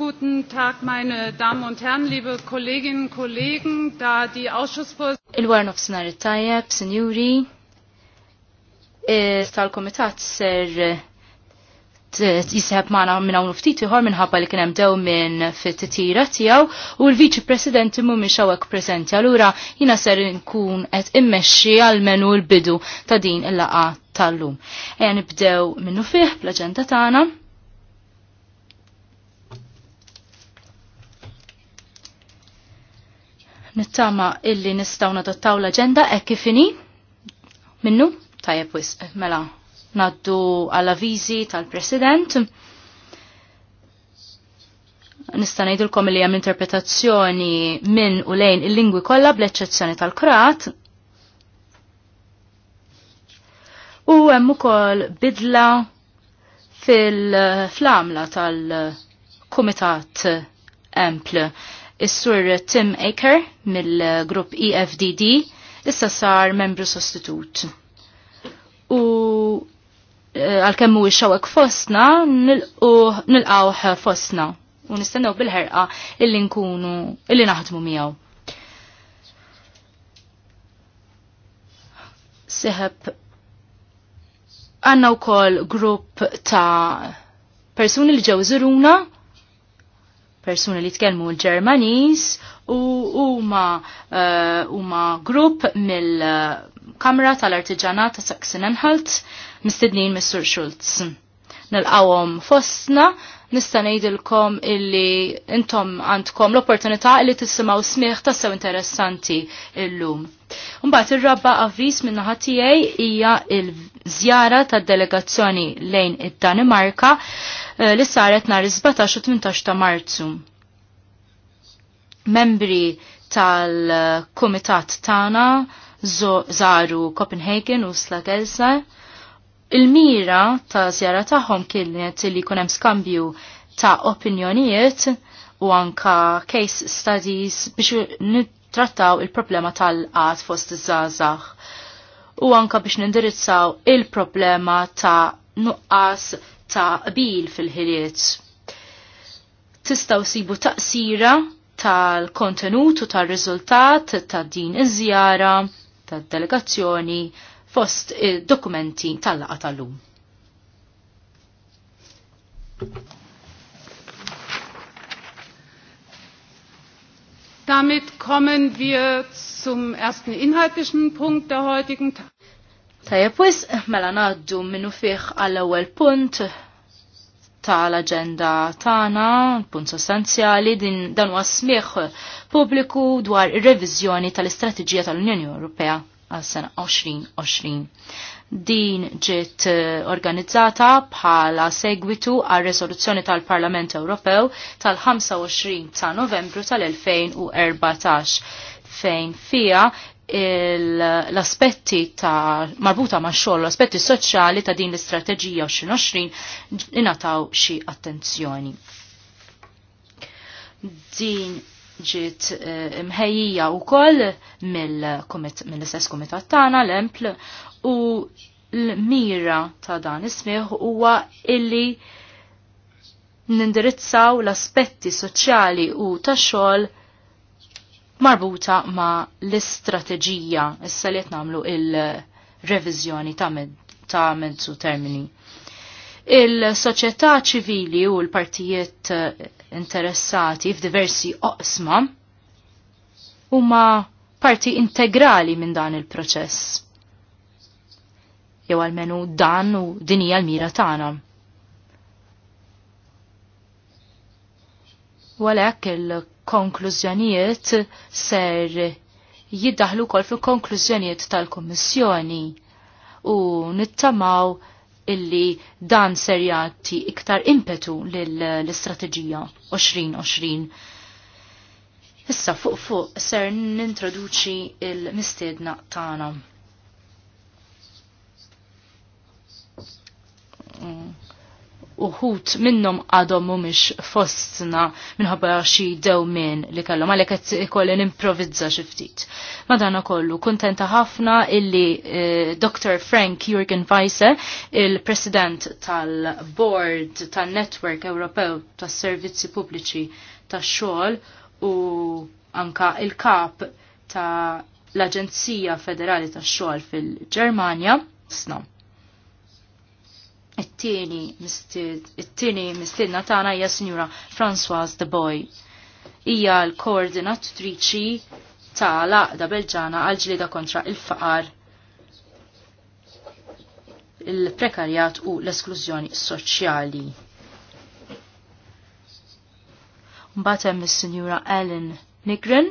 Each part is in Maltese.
Guten Tag, meine Damen und Herren, liebe Kolleginnen und Kollegen, da die Ausschussvorsitzende. Il-Warn of Senare Tayeb, Signori, eh, tal-Komitat ser eh, jisħab maħna minna uftiti ftit minn minħabba li kienem dew minn fit-tira tijaw u l-Viċi President mu minn xawak prezenti għalura jina ser nkun għet immexxi għal-menu l-bidu ta' din il-laqa tal-lum. Eja nibdew minnu fih bl-agenda tagħna. Nittama illi nistaw nadottaw l-agenda e kifini minnu tajab wis eh, mela naddu għalla viżi tal-president. Nista' ngħidulkom li hemm interpretazzjoni minn u lejn il-lingwi kollha bl-eċċezzjoni tal-Kroat. U hemm ukoll bidla fil-flamla tal-Kumitat Empl Is-sur Tim Aker mill-grupp EFDD issa sar membru sostitut. U eh, għal-kemm e, mhuwiex xawek fostna, nilqgħu fostna u nistennew bil-ħerqa illi nkunu illi naħdmu miegħu. Seħeb għanna u grupp ta' persuni li ġew zuruna persuni li tkellmu l-Ġermaniż u huma eh, huma uh, grupp mill-Kamra tal-Artiġanat ta' Saxon Anhalt mistednin mis-Sur Schultz. Nilqawhom fostna nista' ngħidilkom illi intom għandkom l-opportunità li tisimgħu smieħ tassew interessanti illum. Mbagħad ir-rabba avviż minn naħa tiegħi hija l-żjara tad-delegazzjoni lejn id-Danimarka eh, li saret nhar 17 u 18 ta' Marzu. Membri tal-Kumitat tagħna zaru Copenhagen u Slagelsa Il-mira ta' żjara tagħhom kienet li jkun hemm skambju ta' opinjonijiet u anka case studies biex nittrattaw il-problema tal-qat fost iż u anka biex nindirizzaw il-problema ta' nuqqas ta' qbil fil-ħiliet. Tistaw sibu taqsira tal-kontenut u tal-riżultat ta' din iż-żjara tad-delegazzjoni fost eh, dokumenti tal-laqa tal-lum. Damit kommen wir zum ersten inhaltlichen Punkt der heutigen Tag. Tajab wis, mela naddu minnu fiħ għall-ewwel punt tal-agenda tagħna, punt sostanzjali, din dan huwa publiku pubbliku dwar ir-reviżjoni tal-istrateġija tal-Unjoni Ewropea għal sena 2020. Din ġiet eh, organizzata bħala segwitu għal resoluzzjoni tal-Parlament Ewropew tal-25 ta' novembru tal-2014 fejn fija l-aspetti ta' marbuta ma' xogħol, l-aspetti soċjali ta' din l-istrateġija 2020 inataw xi attenzjoni. Din ġiet eh, imħejjija wkoll mill-istess kumitat tagħna l-empl u l-mira ta' dan ismiħ huwa illi nindirizzaw l-aspetti soċjali u tax-xogħol marbuta ma' l-istrateġija issa li qed nagħmlu il-reviżjoni ta' ta' mezzu termini. Il-soċjetà ċivili u l-partijiet interessati f'diversi oqsma huma parti integrali minn dan il-proċess. Jew almenu dan u din hija l-mira tagħna. U għalhekk il-konklużjonijiet ser jiddaħlu kol fil-konklużjonijiet tal-Kommissjoni u nittamaw illi dan ser jagħti iktar impetu lill-istrateġija 2020. Issa fuq fuq ser nintroduċi il mistedna tagħna. Mm uħut minnom għadhom mhumiex fostna minħabba xi dewmien li kellhom għalhekk qed ikolli nimprovizza xi ftit. Madana kollu kuntenta ħafna illi eh, Dr. Frank Jürgen Weisse, il-President tal-Board tan-Network Ewropew tas-Servizzi Pubbliċi tax-xogħol u anka il-kap ta' l-Aġenzija Federali tax-xogħol fil-Ġermanja snom It-tieni mistiedna tagħna hija Sinjura Françoise de Boy. Hija l-koordinatriċi ta' laqda Belġana għal ġlieda kontra il-faqar il-prekarjat u l-esklużjoni soċjali. Mbagħad hemm is-Sinjura Ellen Nigren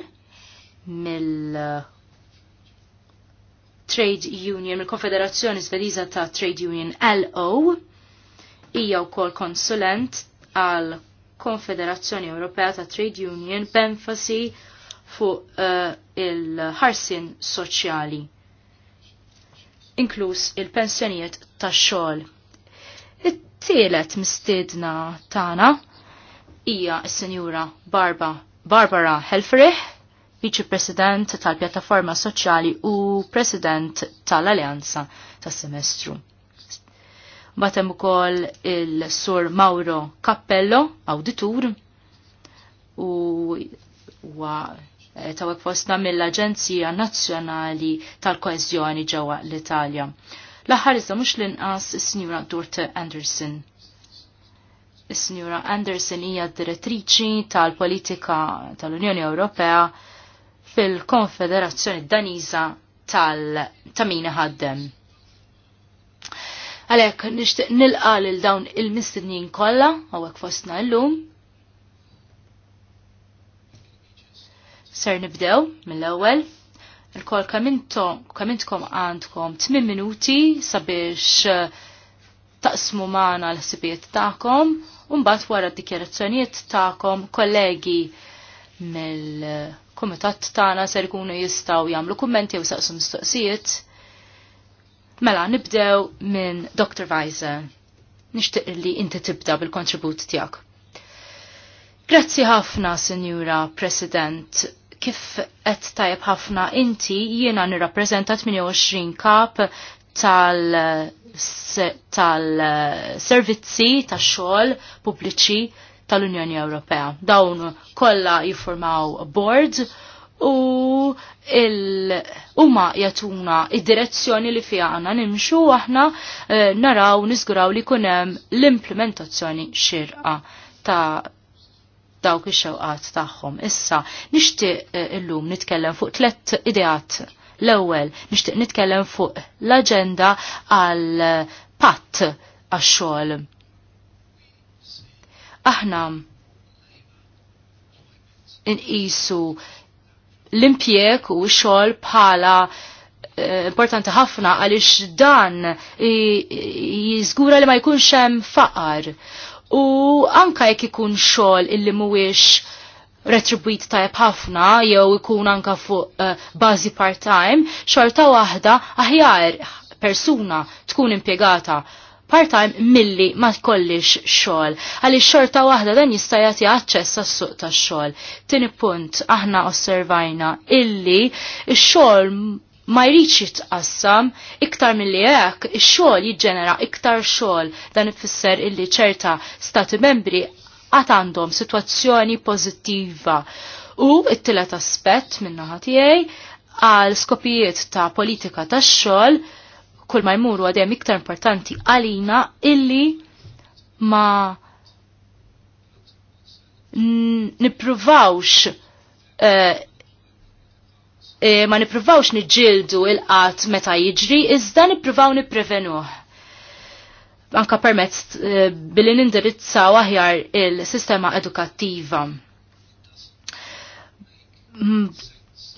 mill Trade Union, mill-Konfederazzjoni Svediża ta' Trade Union LO, hija wkoll konsulent għal Konfederazzjoni Ewropea ta' Trade Union b'enfasi fuq uh, il-ħarsin soċjali, inkluż il-pensjonijiet tax-xogħol. It-tielet mistiedna tagħna hija s senjura Barbara Helfrich, viċi president tal-pjattaforma soċjali u president tal-alleanza tas-semestru. Batem ukoll il-sur Mauro Cappello, auditur, u wa eh, tawek fostna mill-Aġenzija Nazzjonali tal-Koezjoni ġewwa l-Italja. L-aħħar iżda mhux l-inqas is-Sinjura Durt Anderson. Is-Sinjura Anderson hija direttriċi tal-politika tal-Unjoni Ewropea fil-Konfederazzjoni Daniża tal-Tamina ħaddem. Għalek, nishtiq nilqa lil dawn il-mistednin kolla, għawek fostna l-lum. Ser nibdew mill-ewel. Il-kol kamintkom għandkom 8 minuti sabiex eh, taqsmu maħna l-sibiet taħkom, un-bat wara d-dikjerazzjoniet taħkom kollegi mill- kumitat tagħna ser ikunu jistgħu jagħmlu kummenti jew saqsu mistoqsijiet. Mela nibdew minn Dr. Weiser. Nixtieq li inti tibda bil-kontribut tiegħek. Grazzi ħafna, Sinjura President. Kif qed tajb ħafna inti jiena nirrappreżenta 28 kap tal-servizzi tal, tal, eh, xogħol pubbliċi tal-Unjoni Ewropea. Dawn kollha jiffurmaw board u huma jatuna id-direzzjoni li fija għanna nimxu aħna e, naraw niżguraw li kunem l-implementazzjoni xirqa ta' dawk ix-xewqat tagħhom. Issa nixtieq eh, illum nitkellem fuq tlet ideat. L-ewwel nixtieq nitkellem fuq l-aġenda għal patt għax-xogħol aħna inqisu l-impjek u xogħol bħala eh, importanti ħafna għaliex dan jiżgura li ma jkunx hemm faqar. U anka jekk ikun xogħol illi mhuwiex retribuit tajb ħafna jew ikun anka fuq eh, bażi part-time, xorta waħda aħjar persuna tkun impjegata part-time milli ma kollix xogħol. Għaliex xorta waħda dan jista' jagħti aċċess għas-suq tax-xogħol. Tieni punt aħna osservajna illi x-xogħol ma jridx jitqassam iktar milli hekk ix-xogħol jiġġenera iktar xogħol dan ifisser illi ċerta stati membri għad għandhom sitwazzjoni pożittiva. U it-tielet aspett minnaħa tiegħi għal skopijiet ta' politika tax-xogħol kull ma jmuru għadem iktar importanti għalina illi ma nipruvawx eh, eh, ma nipruvawx niġildu il-qat meta jiġri, iżda nipruvaw niprevenuħ. Anka permezz eh, billi nindirizzaw aħjar il-sistema edukattiva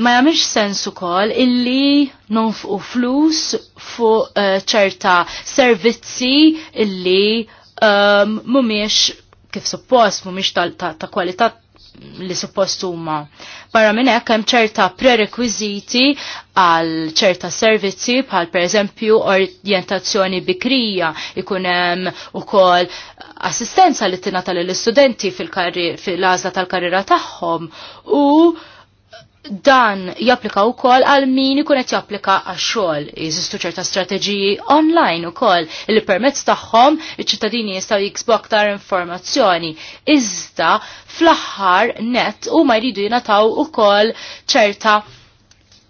Ma jamiex sens ukoll illi nonfqu flus fuq eh, ċerta servizzi illi mumiex ehm, kif suppost mumiex ta', kwalità li suppost huma. Barra minn hekk hemm ċerta prerekwiżiti għal ċerta servizzi bħal pereżempju orjentazzjoni bikrija, ikun hemm ukoll assistenza li tingħata lill istudenti fil-għażla fil tal-karriera tagħhom u dan japplika u kol għal min ikun qed japplika għax xogħol. Jeżistu ċerta strateġiji online u kol li permezz tagħhom iċ-ċittadini jistgħu jiksbu aktar informazzjoni. Iżda fl-aħħar net u ma jridu u ukoll ċerta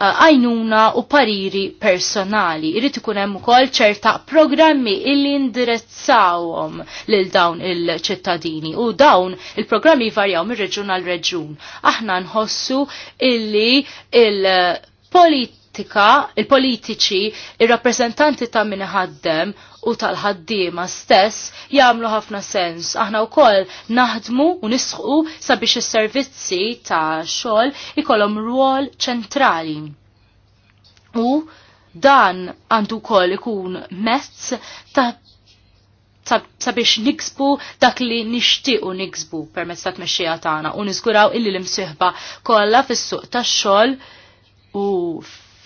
għajnuna u pariri personali. Irrit ikun hemm ukoll ċerta programmi illi indirizzawhom lil dawn il-ċittadini u dawn il-programmi varjaw mir reġun għal reġun. Aħna nħossu illi il-politika, il-politiċi, il-rappresentanti ta' minħaddem u tal-ħaddiema stess jagħmlu ħafna sens. Aħna wkoll naħdmu u nisħu sabiex is-servizzi ta' xogħol ikollhom rwol ċentrali. U dan għandu wkoll ikun mezz ta' sabiex niksbu dak li nixtiequ niksbu permezz ta' tmexxija tagħna u niżguraw illi l-imsieħba kollha fis-suq tax-xogħol u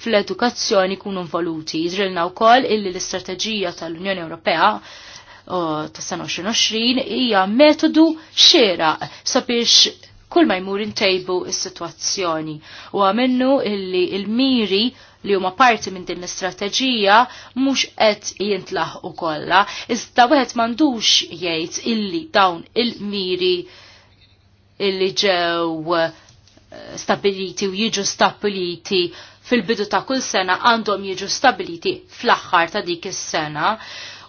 fl-edukazzjoni kunu involuti. u wkoll illi l-istrateġija tal-Unjoni Ewropea uh, tas sena 2020 hija metodu xera sabiex kull ma jmur intejbu is-sitwazzjoni u għamennu illi il-miri li huma parti minn din l-istrateġija mhux qed jintlaħ u kollha, iżda wieħed m'għandux jgħid illi dawn il-miri illi ġew uh, stabiliti u jiġu stabiliti fil-bidu ta' kull sena għandhom jiġu stabiliti fl-aħħar ta' dik is-sena.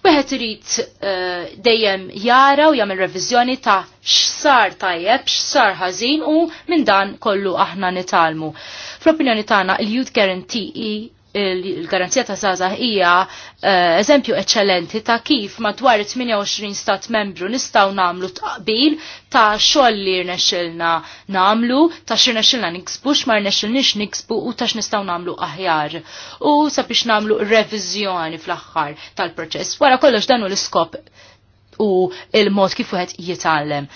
Weħet irid uh, dejjem jara u jagħmel reviżjoni ta' x'sar tajjeb, x'sar ħażin u minn dan kollu aħna nitalmu. Fl-opinjoni tagħna il-Youth Guarantee il-garanzija ta' zaza hija eh, eżempju eccellenti ta' kif madwar 28 stat membru nistaw namlu taqbil ta' xoll li rnexilna namlu, ta' xir rnexxilna niksbu, x'ma rnexxilniex niksbu u ta' x'nistgħu namlu aħjar. U sabiex namlu reviżjoni fl-aħħar tal-proċess. Wara kollox dan hu l-iskop u il-mod kif wieħed jitallem.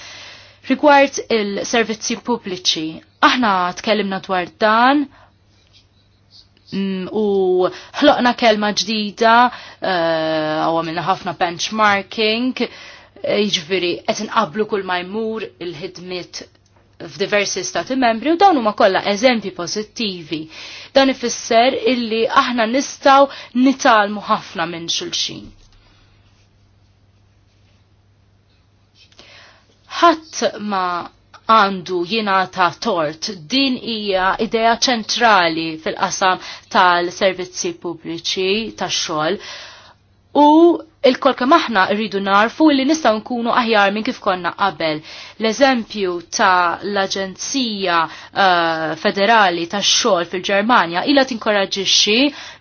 Rigward il-servizzi pubbliċi, aħna tkellimna dwar dan, Mm, u ħloqna kelma ġdida eh, u għamilna ħafna benchmarking iġviri, qed nqablu kull majmur jmur il-ħidmiet f'diversi stati membri u dawn huma kollha eżempji pożittivi. Dan ifisser illi aħna nistgħu nitalmu ħafna minn xulxin. Ħadd ma għandu jingħata tort. Din hija idea ċentrali fil-qasam tal-servizzi pubbliċi tax-xogħol u il-kol kem aħna rridu narfu li nistaw nkunu aħjar minn kif konna qabel. L-eżempju ta' l-Aġenzija uh, eh, Federali ta' xogħol fil-Ġermanja ilha tinkoraġixxi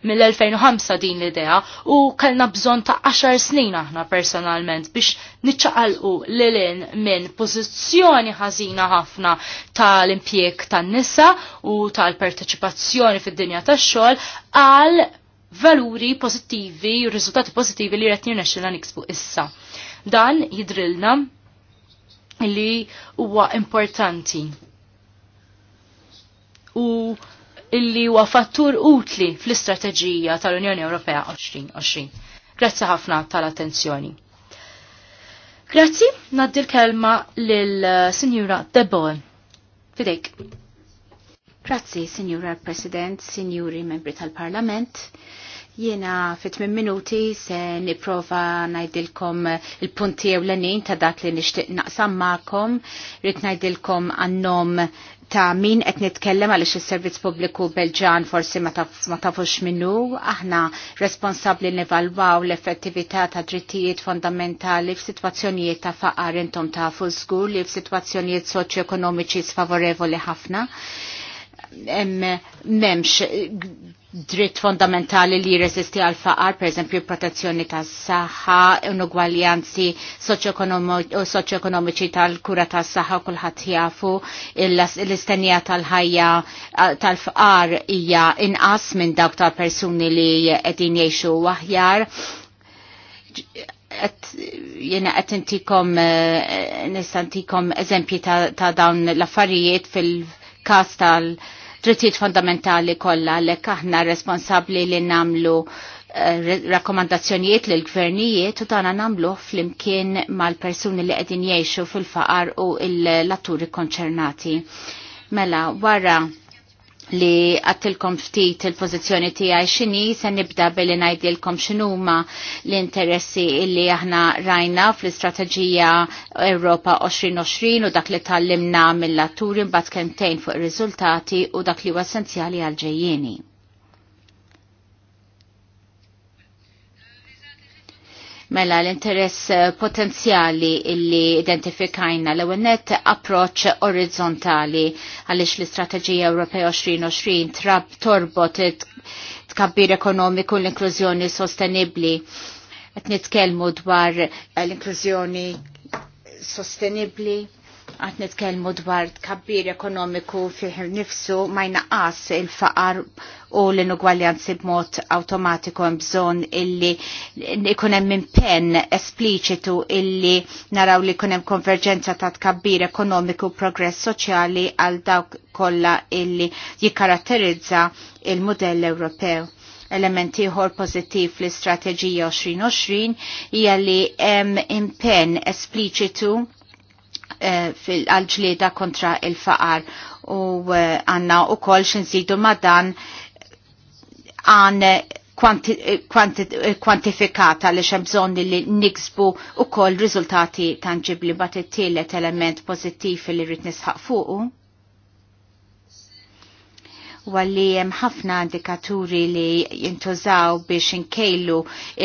mill-2005 din l-idea u kellna bżonn ta' 10 snin aħna personalment biex niċċaqalqu lilin minn pożizzjoni ħażina ħafna tal-impjeg tan-nisa u tal-parteċipazzjoni fid-dinja tax-xogħol għal valuri pozittivi u pozittivi li qed nirnexxilna niksbu issa. Dan jidrilna li huwa importanti. U illi huwa fattur utli fl-istrateġija tal-Unjoni Ewropea 2020. Grazzi ħafna tal-attenzjoni. Grazzi, naddi l-kelma lil-Sinjura Deboe. Fidejk. Grazzi, Sinjura President, Sinjuri Membri tal-Parlament. Jena fit minn minuti se niprofa najdilkom il-punti u l-nin ta' dak li nishtiq naqsam ma'kom. Rit najdilkom għannom ta' min qed nitkellem għaliex is-servizz pubbliku Belġan forsi ma tafux minnu, aħna responsabbli nevalwaw l-effettività ta' drittijiet fondamentali f'sitwazzjonijiet ta' faqar intom ta' fużgur li f'sitwazzjonijiet soċjoekonomiċi sfavorevoli ħafna memx dritt fondamentali li jirreżisti għal faqar, per eżempju protezzjoni tas saħħa un-ugwaljanzi soċjoekonomiċi tal-kura tas saħħa kulħadd jafu l-istennija tal-ħajja tal-faqar hija inqas minn dawk tal-persuni li qegħdin jgħixu aħjar. Jena qed intikom eh, nistantikom eżempji ta' dawn l-affarijiet fil-każ tal-, -tal drittijiet fondamentali kollha għalhekk aħna responsabbli li namlu eh, rakkomandazzjonijiet l gvernijiet u dana namlu fl-imkien mal-persuni li qegħdin jgħixu fil-faqar u l-atturi konċernati. Mela, wara li għattilkom ftit il-pozizjoni tijaj xini, se nibda billi najdilkom xinuma l-interessi illi aħna rajna fl-istrategija Europa 2020 u dak li tal-limna mill-laturi mbat kemtejn fuq il-rizultati u dak li huwa essenzjali għal-ġejjeni. Mela l-interess eh, potenzjali illi identifikajna l net approċ orizzontali għalix l-Istrateġija Ewropea 2020 trab torbot tkabbir ekonomiku l-inklużjoni sostenibli. Et nitkellmu dwar eh, l-inklużjoni sostenibli għat netkelmu dwar kabbir ekonomiku fiħ nifsu ma jnaqqas il-faqar u l-inugwaljanzi b'mod automatiku hemm bżonn illi ikun hemm impenn espliċitu illi naraw li jkun hemm konverġenza ta' tkabbir ekonomiku progress soċjali għal dawk kollha illi jikkaratterizza il-modell Ewropew element ieħor pożittiv l-istrateġija 2020 hija li hemm impenn espliċitu Eh, fil ġlieda kontra il-faqar u eh, għanna u kol xinżidu madan għan kwantifikata li xemżon li niksbu u koll rizultati tangibli bat il tielet element pozittiv li rrit nisħaq fuqu għalli li hemm ħafna indikaturi li jintużaw biex inkejlu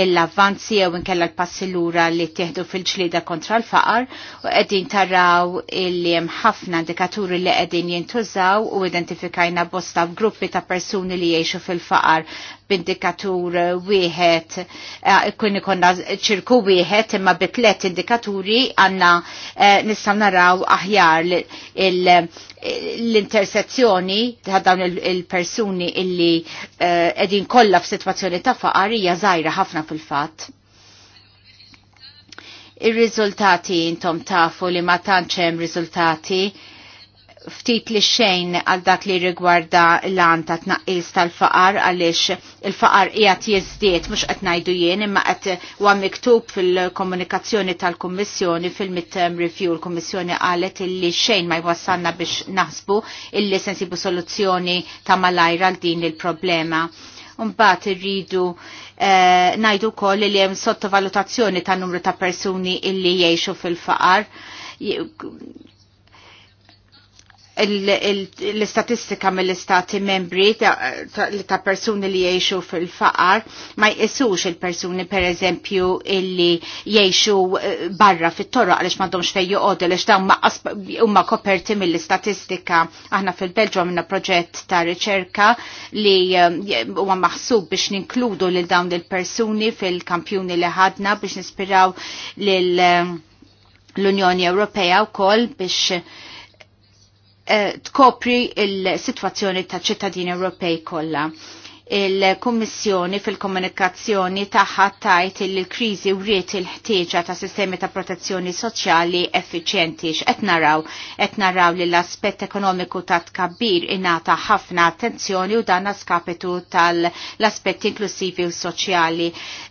l avanzi jew inkella l-passi lura li tieħdu fil-ġlieda kontra l-faqar u qegħdin taraw li hemm ħafna indikaturi li qegħdin jintużaw u identifikajna bosta gruppi ta' persuni li jgħixu fil-faqar b'indikatur wieħed eh, kun ikonna ċirku wieħed imma bi tliet indikaturi għandna eh, nistgħu naraw aħjar l-intersezzjoni ta' dawn il-persuni illi qegħdin eh, kollha f'sitwazzjoni ta' faqar hija żgħira ħafna fil-fatt ir-riżultati intom tafu li ma tantx hemm riżultati ftit li xejn għal dak li rigwarda l-għan ta' tnaqqis tal-faqar għalix il-faqar qiegħed jiżdied mhux qed ngħidu jien imma qed huwa miktub fil-komunikazzjoni tal-Kummissjoni fil-midterm review l-Kummissjoni qalet illi xejn ma jwassalna biex naħsbu illi sensibu soluzzjoni ta' malajra għal din il-problema. Mbagħad irridu eh, ngħidu wkoll li hemm sottovalutazzjoni ta' numru ta' persuni illi jgħixu fil-faqar l-istatistika mill-istati membri ta' persuni li jiexu fil-faqar ma jqisux il-persuni per eżempju illi jiexu eh, barra fit-torra għalix domx fej joqodu għalix dawn umma koperti mill-istatistika aħna fil-Belġu minna proġett ta' riċerka li eh, huwa maħsub biex ninkludu lil dawn il-persuni fil-kampjuni li ħadna biex nispiraw eh, l-Unjoni Ewropea u koll biex Eh, tkopri il-situazzjoni ta' ċittadini Ewropej kollha il-Kummissjoni fil-komunikazzjoni tagħha tajt il-krizi kriżi wriet il-ħtieġa ta' sistemi ta' protezzjoni soċjali effiċjenti x'qed naraw qed naraw li l-aspett ekonomiku ta' tkabbir ingħata ħafna attenzjoni u dan skapitu tal aspett inklusivi u soċjali.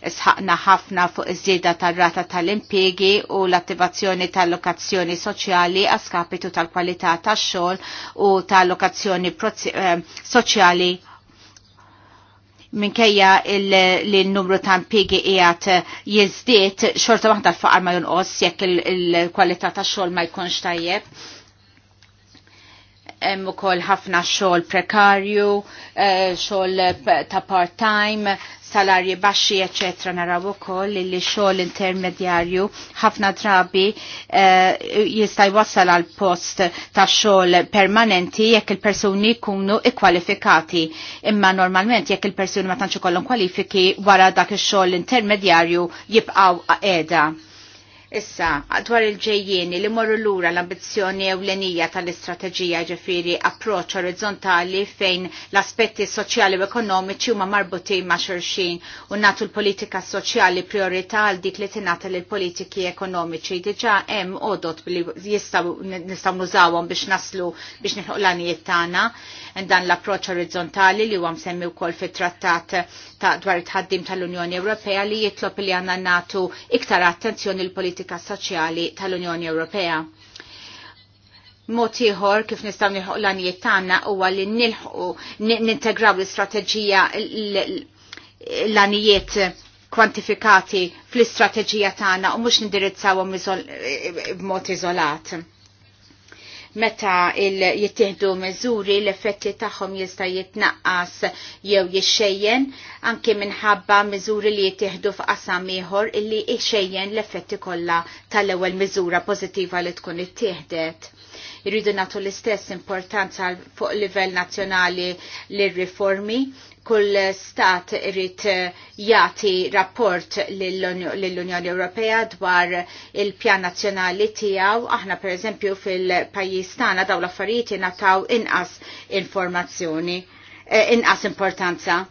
Sħaqna ħafna fuq iż-żieda tar-rata tal-impjiegi u l-attivazzjoni tal-lokazzjoni soċjali skapitu tal-kwalità tax-xogħol u tal-lokazzjoni eh, soċjali minkejja li n-numru ta' impiegi qiegħed jiżdied xorta waħda l-faqar ma jonqos jekk il-kwalità ta' xogħol ma jkunx tajjeb. Hemm ukoll ħafna xogħol prekarju, eh, xogħol ta' part-time, salarji baxxi, ecc. naraw ukoll li xogħol intermedjarju ħafna drabi eh, jista' jwassal għal post ta' xogħol permanenti jekk il-persuni jkunu ikkwalifikati. Imma normalment jekk il-persuni ma tantx ikollhom kwalifiki wara dak ix-xogħol intermedjarju jibqgħu qiegħda Issa, dwar il-ġejjieni li morru lura l-ambizzjoni ewlenija tal-istrateġija ġifiri approċ orizzontali fejn l-aspetti soċjali u ekonomiċi huma marbuti ma' xurxin u natu l-politika soċjali priorità għal dik li tingħata l politiki ekonomiċi. Diġà hemm odot li jistgħu nistgħu nużawhom biex naslu biex nilħuq l anijiet tagħna dan l-approċ orizzontali li semmi u wkoll fit-trattat ta' dwar it-ħaddim tal-Unjoni Ewropea li jitlob li għandna natu iktar attenzjoni l-politika politika soċjali tal-Unjoni Ewropea. Mod ieħor kif nistgħu nilħuq l-għanijiet tagħna huwa li nilħu nintegraw l-istrateġija l-għanijiet kwantifikati fl-istrateġija tagħna u mhux nindirizzawhom b'mod iżolat meta jittieħdu miżuri l-effetti tagħhom jista' jitnaqqas jew jixxejjen anke minħabba miżuri li jittieħdu f'qasam ieħor illi ixxejjen l-effetti kollha tal-ewwel miżura pożittiva li tkun ittieħdet irridu natu l-istess importanza fuq livell nazzjonali l-riformi kull stat irrit eh, jati rapport lill-Unjoni Ewropea dwar il-pjan nazzjonali tiegħu. Aħna per eżempju fil-pajjiż tagħna daw l-affarijiet jingħataw inqas informazzjoni, eh, inqas importanza.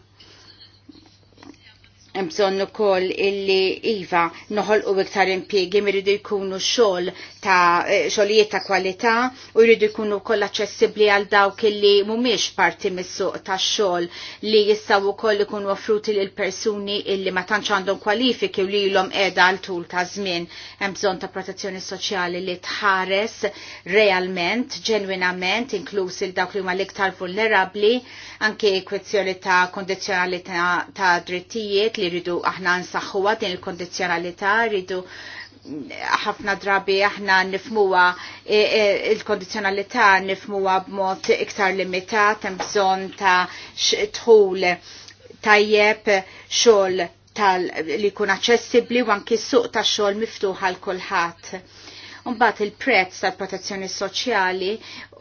Mżon ukoll illi iva noħolqu iktar impjiegi miridu jkunu xogħol ta' eh, xogħlijiet ta' kwalità u jridu jkunu wkoll aċċessibbli għal dawk li mhumiex parti mis-suq tax-xogħol li jistgħu wkoll ikunu offruti lil persuni illi ma tantx għandhom kwalifiki u li qiegħda għal tul ta' żmien hemm bżonn ta' protezzjoni soċjali li tħares realment, ġenwinament, inkluż il dawk li huma l-iktar vulnerabbli, anke kwezzjoni ta' kondizzjonalità ta' drittijiet li rridu aħna nsaħħuha din il-kondizzjonalità rridu ħafna drabi aħna nifmuwa e, e, il-kondizjonalità nifmuwa b'mod iktar limitat, hemm bżonn ta' tħul tajjeb xogħol tal li jkun aċċessibbli u anki suq ta' xogħol miftuħ għal kulħadd. Mbagħad il-prezz tal-protezzjoni soċjali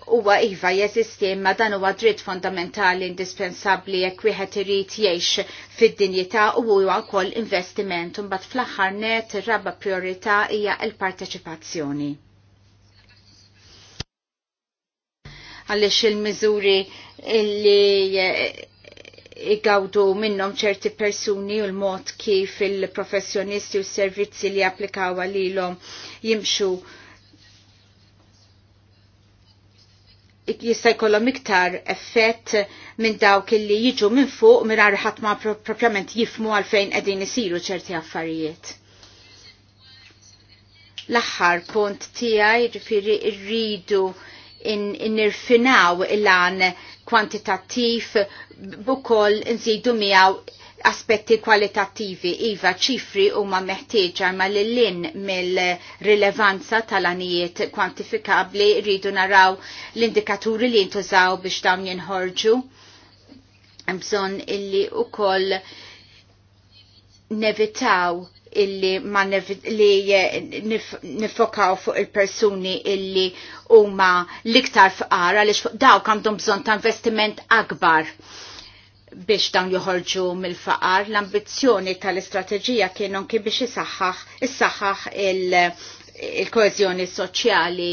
huwa iva jeżisti imma dan huwa dritt fundamentali indispensabbli jekk wieħed irid jgħix fid-dinjità u huwa wkoll investiment u mbagħad fl-aħħar net ir-raba priorità hija l-parteċipazzjoni. Għaliex il-miżuri li igawdu minnom ċerti persuni u l-mod kif il-professjonisti u s-servizzi li applikaw għalilom jimxu jista' jkollhom iktar effett minn dawk illi jiġu minn fuq mingħajr ħadd ma propjament jifmu għalfejn qegħdin isiru ċerti affarijiet. L-aħħar punt tiegħi jiġifieri rridu nirfinaw il-għan kwantitattiv bukoll nżidu miegħu aspetti kwalitattivi iva ċifri u ma meħtieġa ma l-lin mill-rilevanza tal-anijiet kwantifikabli rridu naraw l-indikaturi li jintużaw biex dawn jinħorġu. bżonn illi u koll nevitaw illi ma li nifokaw fuq il-persuni illi huma l-iktar fqara għaliex dawk għandhom bżonn ta' investiment akbar biex dawn joħorġu mill-faqar, l-ambizzjoni tal-istrateġija kienu anki biex isaħħaħ il-koezjoni soċjali.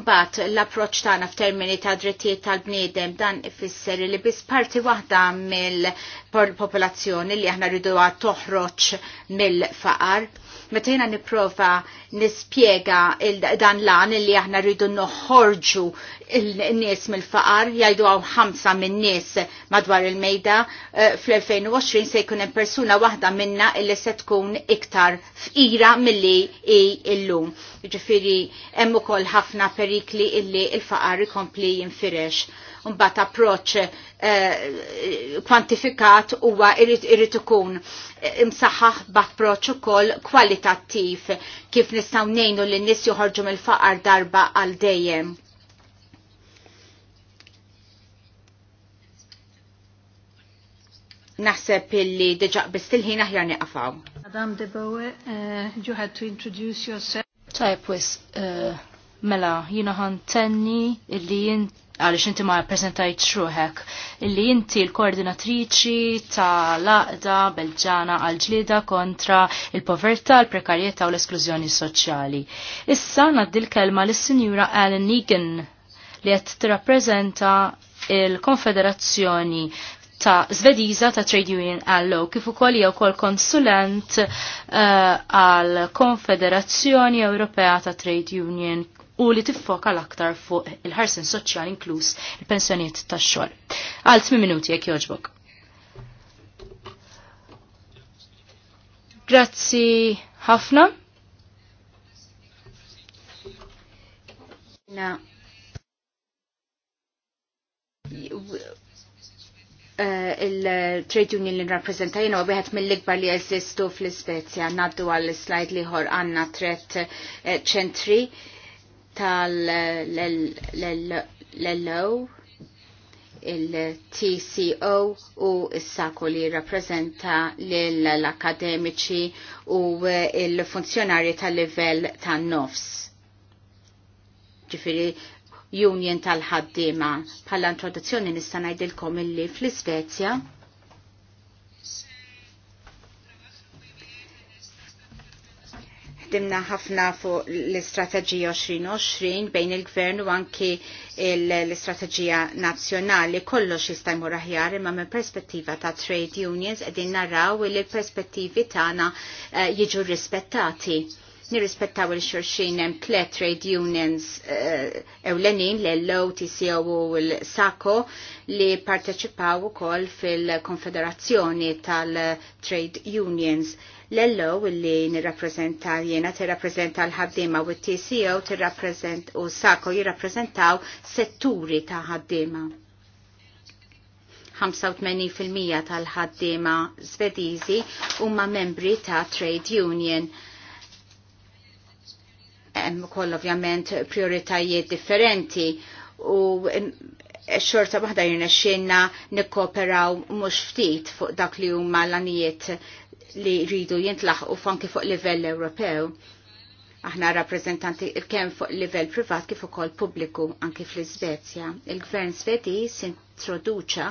Mbagħad l-approċċ tagħna f'termini ta' drittijiet tal-bniedem dan ifisser li biss parti waħda mill-popolazzjoni li aħna rridu toħroġ mill-faqar metajna niprofa nipprova nispjega dan lan li aħna rridu noħorġu il nies mill-faqar, jgħidu għaw ħamsa min-nies madwar il-mejda, eh, fl-2020 se jkun hemm persuna waħda minna illi se tkun iktar fqira milli hi illum. Ġifiri, hemm ukoll ħafna perikli illi il-faqar ikompli jinfirex un approċċ approċ eh, kwantifikat huwa irid ikun eh, imsaħħaħ b'approċċ ukoll kwalitattiv kif nistgħu ngħinu lin nies joħorġu mill-faqar darba għal dejjem. naħseb illi diġa bistilħin aħjar niqafaw. Madam De Bowe, uh, eh, you had to introduce yourself. Tajb uh, mela, jina ħan tenni illi jint għalix inti ma prezentajt xruħek, illi inti l-koordinatriċi tal-laqda belġana għal-ġlida kontra il-povertà, l-prekarjetà u l-esklużjoni soċjali. Issa naddil kelma l-Sinjura Alan Egan li għed t-rapprezenta il-Konfederazzjoni ta' Zvediza ta' Trade Union Allo, kif ukoll jew ukoll konsulent eh, għal uh, Konfederazzjoni Ewropea ta' Trade Union u li tiffoka l-aktar fuq il-ħarsin soċjal inkluż il-pensjoniet tax-xogħol. Għal 8 minuti jekk joġbok. Grazzi ħafna. Na. Eh, il-trade union li rappresenta jena u biħet mill-ikbar li jesistu fl ispezja naddu għall-slajd liħor għanna tret eh, ċentri uh, tal-LO, il-TCO u s-saku li rappresenta l-akademiċi u il-funzjonari tal-livell tan-nofs. Ġifiri, union tal-ħaddima. Palla introduzzjoni nista' ngħidilkom illi fl svezja ħdimna ħafna fuq l-istrateġija 2020 bejn il-gvern u anki l-istrateġija nazzjonali kollox jista' jmur aħjar imma minn perspettiva ta' trade unions qegħdin naraw li l-perspettivi tagħna eh, jiġu rispettati nirrispettaw il-xurxin hemm tliet trade unions eh, ewlenin l-LO, TCO u l-SACO li parteċipaw ukoll fil-Konfederazzjoni tal-Trade Unions l-ello illi nirrapprezenta jena tirrapprezenta l-ħaddima u t-TCO tirrapprezent u sako jirrapprezentaw setturi ta' ħaddima. 85% tal-ħaddima svedizi huma membri ta' trade union hemm ukoll ovvjament prioritajiet differenti u xorta waħda jirna xienna nikkooperaw mhux ftit fuq dak li huma l-anijiet li rridu jintlaħqu fanki fuq livell Ewropew. Aħna rappresentanti kemm fuq livell privat kif ukoll pubbliku anki fl-Iżvezja. Il-Gvern Svedi introduċa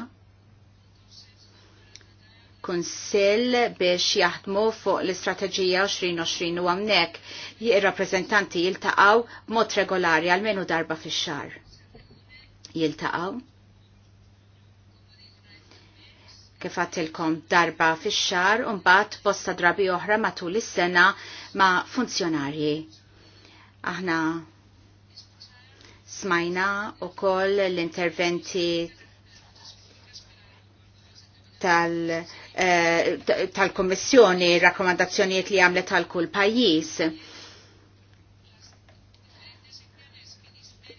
kunsill biex jaħdmu fuq l-istrateġija 2020 u għamnek rappreżentanti jiltaqaw mod regolari għal-menu darba fix-xar. Jiltaqaw kif għatilkom darba fix xar un bat bosta drabi oħra matul is-sena ma' funzjonarji. Aħna smajna u koll l-interventi eh, tal-kommissjoni, tal, rakkomandazzjoniet li għamlet tal-kull pajjiż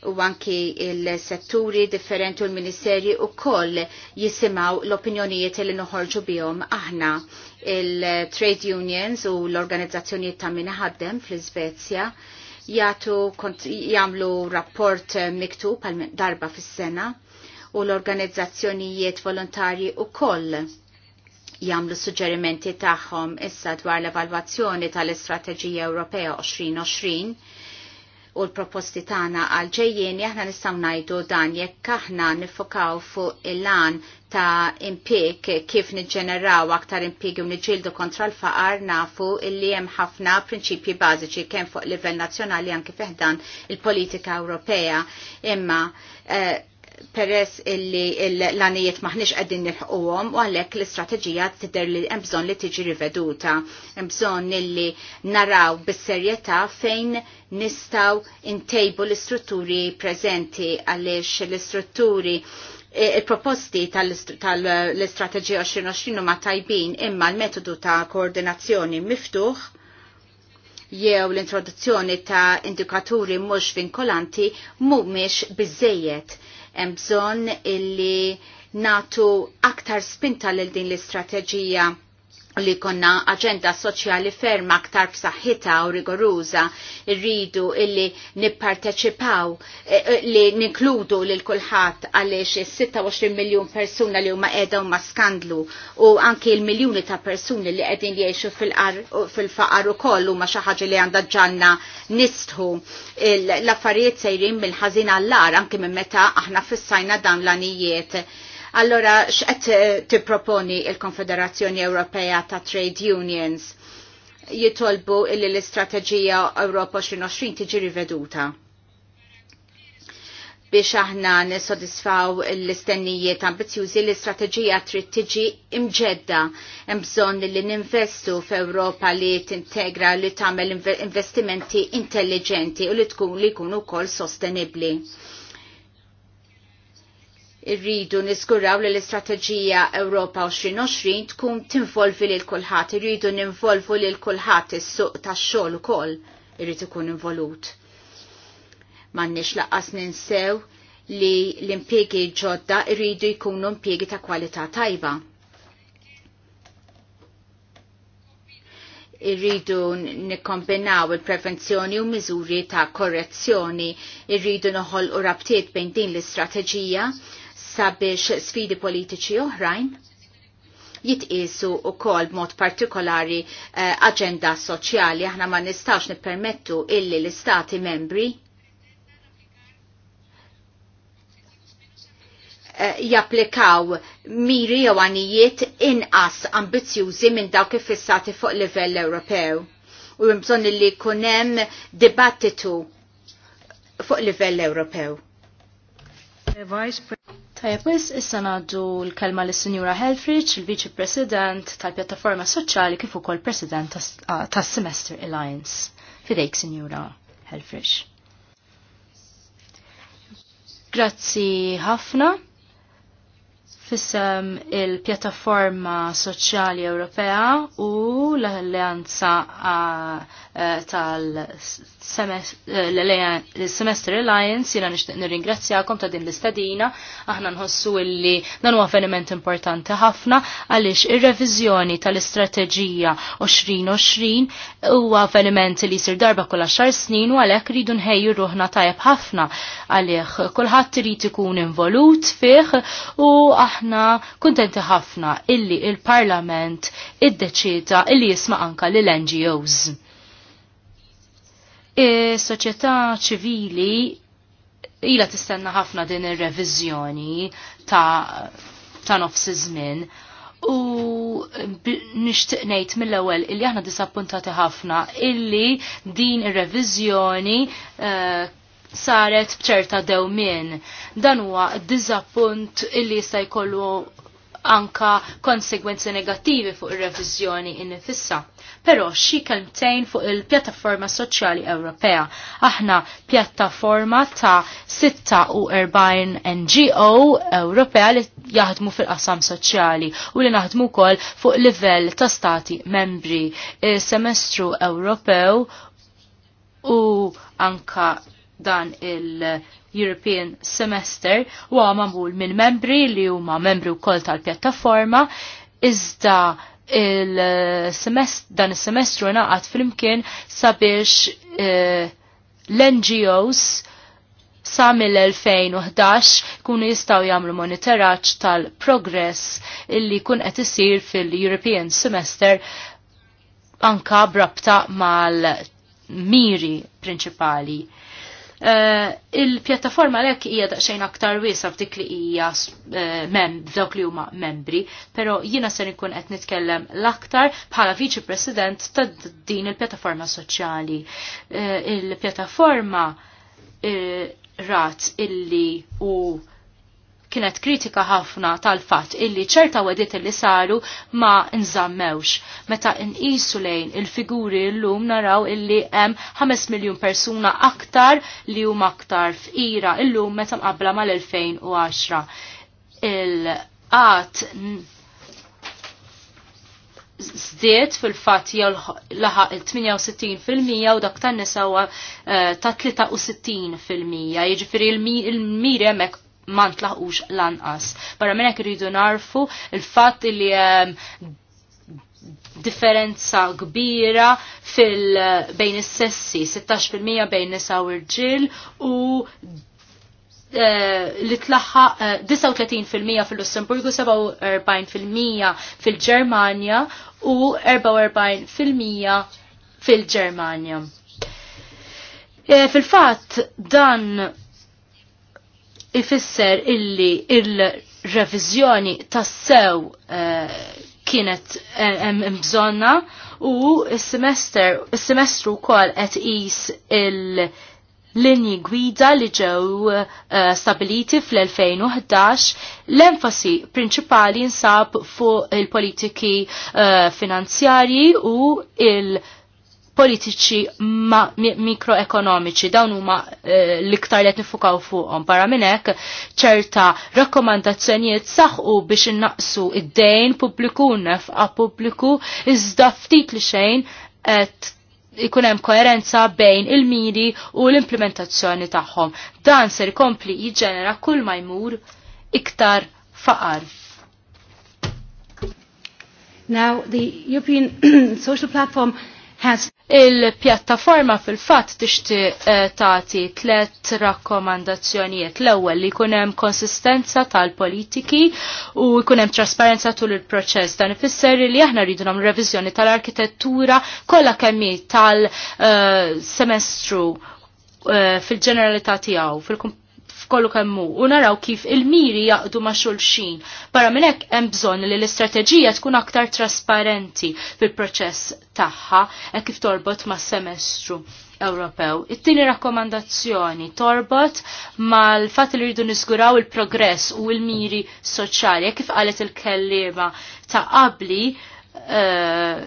u anki il-setturi differenti u l-ministeri u koll jisimaw l-opinjonijiet li noħorġu bihom aħna il-trade unions u l-organizzazzjonijiet ta' minnaħaddem fl-Svezja jgħatu jagħmlu rapport miktub għal darba fis-sena u l-organizzazzjonijiet volontarji u koll jagħmlu suġġerimenti tagħhom issa dwar l-evalwazzjoni tal-Istrateġija Ewropea 2020 u l-proposti tagħna għal ġejjien aħna nistgħu ngħidu dan jekk aħna nifokaw fuq il-lan ta' impik kif niġġeneraw aktar impik u niġġieldu kontra l-faqar nafu illi hemm ħafna prinċipji bażiċi kemm fuq livell nazzjonali anke fiħdan il-politika Ewropea imma eh, peress illi l-għanijiet maħniex għeddin nilħuqom u għallek l-istrateġija tider li mbżon li tiġi riveduta, mbżon illi naraw bis-serjetà fejn nistaw intejbu l-istrutturi prezenti għalix l-istrutturi e, il-proposti tal-istrateġija 2020 ma tajbin imma l-metodu ta' koordinazzjoni miftuħ jew l-introduzzjoni ta' indikaturi mhux vinkolanti mhumiex bizzejiet. Hemm bżonn illi natu aktar spinta lil din l-istrateġija li konna aġenda soċjali ferma aktar b'saħħitha u rigoruża rridu illi nipparteċipaw e, e, li ninkludu lil kulħadd għaliex is-26 miljun persuna li huma qiegħda huma skandlu u anke l-miljuni ta' persuni li qegħdin jgħixu fil-faqar ukoll huma xi ħaġa li għandha ġanna nistħu l-affarijiet sejrin mill-ħażin għall-ar anke minn meta aħna fissajna dan l-anijiet Allora, x'qed tipproponi il-Konfederazzjoni Ewropea ta' Trade Unions jitolbu illi l-istrateġija Ewropa 2020 tiġi riveduta? biex aħna nisodisfaw l-istennijiet ambizjużi l-istrateġija trid tiġi imġedda hemm bżonn li ninvestu f'Ewropa li tintegra li tagħmel investimenti intelligenti u li tkun li jkunu wkoll sostenibbli irridu niskurraw li l-istrateġija Ewropa 2020 tkun tinvolvi lil kulħadd, irridu ninvolvu lil kulħadd is-suq tax-xogħol ukoll irrid ikun involut. M'għandniex laqqas ninsew li l impjiegi ġodda irridu jkunu impjiegi ta' kwalità tajba. irridu nikkombinaw il-prevenzjoni u miżuri ta' korrezzjoni, irridu noħol u rabtiet bejn din l-istrateġija sabiex sfidi politiċi oħrajn jitqisu u kol mod partikolari eh, agenda soċjali. Aħna ma nistax nippermettu illi l-istati membri eh, japplikaw miri jew għanijiet inqas ambizjużi minn dawk fissati fuq livell Ewropew. U bżonn li kunem dibattitu fuq livell Ewropew. Tajab, mis issa naddu l-kelma l sinjura Helfrich, il-Viċi President tal-Pjattaforma Soċjali kif ukoll President tas-Semester Alliance. Fidejk, Sinjura Helfrich. Grazzi ħafna fissem il-pjattaforma soċjali Ewropea u l-alleanza e, tal-Semester e, Alliance jina nishtiq nirringrazzjakom ta' din l-istadina aħna nħossu illi dan huwa avveniment importanti ħafna għaliex ir-reviżjoni tal-istrateġija 2020 huwa avveniment li jsir darba kull xar snin u għalhekk ridu nħejju ruħna tajjeb ħafna għalih kulħadd irid ikun involut fih u aħna aħna kuntenti ħafna illi il-Parlament iddeċida illi jisma' anka lill-NGOs. Is-soċjetà ċivili ila tistenna ħafna din ir-reviżjoni ta' ta' nofs iż-żmien u nixtieq ngħid mill-ewwel illi aħna disappuntati ħafna illi din ir-reviżjoni uh, saret bċerta dewmien. Dan huwa diżappunt illi jista' jkollu anka konsegwenzi negattivi fuq ir-reviżjoni innifissa. Però xi kelmtejn fuq il-pjattaforma soċjali Ewropea. Aħna pjattaforma ta' 46 NGO Ewropea li jaħdmu fil-qasam soċjali u li naħdmu wkoll fuq livell ta' stati membri. Il-semestru Ewropew u anka dan il-European Semester u għamamul minn membri li huma membri wkoll tal-pjattaforma iżda il-semest, dan il-semestru naqat fl-imkien sabiex uh, eh, l-NGOs sa mill-2011 kunu jistaw jamlu monitoraċ tal-progress illi kun qed isir fil-European Semester anka brabta mal-miri prinċipali. Eh, il-pjattaforma lek hija daqsxejn aktar wiesa f'dik li hija eh, dawk li huma membri, però jiena se nkun qed nitkellem l-aktar bħala viċi president ta' din il-pjattaforma soċjali. Eh, il-pjattaforma rat illi u kienet kritika ħafna tal-fatt illi ċerta wedit illi saru ma nżammewx. Meta nqisu lejn il-figuri llum naraw illi hemm 5 miljun persuna aktar li huma aktar f'ira l-lum meta mqabbla mal-2010. Il-qat zdiet fil-fat laħa il-68% u dak tan nisa huwa eh, ta' 63%. Jiġifieri il-miri hemmhekk ma ntlaħqux lanqas. Barra minnek rridu irridu narfu il-fatt li ehm, differenza kbira fil bejn is-sessi, 16% bejn nisa u rġil u eh, li tlaħħa 39% eh, fil-Lussemburgu, 47% fil-Ġermanja u 44% fil-Ġermanja. Eh, fil-fatt dan ifisser illi il-revizjoni tas-sew eh, kienet hemm eh, u il semestru wkoll qed is il- linji gwida li ġew eh, stabiliti fl-2011 l-enfasi prinċipali nsab fuq il-politiki finanzjari finanzjarji u il- politiċi mikroekonomiċi dawn huma eh, l-iktar li qed nifukaw fuqhom barra minn hekk ċerta rakkomandazzjonijiet saħqu biex innaqsu id-dejn pubbliku nefqa pubbliku iżda ftit li xejn qed ikun hemm koerenza bejn il-miri u l-implementazzjoni tagħhom. Dan ser ikompli jiġġenera kull ma jmur iktar faqar. Now, the European Social Platform has il-pjattaforma fil-fatt tixti eh, tagħti tliet rakkomandazzjonijiet. L-ewwel li jkun hemm konsistenza tal-politiki u jkun hemm trasparenza tul il-proċess. Dan ifisser li aħna rridu nagħmlu reviżjoni tal-arkitettura kollha kemm tal-semestru eh, eh, fil-ġeneralità tiegħu, fil kollu kemmu u naraw kif il-miri jaqdu ma' xulxin. para minn hekk hemm bżonn li l-istrateġija tkun aktar trasparenti fil-proċess tagħha e kif torbot ma' semestru. Ewropew. It-tieni rakkomandazzjoni torbot mal fat li rridu niżguraw il-progress u l-miri soċjali e kif qalet il-kellima ta' qabli uh,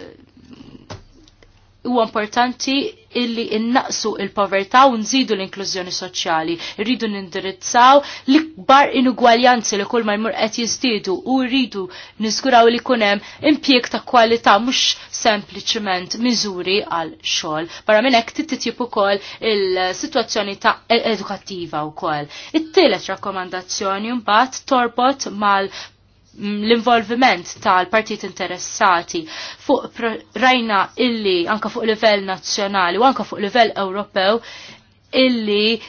huwa importanti illi innaqsu il-povertà u nżidu l-inklużjoni soċjali. Rridu nindirizzaw l-ikbar inugwaljanzi li kull ma jmur qed jiżdiedu u rridu niżguraw li kun hemm impjieg ta' kwalità mhux sempliċement miżuri għal xogħol. Barra minn hekk titjib ukoll il-sitwazzjoni ta' e-, edukattiva wkoll. It-tielet rakkomandazzjoni mbagħad torbot mal l-involviment tal-partit interessati fuq rajna illi anka fuq livell nazzjonali u anka fuq livell Ewropew illi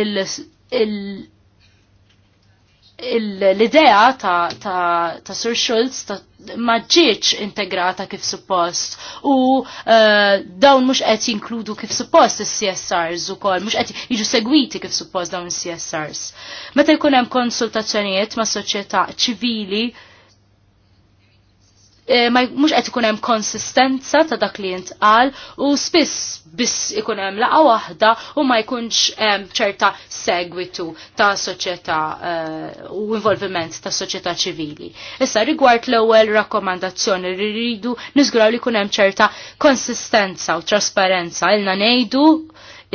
il l-idea ta', ta, ta Sir Schultz ta, ma ġietx integrata kif suppost u uh, dawn mhux qed jinkludu kif suppost is-CSRs ukoll, mhux qed jiġu segwiti kif suppost dawn is-CSRs. Meta jkun hemm konsultazzjonijiet ma' soċjetà ċivili Eh, ma mhux qed ikun hemm konsistenza ta' dak li jintqal u spiss biss ikun hemm laqa waħda u ma jkunx hemm ċerta segwitu ta' soċjetà eh, u involviment ta' soċjetà ċivili. Issa rigward l-ewwel rakkomandazzjoni li rridu niżguraw li jkun hemm ċerta konsistenza u trasparenza ilna ngħidu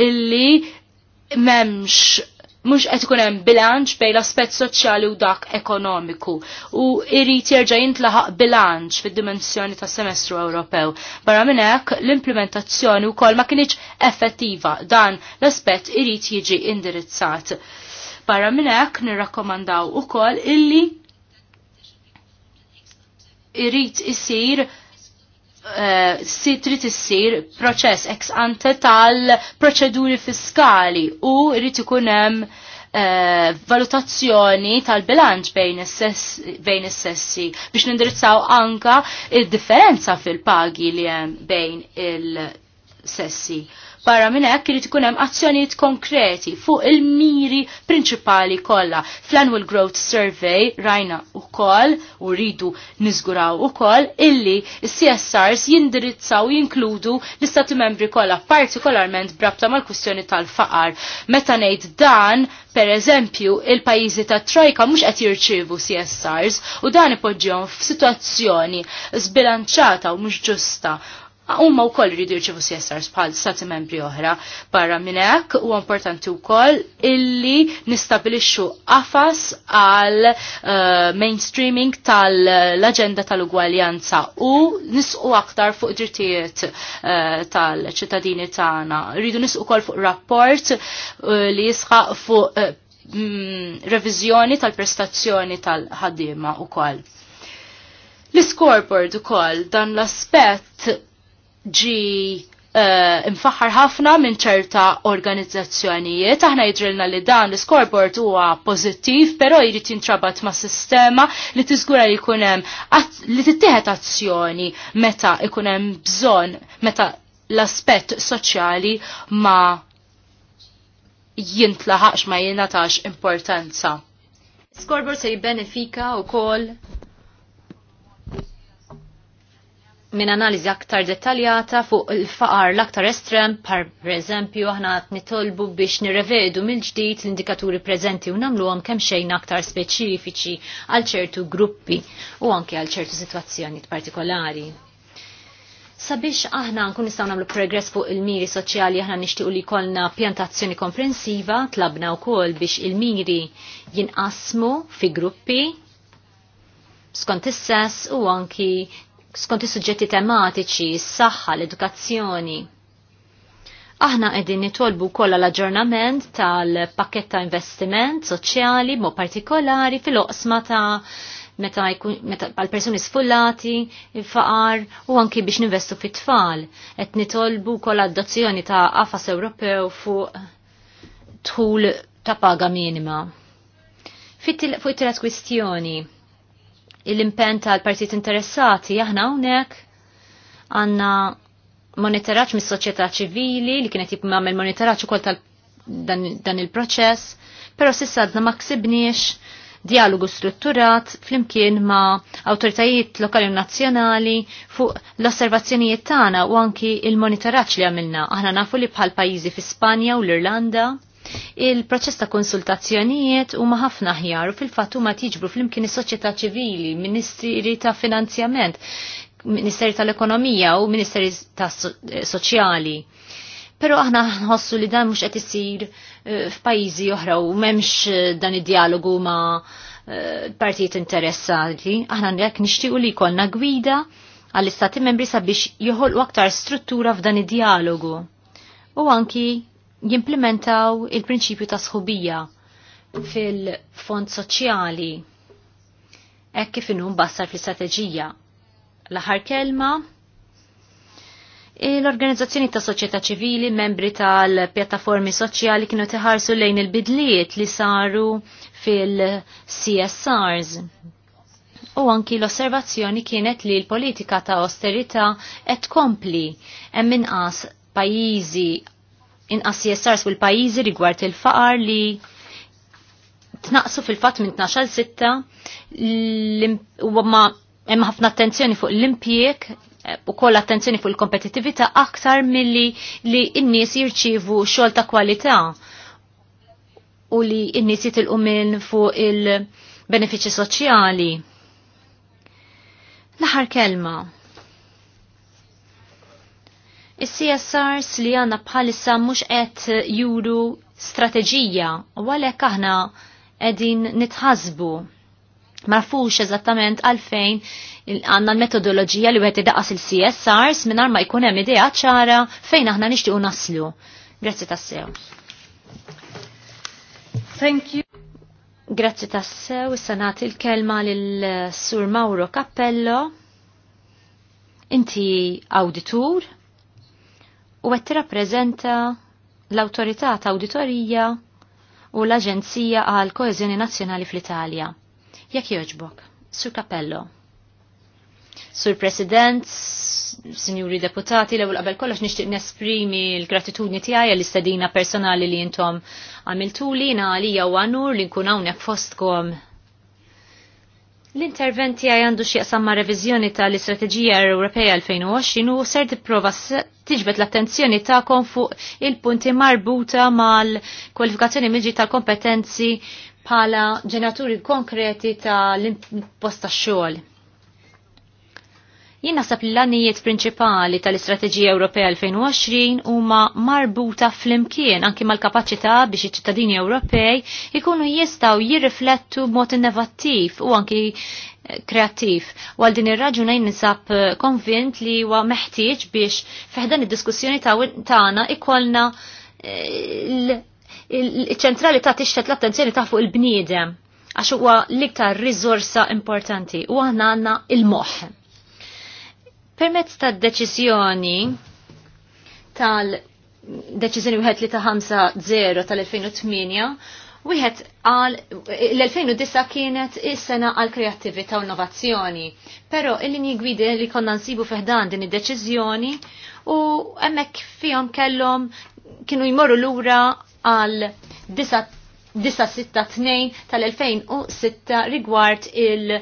illi memx mux qed ikun hemm bilanċ bejn l-aspett soċjali u dak ekonomiku u irrid jerġa' jintlaħaq bilanċ fid-dimensjoni tas-semestru Ewropew. Barra minn hekk l-implementazzjoni wkoll ma kinitx effettiva dan l-aspett irid jiġi indirizzat. Barra minn hekk nirrakkomandaw ukoll illi irrid isir Eh, si trid issir proċess ex ante tal-proċeduri fiskali u rrid ikun hemm eh, valutazzjoni tal-bilanċ bejn is-sessi biex nindirizzaw anka il differenza fil-pagi li hemm bejn il-sessi. Barra minn hekk irid ikun hemm azzjonijiet konkreti fuq il-miri prinċipali kollha. Fl-Annual Growth Survey rajna ukoll u rridu niżguraw ukoll illi s-CSRs jindirizzaw jinkludu l-istati membri kollha partikolarment brabta mal-kwistjoni tal-faqar. Meta ngħid dan, per eżempju, il-pajjiżi ta' Trojka mhux qed jirċievu CSRs u dan ipoġġihom f'sitwazzjoni zbilanċata u mhux ġusta Ah, Umma u koll rridu jirċivu CSRs bħal stati membri oħra barra minnek u importanti u koll illi nistabilixxu qafas għal eh, mainstreaming tal-agenda tal-ugwaljanza u nisqu aktar fuq drittijiet eh, tal-ċittadini tagħna. Rridu nisqu koll fuq rapport eh, li jisħaq fuq mm, revizjoni tal-prestazzjoni tal-ħaddiema u koll. L-scoreboard u koll dan l-aspett ġi uh, ħafna minn ċerta organizzazzjonijiet. Aħna jidrilna li dan l-scoreboard huwa pożittiv, però jrid jintrabat ma' sistema li tiżgura li jkun hemm li tittieħed azzjoni meta jkun hemm bżonn meta l-aspett soċjali ma jintlaħax ma jingħatax importanza. Scoreboard se jibbenefika wkoll minn analiżi aktar dettaljata fuq il-faqar l-aktar estrem, par preżempju aħna qed nitolbu biex nirrevedu mill-ġdid l-indikaturi preżenti u nagħmluhom kemm xejn aktar speċifiċi għal ċertu gruppi u anke għal ċertu sitwazzjonijiet partikolari. Sabiex aħna nkun nistgħu nagħmlu progress fuq il-miri soċjali aħna nixtiequ li jkollna pjantazzjoni komprensiva, tlabna wkoll biex il-miri jinqasmu fi gruppi skont is-sess u anki skont is-suġġetti tematiċi, s-saħħa, l-edukazzjoni. Aħna qegħdin nitolbu kollha l-aġġornament tal-pakket ta' investiment soċjali mo partikolari fil-oqsma ta' meta għal persuni sfullati, il-faqar u anki biex ninvestu fit-tfal. Et nitolbu kol adozzjoni ta' qafas Ewropew fuq tħul ta' paga minima. Fuq it tielet kwistjoni, l-impen tal-partit interessati aħna hawnhekk għandna monitoraġġ mis-soċjetà ċivili li kienet jibmamel monitoraġġ ukoll tal dan, dan il-proċess, però sissa għadna ma ksibniex dialogu strutturat flimkien ma' awtoritajiet lokali u nazzjonali fuq l-osservazzjonijiet tagħna u anki il-monitoraġġ li għamilna. Aħna nafu li bħal pajjiżi fi Spanja u l-Irlanda il-proċess ta' konsultazzjonijiet u ħafna ħjar u fil-fattu ma tiġbru fl-imkien is-soċjetà ċivili, ministri ta' finanzjament, ministeri tal-ekonomija u ministeri ta' soċjali. Pero aħna nħossu li dan mhux qed isir eh, f'pajjiżi oħra u m'hemmx eh, dan id-dialogu ma' eh, partijiet interessati. Aħna jekk nixtiequ li jkollna gwida għall-istati membri sabiex joħolqu aktar struttura f'dan id-dialogu. U anki jimplementaw il-prinċipju ta' sħubija fil-fond soċjali hekk kif inhu mbassar fil strateġija L-aħħar kelma l-organizzazzjoni ta' soċjetà ċivili, membri tal-pjattaformi soċjali kienu teħarsu lejn il-bidliet li saru fil-CSRs. U anki l-osservazzjoni kienet li l-politika ta' austerità qed kompli hemm inqas pajjiżi inqas CSRs fil-pajjiżi rigward il-faqar li tnaqsu fil-fat minn 12 6 u ma hemm ħafna attenzjoni fuq l-impjieg eh, u koll attenzjoni fuq il-kompetitività aktar milli li n-nies jirċivu xogħol ta' kwalità u li n-nies jitilqu minn fuq il-benefiċċji soċjali. L-aħħar kelma Is-CSRs li għanna bħalissa mux qed juru strateġija u għalhekk aħna qegħdin nitħazbu. Marfux eżattament għalfejn għanna l-metodologija li għet daqas il-CSRs minnar ma jkun hemm idea ċara fejn aħna nixtiequ naslu. Grazzi tassew. Thank you. Grazzi tassew, sanat il-kelma l Sur Mauro Cappello. Inti auditur, u qed tirrappreżenta l autorità ta' Awditorija u l-Aġenzija għal Koeżjoni Nazzjonali fl-Italja. Jekk jogħġbok, Sur Kapello. Sur President, Sinjuri Deputati, l-ewwel qabel kollox nixtieq nesprimi l-gratitudni tiegħi għall-istedina personali li intom għamiltuli għalija u għanur li nkun hawnhekk fostkom L-interventi għaj għandu xieqsam samma revizjoni tal-Istrateġija Ewropea 2020 u ser tipprova tiġbet l-attenzjoni ta' fuq il-punti marbuta mal-kwalifikazzjoni miġi tal-kompetenzi pala ġenaturi konkreti tal-imposta xogħol. Jien naħseb li l-għanijiet prinċipali tal-Istrateġija Ewropea 2020 huma marbuta fl-imkien anki mal-kapaċità biex iċ-ċittadini Ewropej ikunu jistgħu jirriflettu b'mod innovattiv u anki eh, kreativ. U għal din ir-raġuna nisab eh, konvint li huwa meħtieġ biex fiħdan id-diskussjoni tagħna ikollna eh, il-ċentrali ta' tixtet l-attenzjoni ta' fuq il-bniedem għax huwa l-iktar riżorsa importanti u għanna għanna il-moħ. Permezz ta' deċiżjoni tal deċiżjoni wieħed li ta' 5-0 tal-2008, wieħed għal l-2009 kienet is-sena għal kreattività u innovazzjoni, però il-linji gwidi li konna nsibu fiħdan din id-deċiżjoni u hemmhekk fihom kellhom kienu jmorru lura għal 9 tal-2006 rigward il-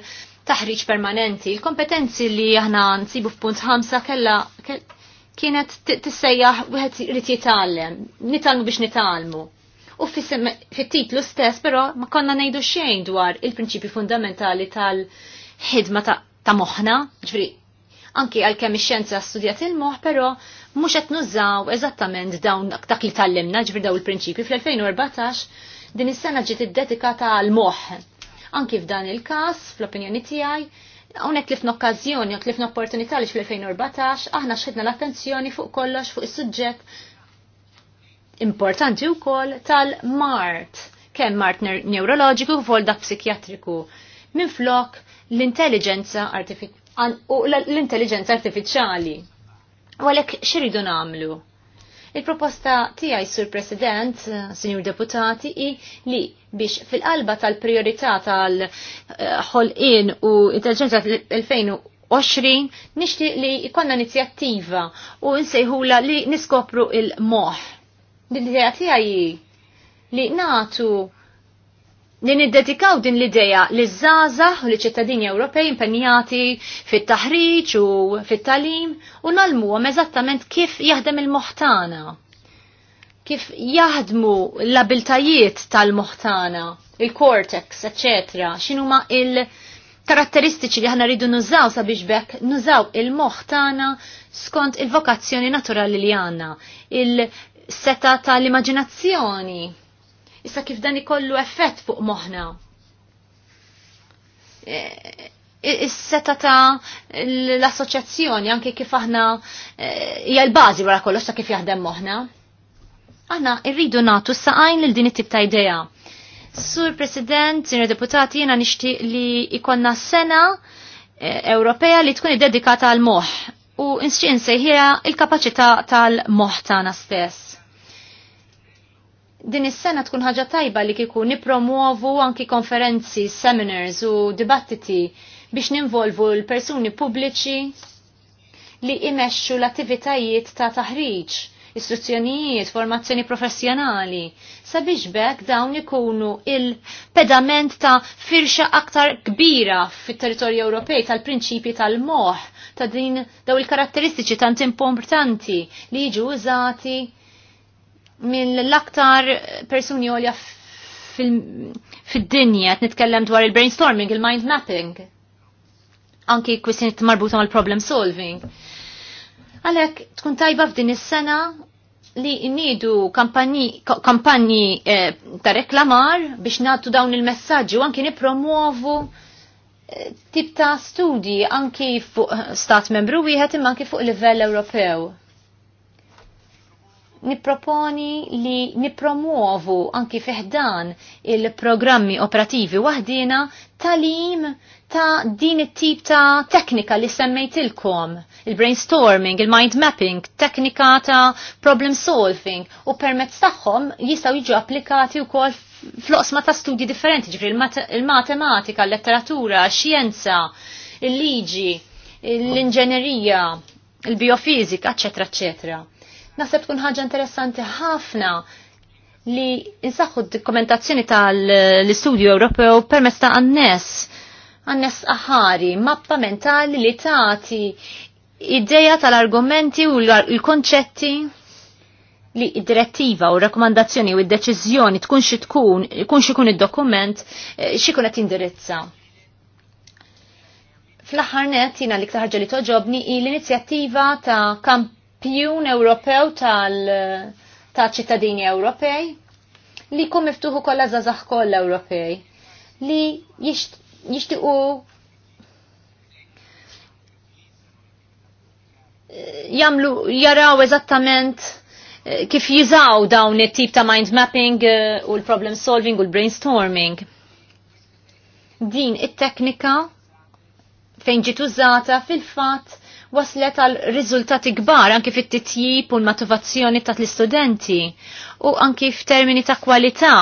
taħriġ permanenti. Il-kompetenzi li aħna nsibu f'punt ħamsa kella kienet tissejjaħ wieħed irid jitgħallem, nitalmu biex nitalmu. U fit-titlu stess però ma konna ngħidu xejn dwar il-prinċipji fundamentali tal-ħidma ta' moħħna, ġifieri anki għalkemm ix-xjenza studjat il-moħħ, però mhux qed nużaw eżattament dawn dak li tallimna ġifier daw il-prinċipji fl-2014 din is-sena ġiet iddedikata għal moħħ Anki f'dan il-każ, fl-opinjoni tiegħi, Għonek tlifna okkazjoni, tlifna opportunità li fl-2014, aħna xħedna l-attenzjoni fuq kollox fuq is-suġġett importanti u koll tal-MART, kemm mart neurologiku u dak psikjatriku. Minn flok l-intelligenza u l-intelligenza artificiali. U għalek xiridu namlu? Il-proposta tijaj, Sur President, Signor Deputati, i li biex fil-qalba tal-priorità tal-ħolqien u intelligenza fil-2020 nixtieq li jkollna inizjattiva u nsejħula li niskopru il-moħ. L-idea tiegħi li natu li niddedikaw din l-ideja li zaza u li ċittadini Ewropej impenjati fit-taħriġ u fit-talim u nalmuhom eżattament kif jaħdem il-moħtana kif jaħdmu l-abiltajiet tal-moħtana, il-cortex, etc. xinu ma il-karatteristiċi li ħana rridu nużaw sabiex bekk nużaw il-moħtana skont il-vokazzjoni naturali li għanna, il-seta tal-immaġinazzjoni. Issa kif dan ikollu effett fuq moħna. E, e, is-seta ta' l-assoċjazzjoni anke kif aħna e, hija l-bażi wara kollox ta' kif jaħdem moħna. Aħna irridu natu saqajn lil din it-tip ta' idea. Sur President, Sinjor Deputati, jiena nixtieq li ikonna sena eh, Ewropea li tkun dedikata għal moħ u insċin sejħira il kapacita tal-moħ tagħna stess. Din is-sena tkun ħaġa tajba li kiku nipromuovu anki konferenzi, seminars u dibattiti biex ninvolvu l-persuni pubbliċi li imexxu l-attivitajiet ta' taħriġ istruzzjonijiet, formazzjoni professjonali, sabiex bekk dawn ikunu il-pedament ta' firxa aktar kbira fit-territorju Ewropej tal-prinċipji tal-moħ ta' din daw il-karatteristiċi tant importanti li jiġu użati mill-aktar persuni għolja fil-dinja, fil nitkellem dwar il-brainstorming, il-mind mapping, anki kwistjoni marbuta mal-problem solving Għalek tkun tajba f'din is-sena li nidu kampanji, eh, ta' reklamar biex natu dawn il-messagġi u anki nipromuovu eh, tip ta' studji anki fuq eh, stat membru wieħed imma anki fuq livell Ewropew. Niproponi li nipromuovu anki fiħdan il-programmi operativi waħdina tal-im ta' din it-tip ta' teknika li semmejtilkom il-brainstorming, il-mind mapping, teknika ta' problem solving u permezz tagħhom jistgħu jiġu applikati wkoll fl osma ta' studji differenti, ġifri il-matematika, l-letteratura, xjenza, il-liġi, l-inġenerija, il-biofizika, eccetera, eccetera. Naħseb tkun ħaġa interessanti ħafna li nsaħħu d-dokumentazzjoni tal-Istudju Ewropew permezz ta' annes, annes aħari, mappa mentali li tagħti ideja tal-argumenti u l-konċetti li id-direttiva u rakkomandazzjoni u id-deċizjoni tkun xi tkun ikun xi id-dokument xi kun eh, qed indirizza. Fl-aħħar net jiena li ħaġa li toġobni hi l-inizjattiva ta' kampjun Ewropew tal ta' ċittadini Ewropej li kum miftuħu kollha żagħżagħ kollha Ewropej li jixtiequ. jamlu jaraw eżattament eh, kif jizaw dawn it-tip ta' mind mapping eh, u l-problem solving u l-brainstorming. Din it-teknika fejn ġiet użata fil-fatt waslet għal riżultati kbar anke fit-titjib u l-motivazzjoni ta' l-istudenti u anke f'termini ta' kwalità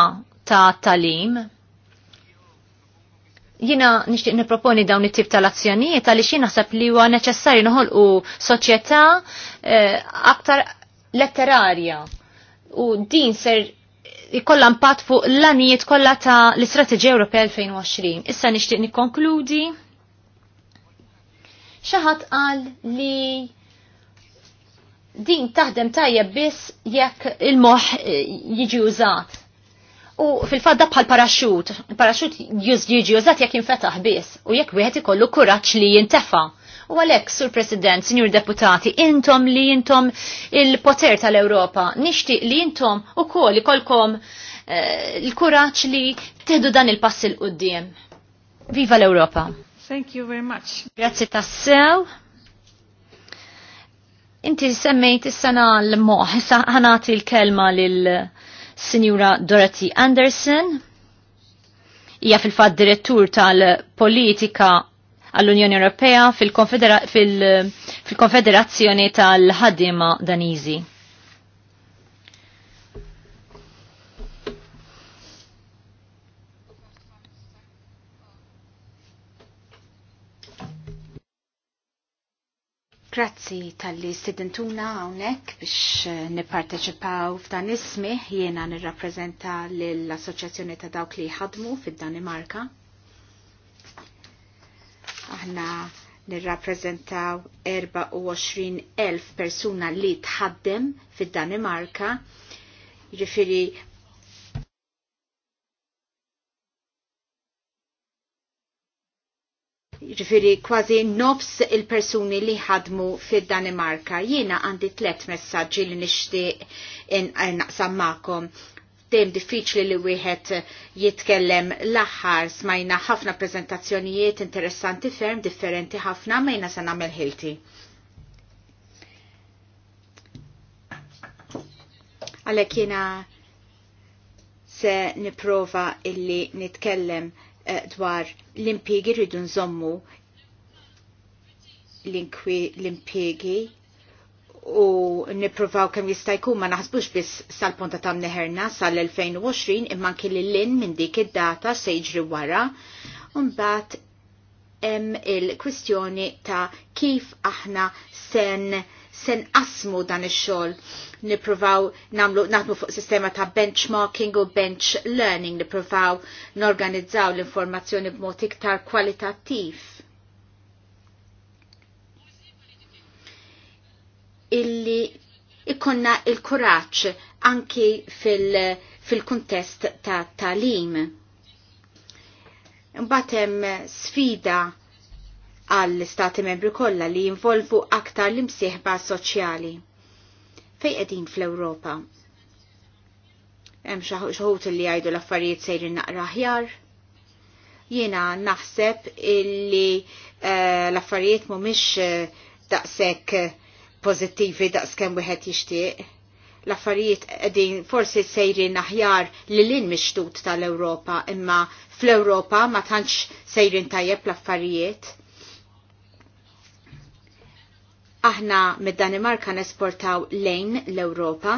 ta' talim jina nishtiq niproponi dawn it-tip tal-azzjonijiet għaliex jien naħseb li huwa neċessarju noħolqu soċjetà eh, aktar letterarja. U din ser ikolla impatt fuq l-anijiet kollha ta' l-Istrateġija Ewropea 2020. Issa nixtieq nikkonkludi. Xi ħadd qal li din taħdem tajjeb biss jekk il-moħħ jiġi użat u fil-fadda bħal paraxxut. Il-paraxxut jiġi użat jekk infetaħ biss u jekk wieħed ikollu kuraġġ li jintefa'. U għalhekk, Sur President, Sinjur Deputati, intom li intom il-poter tal-Ewropa, nixtieq li intom ukoll ikolkom eh, il-kuraġġ li teħdu dan il-pass il qudiem Viva l-Ewropa! Thank you very much. Grazzi tassew. Inti semmejt is-sena l-moħ, ħanati l-kelma lil Sinjura Dorothy Anderson, hija fil-fatt direttur tal-politika għall-Unjoni Ewropea fil-Konfederazzjoni fil tal-ħaddiema Daniżi. Grazzi tal-li sidintuna għonek biex eh, nipparteċipaw f'dan ismi jiena nirrapprezenta l-Assoċjazzjoni ta' dawk li jħadmu fid-Danimarka. Aħna nirrapprezentaw 24.000 persuna li tħaddem fid-Danimarka Jifiri ġifiri kważi nofs il-persuni li ħadmu fid danimarka Jiena għandi tlet messagġi li nixtieq naqsam magħkom. diffiċli li wieħed jitkellem l-aħħar smajna ħafna prezentazzjonijiet interessanti ferm differenti ħafna mejna se nagħmel ħilti. Għalhekk jiena se niprova illi nitkellem Eh, dwar l-impiegi rridu nżommu l-impiegi u niprofaw kem jistajku ma naħsbux biss sal ponta tam neħerna sal-2020 imman kelli l-in minn dik id-data se jġri wara un-bat hemm il-kwistjoni ta' kif aħna sen sen asmu dan ix-xogħol niprofaw namlu natmu fuq sistema ta' benchmarking u bench learning nippruvaw norganizzaw l-informazzjoni b'mod iktar kwalitattiv. Illi ikonna il-kuraċ anki fil-kuntest fil ta' talim. Mbatem sfida għall istati membri kollha li jinvolvu aktar l-imsieħba soċjali. Fej qegħdin fl-Ewropa? Hemm xaħut li jgħidu l-affarijiet sejrin naqra aħjar. Jiena naħseb illi eh, l-affarijiet mhumiex eh, daqshekk pożittivi daqskemm wieħed jixtieq l-affarijiet qegħdin forsi sejrin aħjar li lin mixtut tal ewropa imma fl ewropa ma tantx sejrin tajjeb l-affarijiet. Aħna mid-Danimarka nesportaw lejn l-Ewropa.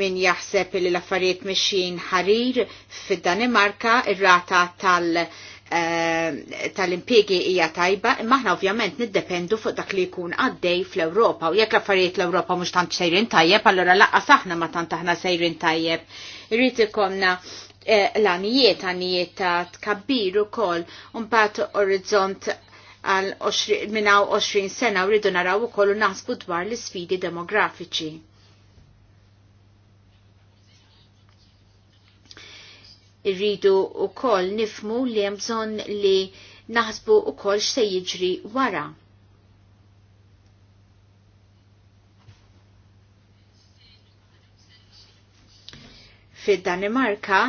Min jaħseb li l-affarijiet mixin ħarir fid-Danimarka ir-rata tal- eh, tal-impiegi hija tajba, imma aħna ovvjament niddependu fuq dak li jkun għaddej fl-Ewropa u jekk l affarijiet l-Ewropa mhux tant sejrin tajjeb, allura laqas aħna ma tant aħna sejrin tajjeb. Irrid ikomna eh, l-anijiet, anijiet ta' tkabbir ukoll u mbagħad orizzont għal minna 20 sena u rridu naraw u kollu naħsbu dwar l-sfidi demografiċi. Irridu u koll nifmu li jemżon li naħsbu u koll xse jiġri wara. Fid-Danimarka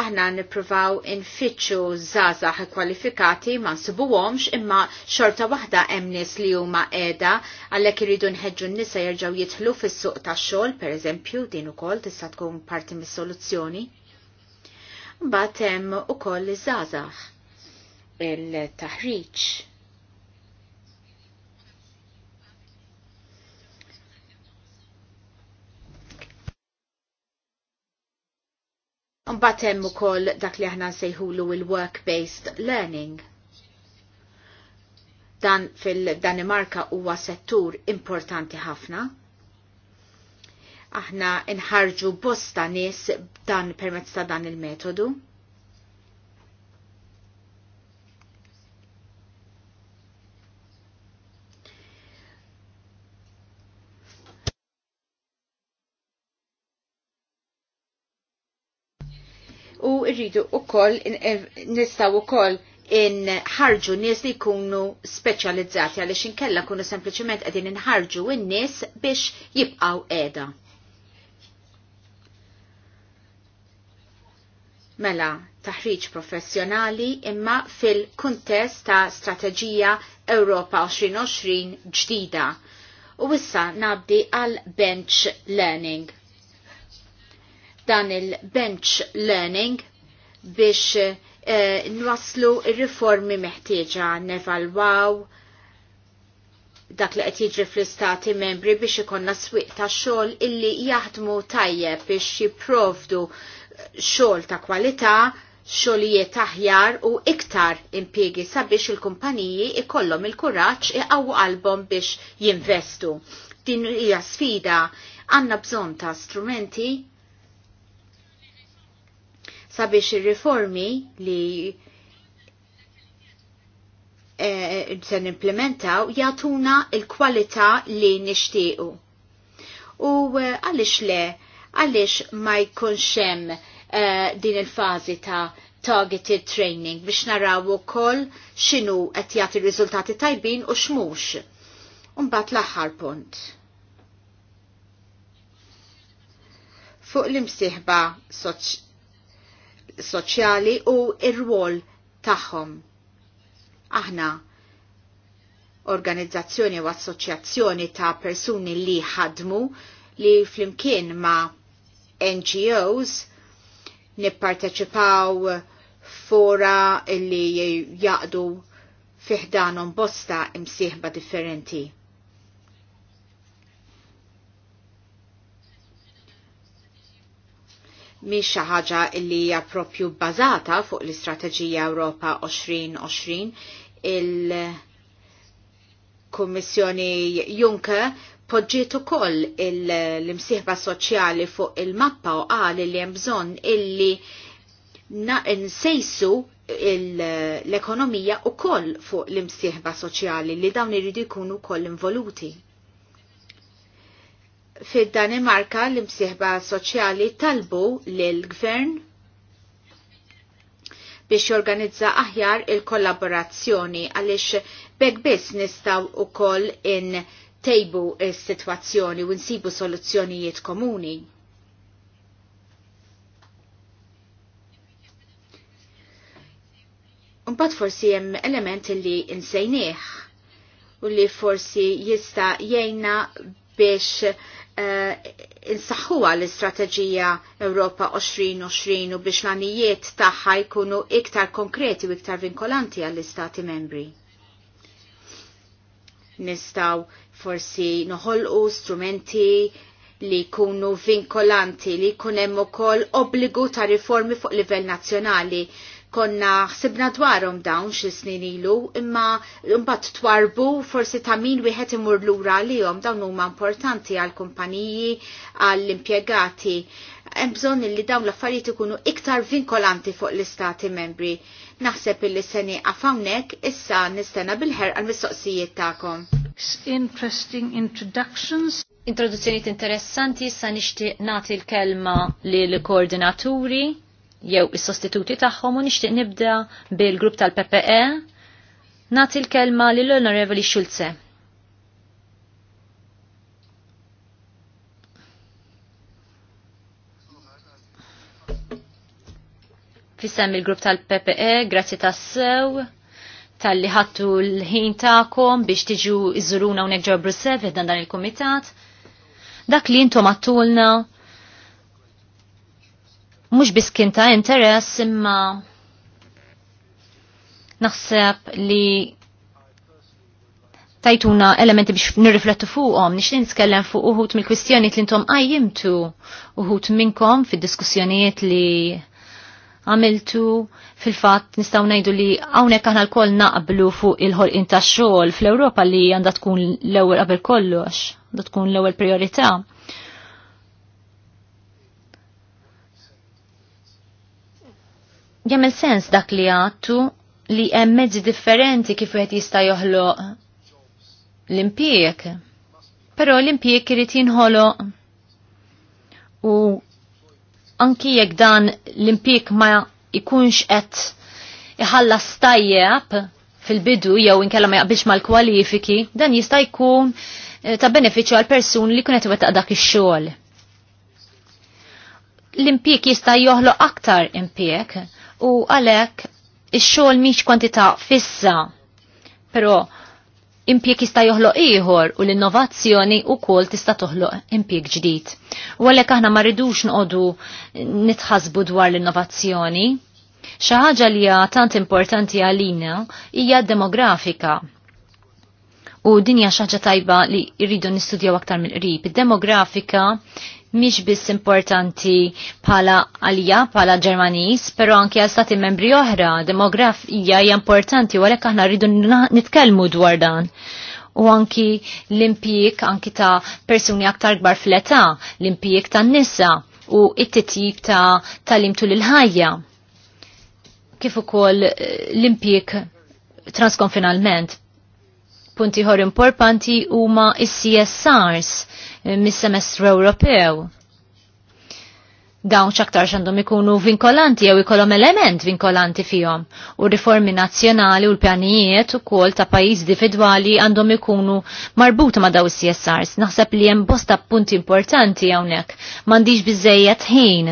aħna nipruvaw infittxu zazax kwalifikati ma għomx imma xorta waħda hemm nies li huma qiegħda għalhekk iridu nħedġu n-nisa jerġgħu jidħlu fis-suq tax-xogħol pereżempju din ukoll tista' tkun parti mis-soluzzjoni. Mbagħad hemm ukoll iż-żgħażagħ il-taħriġ Mbagħad hemm ukoll dak li aħna nsejħulu il-work-based learning. Dan fil-Danimarka huwa settur importanti ħafna. Aħna nħarġu bosta nies dan permezz ta' dan il-metodu. rridu u koll, eh, nistaw u koll ħarġu nies li jkunu speċjalizzati għaliex inkella kunu sempliċement qegħdin inħarġu in nies biex jibqgħu qiegħda. Mela, taħriġ professjonali imma fil-kuntest ta' strateġija Ewropa 2020 ġdida. U issa nabdi għal bench learning. Dan il-bench learning biex eh, nwaslu il riformi meħtieġa nevalwaw dak li qed jiġri fl-istati membri biex ikonna swieq ta' xogħol illi jaħdmu tajjeb biex jipprovdu xogħol ta' kwalità, xogħlijiet aħjar u iktar impjiegi sabiex il-kumpaniji ikollhom il-kuraġġ iqgħu qalbhom biex jinvestu. Din hija sfida għandna bżonn ta' strumenti sabiex ir-riformi li eh, se nimplementaw jagħtuna l-kwalità li nixtiequ. U eh, għaliex le, għaliex ma jkunx hemm eh, din il-fażi ta' targeted training biex naraw ukoll x'inhu qed jagħti riżultati tajbin u x'mhux. Mbagħad l-aħħar punt. Fuq l imsihba soċjali u ir-rwol tagħhom. Aħna organizzazzjoni u assoċjazzjoni ta' persuni li ħadmu li flimkien ma' NGOs nipparteċipaw fora li jaqdu fiħdanon bosta imsieħba differenti. mhix xi ħaġa li hija propju bbażata fuq l-Istrateġija Ewropa 2020 il-Kummissjoni Juncker poġġiet ukoll l-imsieħba soċjali fuq il-mappa u qal li hemm bżonn illi nsejsu l-ekonomija u koll fuq l-imsieħba soċjali li dawn iridu jkunu koll involuti. Fid-Danimarka l-imsieħba soċjali talbu lill-gvern biex jorganizza aħjar il-kollaborazzjoni għaliex bekk biss nistaw koll in tejbu il sitwazzjoni u nsibu soluzzjonijiet komuni. Mbagħad forsi hemm element li insejnieh u li forsi jista' jgħinna biex Eh, insaħħuha l-istrateġija Ewropa 2020 u biex l-anijiet tagħha jkunu iktar konkreti u iktar vinkolanti għall-istati membri. Nistaw forsi noħolqu strumenti li jkunu vinkolanti li jkun hemm ukoll obbligu ta' riformi fuq livell nazzjonali konna ħsibna dwarhom dawn xi snin ilu, imma mbagħad twarbu forsi ta' min wieħed imur lura għalihom dawn huma importanti għall kumpaniji għall-impjegati. Hemm bżonn li dawn l-affarijiet ikunu iktar vinkolanti fuq l-istati membri. Naħseb illi se nieqaf hawnhekk issa nistenna bil-ħer għal mistoqsijiet tagħkom. Interesting introductions. Introduzzjonijiet interessanti issa nixtieq nagħti l-kelma lill koordinaturi jew is-sostituti tagħhom u nixtieq nibda bil-grupp tal-PPE nagħti l-kelma lil onorevoli Schulze. Fissem il-grupp tal-PPE, grazzi tassew tal-li ħattu l-ħin ta'kom biex tiġu iżuruna unek ġo Brussel dan il-komitat. Dak li intom għattulna mhux biss kien ta' interess imma naħseb li tajtuna elementi biex nirriflettu fuqhom, nix ninskellem fuq uħut mill-kwistjonijiet li intom qajjimtu uħut minnkom fid-diskussjonijiet li għamiltu fil-fatt nistaw najdu li hawnhekk l lkoll naqblu fuq il-ħolqien tax-xogħol fl-Ewropa li għandha tkun l-ewwel qabel kollox, għandha tkun l-ewwel priorità. jagħmel sens dak li għattu li hemm mezzi differenti kif qed jista' joħloq l impjek Però l-impjieg irid jinħoloq u anki jekk dan l-impjieg ma jkunx qed iħallas tajjeb fil-bidu jew inkella ma jaqbilx mal-kwalifiki, dan jista' jkun eh, ta' benefiċċju għal persuni li kunet iwettaq dak ix-xogħol. L-impjek jista' joħloq aktar impjek u għalek il xogħol mhix kwantita fissa, però impjeg jista' joħloq ieħor u l-innovazzjoni wkoll tista' toħloq impjeg ġdid. U għalhekk aħna ma rridux noqogħdu nitħasbu dwar l-innovazzjoni. Xi ħaġa li hija tant importanti għalina hija demografika. U dinja hija xi ħaġa tajba li rridu nistudjaw aktar mill-qrib. Id-demografika mhix biss importanti bħala għalija bħala Ġermaniż, però anke għal stati membri oħra demografija hija importanti u għalhekk aħna rridu nitkellmu dwar dan u anki l-impijik anki ta' persuni aktar gbar fl-età, l-impijik ta' nisa u it-titjib ta' tal-imtu l-ħajja. Kif ukoll eh, l-impijik transkonfinalment. Punti ħor importanti huma is-CSRs mis-semestru Ewropew. Dawn xaktar xandhom ikunu vinkolanti jew ikolom element vinkolanti fihom u riformi nazzjonali u l-pjanijiet ukoll ta' pajjiż individuali għandhom ikunu marbut ma' daw CSRs. Naħseb li hemm bosta punti importanti hawnhekk. M'għandix biżejjed ħin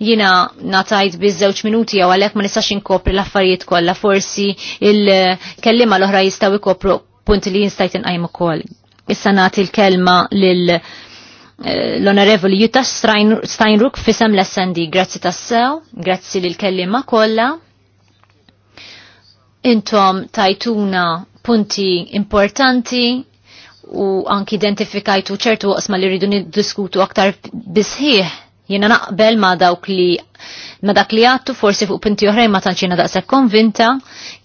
jina natajt biż-żewġ minuti jew għalhekk ma nistax inkopri l-affarijiet kollha, forsi il-kellima l-oħra jistgħu ikopru punti li jinstajt inqajmu ukoll. Issa nagħti l-kelma lil eh, l-onorevoli Jutta Steinruck fisem l-SND. Grazzi tassew, grazzi lil kellima kollha. Intom tajtuna punti importanti u anki identifikajtu ċertu waqsma li rridu niddiskutu aktar bisħieħ Jena naqbel ma dawk li ma dak li għattu forsi fuq pinti oħrajn ma tantxina daqshekk konvinta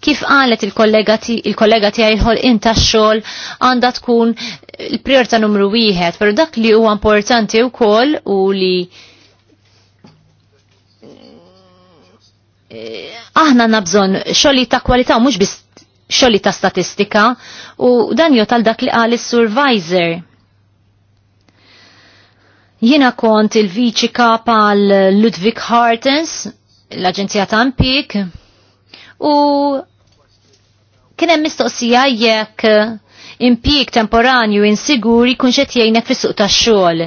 kif qalet il-kollega tiegħi jħol inta x-xogħol għandha tkun il-priorità numru wieħed, però dak li huwa importanti wkoll u li aħna nabżon xogħli ta' kwalità mhux biss xogħli ta' statistika u dan jo tal dak li qal is-survisor Jiena kont il-viċi kapa l Ludwig Hartens, l-Aġenzija ta' Impik, u kien hemm mistoqsija jekk impik temporanju insiguri kun xed jgħinek fis-suq tax-xogħol.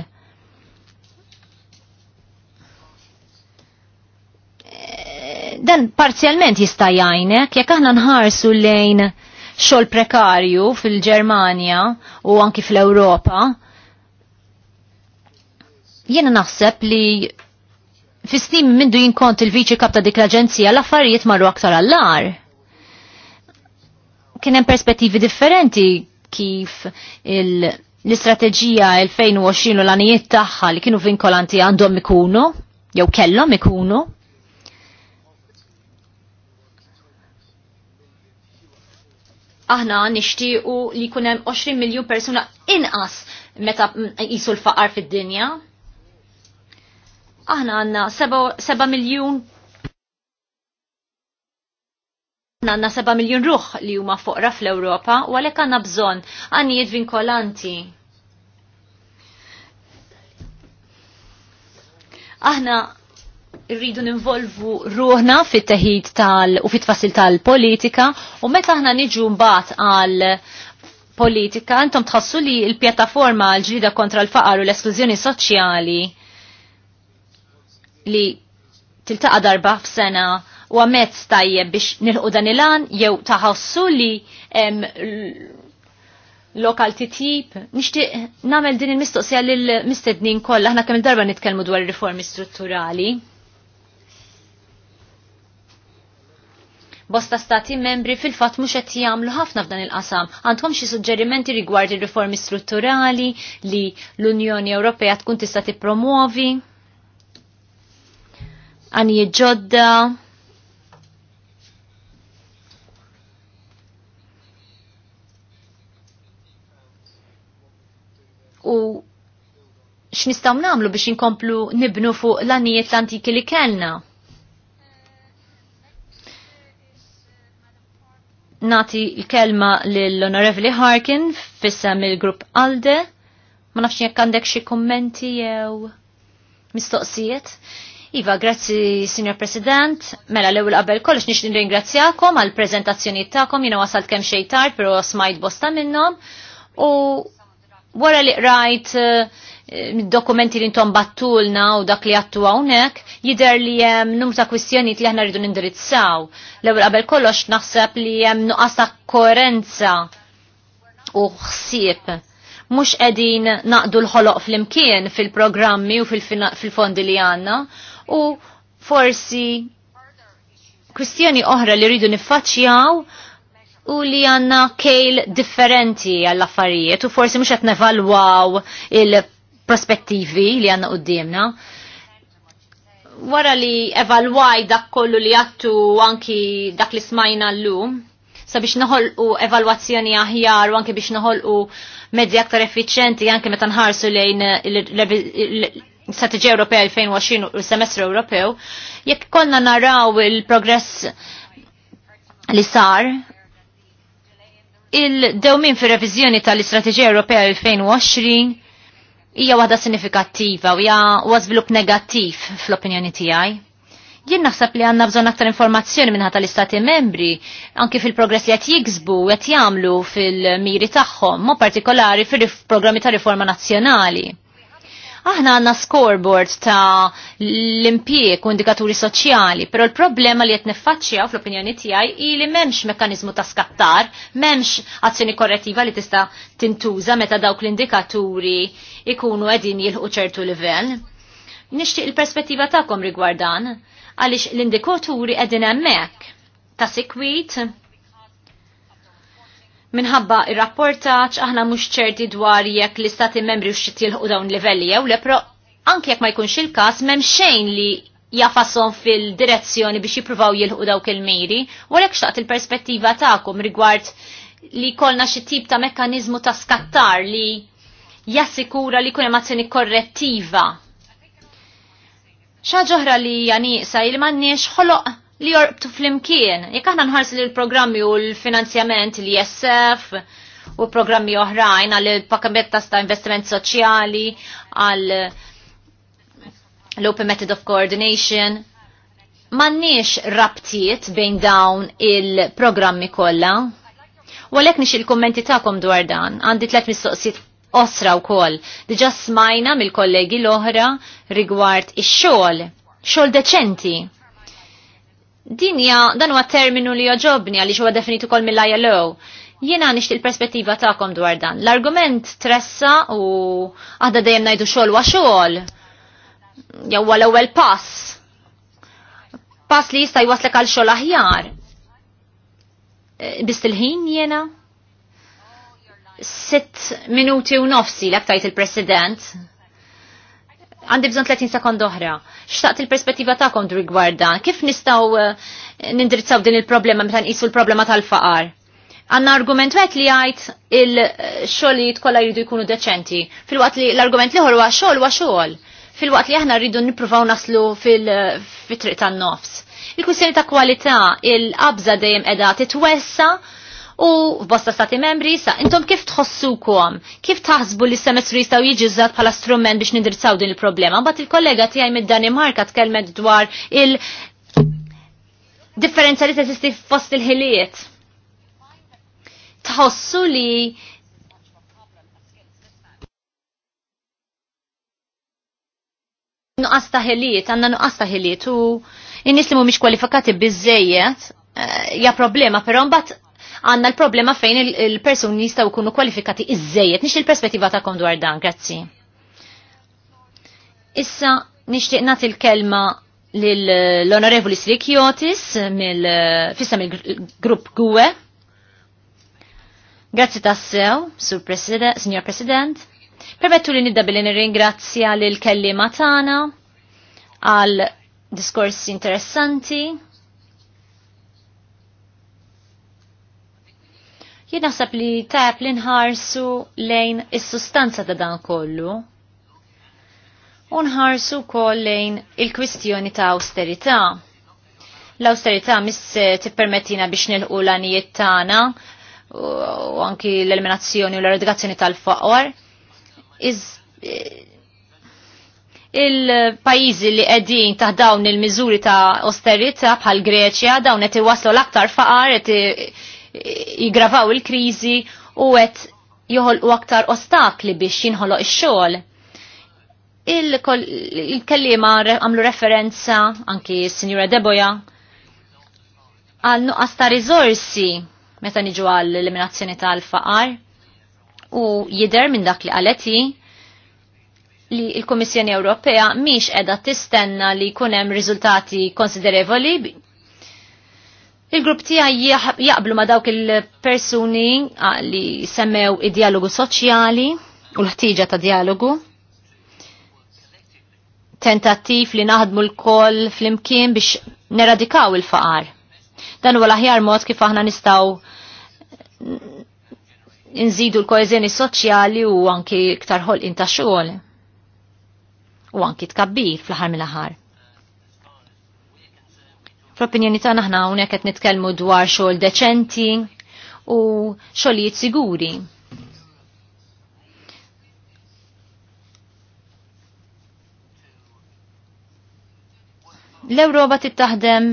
Dan parzjalment jista' jgħinek jekk aħna nħarsu lejn xogħol prekarju fil-Ġermanja u anki fl-Ewropa, Jena naħseb li fis-snin mindu jinkont il-viċi kapta dik l-aġenzija l-affarijiet marru aktar għallar. Kien hemm perspettivi differenti kif il- l-istrateġija 2020 u l-anijiet tagħha li kienu vinkolanti għandhom ikunu, jew kellhom ikunu. Aħna nixtiequ li jkun hemm 20 miljun persuna inqas meta qisu l-faqar fid-dinja. Aħna għanna 7 miljun għanna 7 miljun ruħ li huma foqra fl-Ewropa u għalhekk għandna bżonn għanijiet vinkolanti. Aħna rridu ninvolvu ruħna fit teħid tal u fit fasil tal-politika u meta aħna niġu mbagħad għal politika intom tħassu li l-pjattaforma l-ġrida kontra l-faqar u l-esklużjoni soċjali li tiltaqa darba f'sena u għamet tajjeb biex nilħu dan il-an jew taħassu li lokal titjib. Nishtiq namel din il-mistoqsija l-mistednin kollha aħna kemm il-darba nitkellmu dwar riformi strutturali. Bosta stati membri fil-fat mhux qed jagħmlu ħafna f'dan il-qasam. Għandhom xi suġġerimenti rigward ir-riformi strutturali li l-Unjoni Ewropea tkun tista' tippromuovi? għani ġodda. U x'nistgħu nagħmlu biex inkomplu nibnu fuq l-għanijiet l-antiki li kellna. Nati l-kelma lill-Onorevoli Harkin fissem il-grupp Alde. Ma nafx jekk għandek xi kummenti jew mistoqsijiet. Iva, grazzi, Signor President. Mela, l ewwel qabel kollox nix ringrazzjakom għal prezentazzjoni ta'kom, jina wasalt kem xejn tard, pero smajt bosta minnom. U wara li rajt eh, dokumenti li ntom battulna u dak li għattu għawnek, jider li jem numru ta' kwistjoni li ħna rridu nindirizzaw. l ewwel qabel kollox naħseb li jem nuqas ta' koerenza u xsib mux edin naqdu l-ħoloq fl-imkien fil-programmi u fil-fondi li għanna u forsi kwistjoni oħra li rridu niffaċċjaw u li għanna kejl differenti għall-affarijiet u forsi mux qed nevalwaw il-prospettivi li għanna għoddimna. Wara li evalwaj dak kollu li għattu anki dak li smajna l-lum, sabiex u evalwazzjoni aħjar u anki biex u mezzi aktar effiċenti anki meta nħarsu lejn strategija Ewropea 2020 u semestru Ewropew, jekk konna naraw il-progress li sar, il-dewmin fir reviżjoni tal-Istrateġija Ewropea 2020 hija waħda sinifikattiva u hija huwa żvilupp negattiv fl-opinjoni tiegħi. Jien naħseb li għandna bżonn aktar informazzjoni minnħata l-Istati membri anke fil-progress li qed jiksbu qed jagħmlu fil-miri tagħhom, mo partikolari fil-programmi ta' riforma nazzjonali Aħna għanna scoreboard ta' l-impjek u indikaturi soċjali, pero l-problema li qed niffaċċjaw fl-opinjoni tiegħi hi li m'hemmx mekkaniżmu ta' skattar, m'hemmx azzjoni korrettiva li tista' tintuża meta dawk l-indikaturi ikunu qegħdin jilħu ċertu livell. Nixtieq il-perspettiva tagħkom rigward dan għaliex l-indikaturi qegħdin hemmhekk ta' sikwit minħabba il rapportaċ aħna mhux ċerti dwar jekk l-istati membri u xit jilħu dawn livelli jew le pro anke jekk ma jkunx il-każ m'hemm xejn li jafasson fil-direzzjoni biex jippruvaw jilħu dawk il-miri, u għalhekk xtaqt il-perspettiva tagħkom rigward li kolna xi tip ta' mekkaniżmu ta' skattar li jassikura li kunem hemm azzjoni korrettiva. ċaġoħra oħra li janisa il m'għandniex ħoloq li jorbtu fl-imkien. Jek aħna nħarsu li l-programmi u l-finanzjament li jessef u programmi oħrajn għal pakametta ta' investiment soċjali, għal l-Open Method of Coordination. Mannix rabtiet bejn dawn il-programmi kollha. U għalhekk nix il-kommenti tagħkom dwar dan, għandi tliet mistoqsijiet osra wkoll. Dġa smajna mill-kollegi l-oħra rigward ix-xogħol, xogħol deċenti Dinja dan huwa terminu li joġobni għaliex huwa definitu kol mill low. Jiena nixtieq il-perspettiva tagħkom dwar dan. L-argument tressa u għadda dejjem ngħidu xogħol wa xogħol. Jew għal ewwel pass. Pass li jista' jwaslek għal xogħol aħjar. E, Bist il-ħin jiena? Sitt minuti u nofsi l-aktajt il-President Għandi bżon 30 sekond oħra. Xtaqt il-perspettiva ta'kom rigward Kif nistaw eh, nindirizzaw din il-problema meta nqisu l-problema tal-faqar? Għanna argument għet li għajt il-xolijiet kolla jridu jkunu deċenti. Fil-waqt li l-argument liħor huwa xogħol huwa xogħol. Fil-waqt li aħna rridu nippruvaw naslu fil-triq tan-nofs. Il-kwistjoni ta' kwalità il-qabża dejjem qiegħda titwessa' u f'bosta stati membri sa intom kif tħossukom, kif taħsbu li semestru jistgħu jiġi żgħat bħala strument biex nindirizzaw din il-problema. Mbagħad il-kollega tiegħi mid-Danimarka tkellmet dwar il- differenza li teżisti fost il-ħiliet. Tħossu li nuqqas taħiliet, għanna nuqqas taħiliet u jinnis li li miex kwalifikati bizzejiet, eh, ja problema, pero mbatt għanna l-problema fejn il-persuni jistgħu jkunu kwalifikati iżejjed. Nix il-perspettiva ta' dwar dan, grazzi. Issa nixtieq nagħti l-kelma eh, l-Onorevoli Srikiotis, eh, fissa mill-Grupp GUE. Grazzi tassew, sew, Signor President. Permettu li nidda billi nirringrazzja l kellima tagħna għal diskorsi interessanti Jien naħseb li tajab li nħarsu lejn is-sustanza ta' dan kollu. U nħarsu koll lejn il-kwistjoni ta' austerità. L-austerità mis tippermettina biex nilqu l-anijiet tagħna u anki l-eliminazzjoni u l-eradikazzjoni tal-faqar. Il-pajizi li qegħdin ta' dawn il-miżuri ta' austerità bħal Greċja dawn qed iwasslu l-aktar faqar qed jigravaw il-kriżi u joħol u aktar ostakli biex jinħoloq ix-xogħol. Il-kellima għamlu referenza anki s-Sinjura Deboja għal nuqqas ta' riżorsi meta niġu għall eliminazzjoni tal-faqar u jider minn dak li għaleti li il-Komissjoni Ewropea miex edha tistenna li kunem riżultati konsiderevoli Il-grupp tiegħi jaqblu ma dawk il-persuni ah, li semmew id-dialogu soċjali u l ħtijġa ta' dialogu. Tentattiv li naħdmu l-koll fl-imkien biex neradikaw il-faqar. Dan huwa l-aħjar mod kif aħna nistgħu nżidu l-koeżjoni soċjali u anki iktar ħolqin ta' xogħol. U anki tkabbir fl-aħħar mill-aħħar. Fl-opinjoni ta' naħna hawnhekk qed nitkellmu dwar xogħol deċenti u xogħlijiet siguri. l europa tittaħdem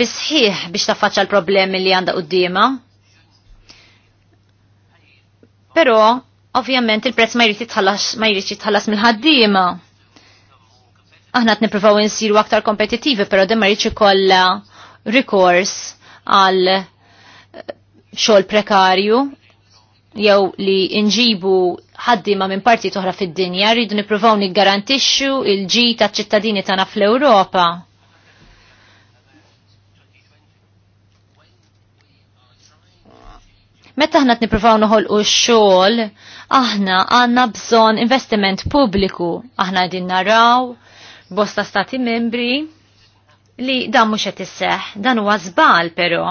bisħiħ biex taffaċċa l-problemi li għandha qudiema. Però ovvjament il-prezz ma jrid jitħallas mill-ħaddiema. Aħna qed nippruvaw insiru aktar kompetittivi, però dem rridx ikollha rikors għal eh, xogħol prekarju jew li inġibu ħaddima minn parti toħra fid-dinja rridu nippruvaw niggarantixxu il-ġi taċ-ċittadini tagħna fl-Ewropa. Meta aħna niprofaw noħolqu x-xogħol, aħna għandna bżonn investiment pubbliku. Aħna qegħdin naraw bosta stati membri li dan mhux qed isseħ, dan huwa żbal però.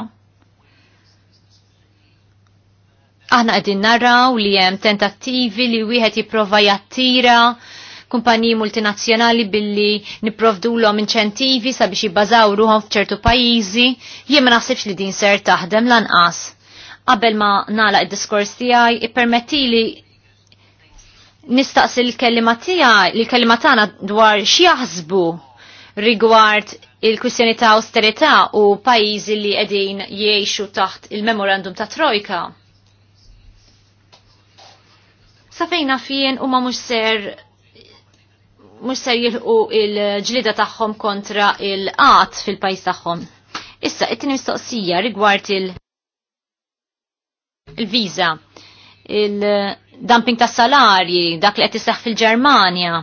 Aħna qegħdin naraw li hemm tentattivi li wieħed jipprova jattira kumpaniji multinazzjonali billi niprovdulhom inċentivi sabiex jibbażaw ruhom f'ċertu pajjiżi, jien ma naħsibx li din ser taħdem lanqas. Qabel ma nagħlaq id-diskors tiegħi, ippermettili nistaqsi l-kelima l-kelima tagħna dwar x'jaħsbu rigward il kwissjoni ta' austerità u pajjiżi li qegħdin jgħixu taħt il-memorandum ta' Trojka. Safejna fejna fien huma mhux ser mhux ser jilħu il-ġlida tagħhom kontra il-qat fil-pajjiż tagħhom. Issa it-tieni mistoqsija rigward il- viża il, -viza. il dumping ta' salarji, dak li qed iseħħ fil-Ġermanja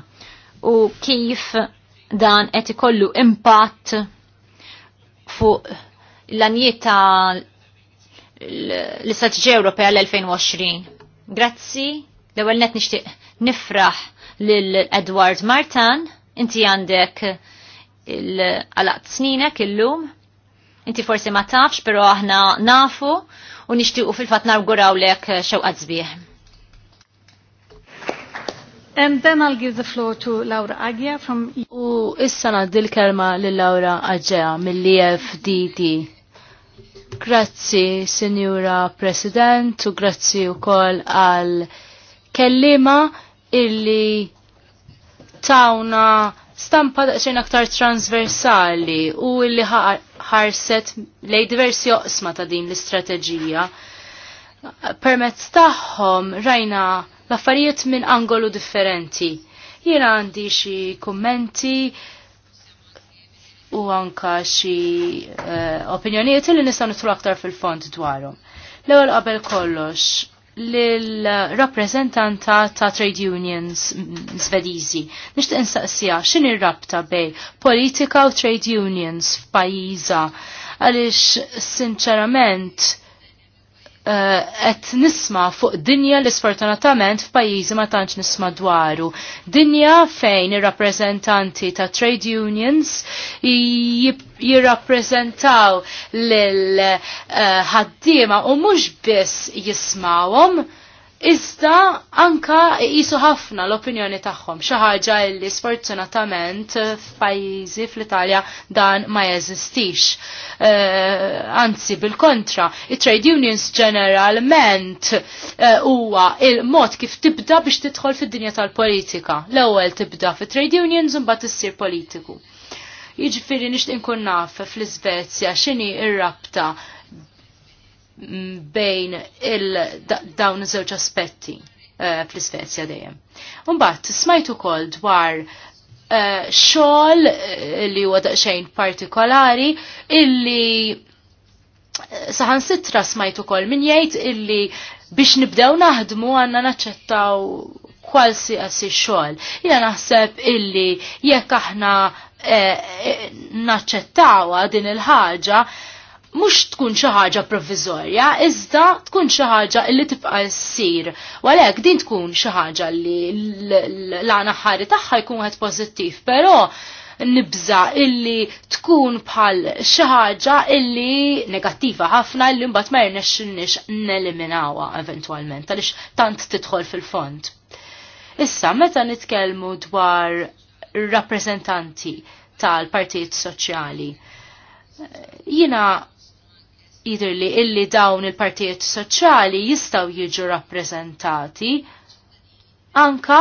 u kif dan qed ikollu impatt fuq l anjieta ta' l istatġi Ewropea l-2020. Grazzi, l-ewwel net nixtieq nifraħ lil Edward Martan, inti għandek il-qalaqt sninek illum, inti forsi ma tafx, pero aħna nafu u nixtiequ fil-fat narguraw lek xewqat zbieħ. And then I'll give the floor to Laura Agia from... E- u issa naddi l-kelma lil laura Agia mill-EFDD. Grazzi, Signora President, u grazzi u koll għal kellima illi tawna stampa daqsxejn aktar transversali u illi ħarset lej diversi oqsma ta' din l-istrateġija. Permezz tagħhom rajna laffariet minn angolu differenti. Jiena għandi xi kummenti u anka xi uh, opinjonijiet li nistgħu nitlu aktar fil-fond dwarhom. L-ewwel qabel kollox, lil-rappresentanta ta' trade unions svedizi. Nishtiq insaqsija xin ir-rabta bej politika u trade unions f'pajjiża għaliex sinċerament qed eh, nisma' fuq dinja li sfortunatament f'pajjiżi ma tantx nisma' dwaru. Dinja fejn ir-rappreżentanti ta' trade unions jirrappreżentaw lil eh, ħaddiema u mhux biss jismawhom Iżda anka jisu ħafna l-opinjoni tagħhom xi ħaġa li sfortunatament f'pajjiżi fl-Italja dan ma jeżistix. Eh, anzi bil-kontra, it-trade unions ġeneralment eh, huwa il-mod kif tibda biex tidħol fid-dinja tal-politika. L-ewwel tibda fit-trade unions imbagħad issir politiku. Jiġifieri nixtieq inkun naf fl-Iżvezja x'inhi r-rabta bejn il-dawn iż-żewġ aspetti uh, eh, fl-Isvezja dejjem. Mbagħad smajt ukoll dwar uh, xogħol eh, li huwa daqsxejn partikolari illi saħan sitra smajtu kol min jgħid illi biex nibdew naħdmu għandna naċċettaw kwalsi għassi xogħol. Jiena naħseb illi jekk aħna uh, naċċettawa din il-ħaġa mux tkun xi ħaġa provvizorja, iżda tkun xi ħaġa li tibqa' ssir. Walek din tkun xi ħaġa li l-għana ħari tagħha jkun wieħed pożittiv, però nibża illi tkun bħal xi ħaġa illi negattiva ħafna illi mbagħad ma jirnexxinniex neliminawha eventwalment għaliex tant tidħol fil-fond. Issa meta nitkellmu dwar rappreżentanti tal-partijiet soċjali jina jidir li illi dawn il-partijiet soċjali jistaw jiġu rappresentati anka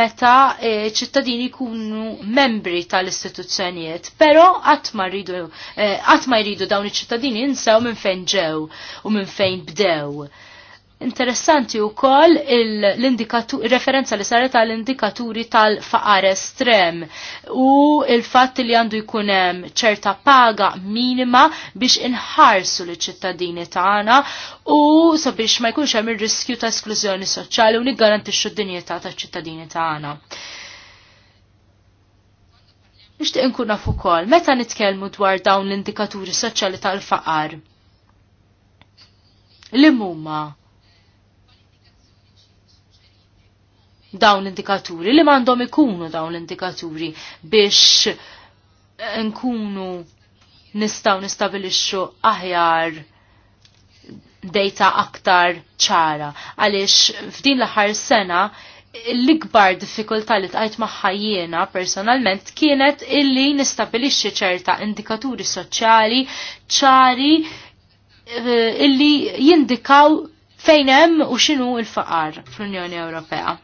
meta eh, ċittadini kunu membri tal-istituzzjonijiet, pero għatma eh, jridu e, dawn iċ-ċittadini jinsaw minn fejn ġew u minn fejn bdew. Interessanti u koll il-referenza li saret għal indikaturi tal-faqar estrem u il fat li għandu jkunem ċerta paga minima biex inħarsu li ċittadini tagħna u sabiex ma jkunx hemm ir-riskju ta' esklużjoni soċjali u niggarantixxu d-dinjità taċ-ċittadini tagħna. Nixtieq inkun naf ukoll meta nitkellmu dwar dawn l-indikaturi soċjali tal-faqar. Li huma dawn l-indikaturi, li mandom ikunu dawn l-indikaturi biex eh, nkunu nistaw nistabilixxu aħjar data aktar ċara. Għaliex f'din l-aħħar sena l-ikbar diffikultà li tqajt maħħajjena personalment kienet illi nistabilixxi ċerta indikaturi soċjali ċari eh, illi jindikaw fejn hemm u x'inhu l-faqar fl-Unjoni Ewropea.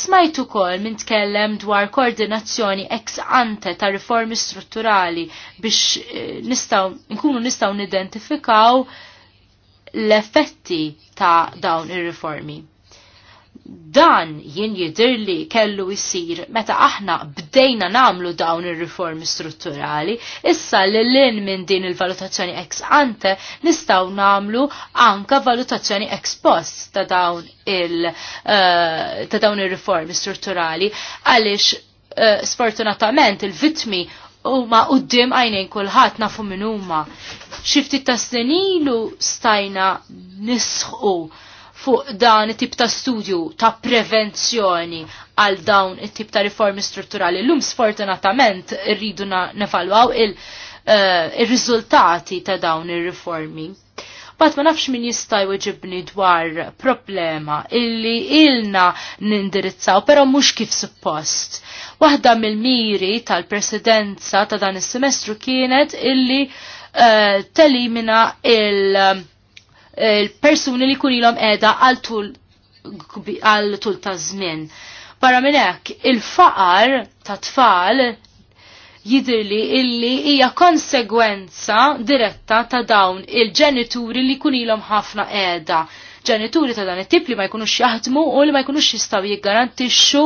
Smajtu kol minn tkellem dwar koordinazzjoni ex ante ta' riformi strutturali biex eh, nistaw, nkunu nistaw nidentifikaw l-effetti ta' dawn ir-riformi dan jien jidir li kellu jisir meta aħna bdejna namlu dawn ir-riformi strutturali, issa li l-in minn din il-valutazzjoni ex ante nistaw namlu anka valutazzjoni ex post ta' dawn il- uh, ta' dawn ir-riformi strutturali għaliex uh, sfortunatament il-vitmi huma uddim għajnejn kulħadd nafu minn huma. Xi ftit ta' stajna nisħu fuq dan it-tip ta' studju ta' prevenzjoni għal dawn it-tip ta' riformi strutturali. Lum sfortunatament rridu nefalwaw il-riżultati eh, ta' dawn ir-riformi. Bat ma nafx min jista' weġibni dwar problema illi ilna nindirizzaw, pero mhux kif suppost. Waħda mill-miri tal-presidenza ta' dan is-semestru kienet illi uh, telimina il- il-persuni li kun qiegħda għal tul għal tul ta' żmien. Barra minn hekk, il-faqar ta' tfal jidirli illi hija konsegwenza diretta ta' dawn il-ġenituri li ilom ħafna edha. Ġenituri ta' dan it-tip li ma jkunux jaħdmu u li ma jkunux jistgħu jiggarantixxu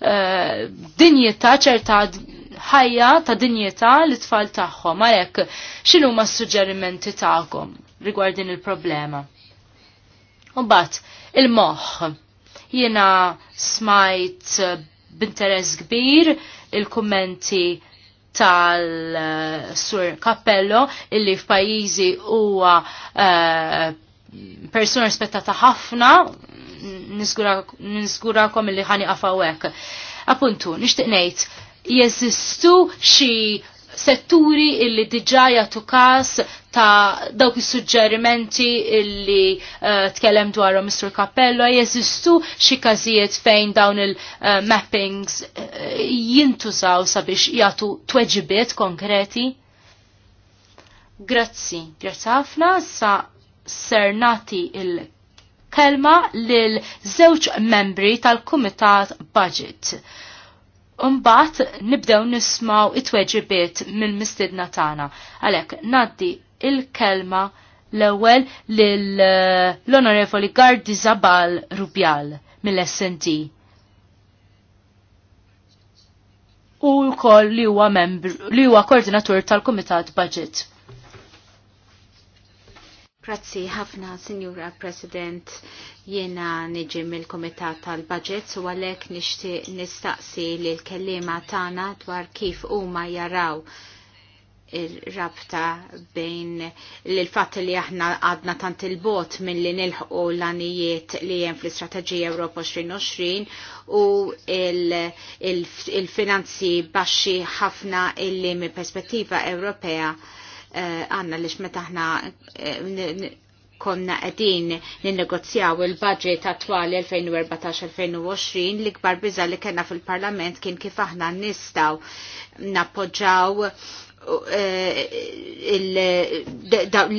dinjeta eh, dinjità ċerta ħajja ta' dinjità l-tfal tagħhom għalhekk X'inhuma ma' suġġerimenti tagħkom rigward din il-problema. Umbat, il-moħ. Jena smajt b'interess kbir il-kummenti tal-Sur Cappello illi f'pajjiżi huwa uh, persuna rispettata ħafna nisgurakom illi ħani għafawek. Appuntu, nishtiq ngħid jeżistu xi setturi illi diġaja jagħtu każ ta' dawk is-suġġerimenti illi uh, tkellem dwar Mr. Cappello jeżistu xi każijiet fejn dawn il-mappings eh, uh, eh, jintużaw sabiex jagħtu tweġibiet konkreti. Grazzi, grazzi ħafna sa ser il-kelma lil żewġ membri tal-Kumitat Budget Umbat nibdew nismaw it-tweġibiet minn mistidna tagħna. Għalhekk naddi il-kelma l-ewwel eh, l-Onorevoli Gardi Zabal Rubjal mill-SND. U wkoll li huwa membru li huwa koordinatur tal-Kumitat Budget. Grazzi ħafna, Signora President, jiena niġi mill-Komitat tal-Budget u għalek nishtiq nistaqsi li l-kellima tagħna dwar kif huma jaraw il-rabta bejn l-fatt li aħna għadna tant il-bot minn li nilħu l-anijiet li jen fl-Istrateġija Europa 2020 u il-finanzi il il baxxi ħafna illi mill perspettiva Ewropea Eh, għanna lix meta ħna eh, konna qegħdin ninnegozjaw il-budget attuali 2014-2020 l-ikbar biża li kena fil-Parlament kien kif aħna nistgħu nappoġġaw Eh,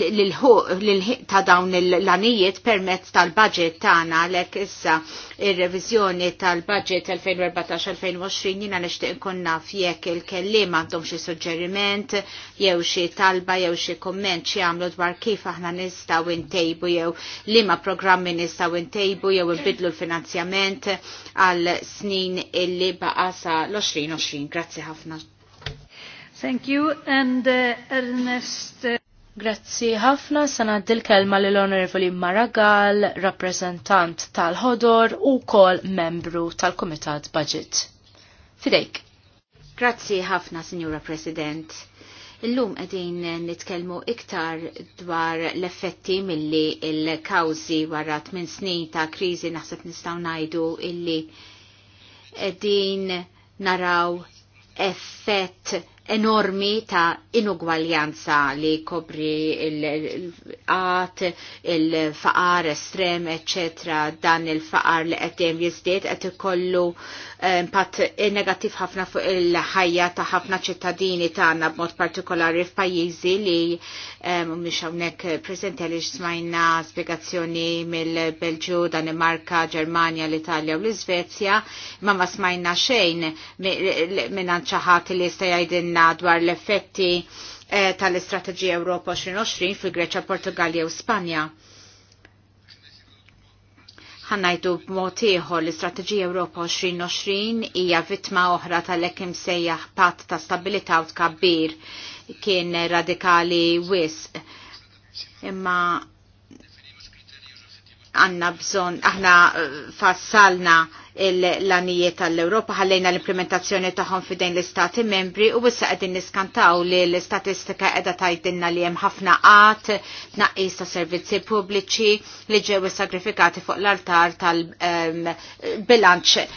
l-ħuq ta' dawn l-anijiet permezz tal-budget tagħna għalhekk issa ir-reviżjoni tal-budget 2014-2020 jiena nixtieq inkun naf jekk il-kelliem għandhom xi suġġeriment jew xi talba jew xi komment xi jagħmlu dwar kif aħna nistgħu ntejbu jew liema programmi nistgħu ntejbu jew inbidlu l-finanzjament għal snin illi baqa' sa l-2020. Grazzi ħafna. Thank you and uh, Ernest. Uh, Grazzi ħafna sana dil-kelma l onorevoli Maragall, rappresentant tal-ħodor u kol membru tal-Komitat Budget. Fidejk. Grazzi ħafna, Signora President. Illum edin nitkelmu iktar dwar l-effetti milli il-kawzi wara minn snin ta' krizi naħseb nistaw najdu illi edin naraw effett enormi ta' inugwaljanza li kobri il-qat, il-faqar estrem, etc. Dan il-faqar li għeddem jizdiet għed kollu eh, impatt negativ ħafna fuq il-ħajja ta' ħafna ċittadini tagħna b'mod partikolari f'pajjiżi li eh, mhumiex hawnhekk preżenti għaliex smajna spjegazzjoni mill-Belġju, Danimarka, Ġermanja, l-Italja u l-Iżvezja, ma ma smajna xejn minn xi li jista' jgħidin għanna dwar l-effetti eh, tal-Istrateġija Ewropa 2020 fil-Greċja, Portugalja u Spanja. Ħannajdu b'mod ieħor l-Istrateġija Ewropa 2020 hija vittma oħra tal-ekim sejjaħ patt ta' stabilità u tkabbir kien radikali wisq. Imma għanna bżon, aħna eh, fassalna l-anijiet tal-Europa, ħallejna l-implementazzjoni taħħom fidejn l-Istati membri u wissa għedin niskantaw li l-istatistika edha tajdinna li jem ħafna għat, naqis ta' servizzi pubbliċi li ġew sagrifikati fuq l-altar tal-bilanċ ehm,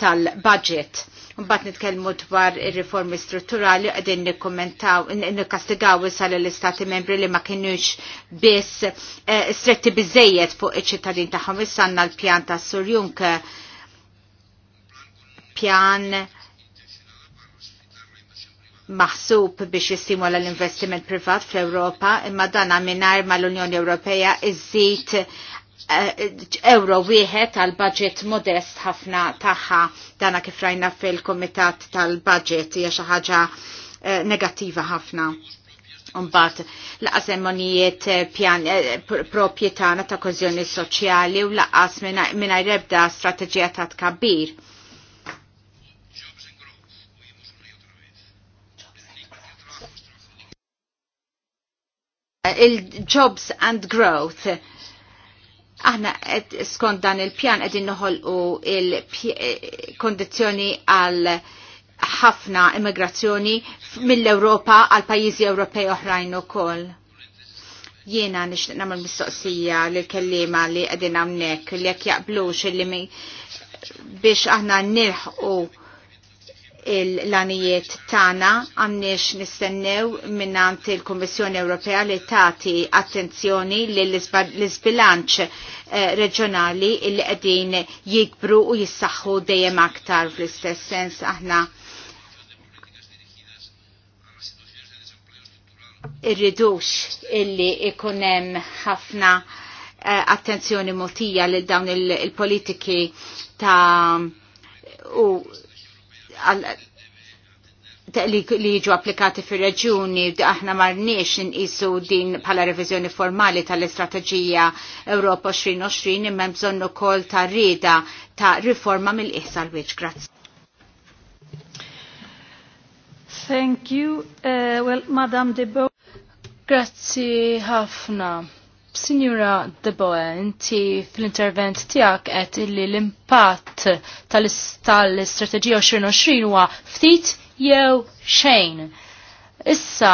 tal-budget mbagħad nitkellmu dwar ir-riformi strutturali qegħdin nikkommentaw nikkastigaw isal l-istati membri li ma kinux biss eh, stretti biżejjed fuq iċ-ċittadin tagħhom issa għandna l-pjan ta' Sur pjan maħsub biex jistimola l-investiment privat fl-Europa imma dan minar ma l-Unjoni Ewropea iżżid Eh, euro wieħed għal budget modest ħafna taħħa dana kif rajna fil-komitat tal-budget hija xi ħaġa eh, negattiva ħafna. Umbat, laqas emmonijiet eh, pjan tagħna ta' kozjoni soċjali u laqas mingħajr ebda strateġija ta' tkabbir. Il-jobs and growth Aħna skont dan il-pjan qegħdin noħolqu il-kondizzjoni eh, għal ħafna immigrazzjoni mill-Ewropa għal pajjiżi Ewropej oħrajn ukoll. Jiena nixtieq nagħmel mistoqsija lil kellima li qegħdin hawnhekk li jekk jaqblux illi biex aħna nilħqu l-anijiet tana għannix nistennew minnant il-Kommissjoni Ewropea li tati attenzjoni li l-izbilanċ eh, reġjonali il qegħdin jikbru u jissaħħu dejjem aktar fl-istess sens aħna irridux illi ikunem ħafna eh, attenzjoni motija li dawn il-politiki ta' u li jiġu applikati fir reġjuni aħna marniex nqisu din bħala reviżjoni formali tal-istrateġija Ewropa 2020 imma bżonn ukoll ta' rieda ta' riforma mill-qiegħsa l-wiċ. Grazzi. Thank you. Uh, well, Madam Debo. Grazzi ħafna. Signora De Boe, inti fl-intervent tijak et illi l-impatt tal strategija 2020 huwa ftit jew xejn. Issa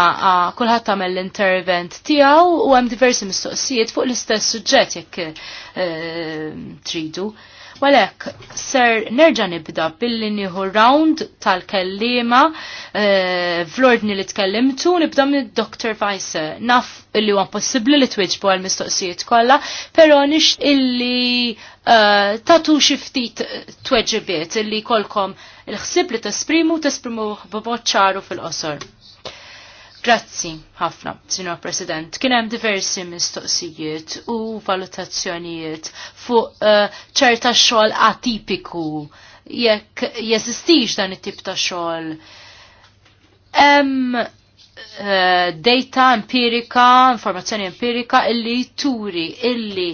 kulħadd tagħmel l-intervent tiegħu u hemm diversi mistoqsijiet fuq l-istess suġġett jekk eh, tridu. Uh, Walek, ser nerġa nibda billi nieħu round tal-kellima e, fl-ordni li tkellimtu, nibda minn Dr. Weiser. Naf illi huwa possibbli li twieġbu għal mistoqsijiet kollha, però nix illi eh, tatu xi ftit tweġibiet illi kolkom il ħsib li tesprimu tesprimu b ċaru fil-qosor. Grazzi ħafna, Sinor President. Kien hemm diversi mistoqsijiet u valutazzjonijiet fuq eh, ċerta uh, xogħol atipiku jekk jeżistix dan it-tip ta' xogħol. Hemm uh, data empirika, informazzjoni empirika illi turi illi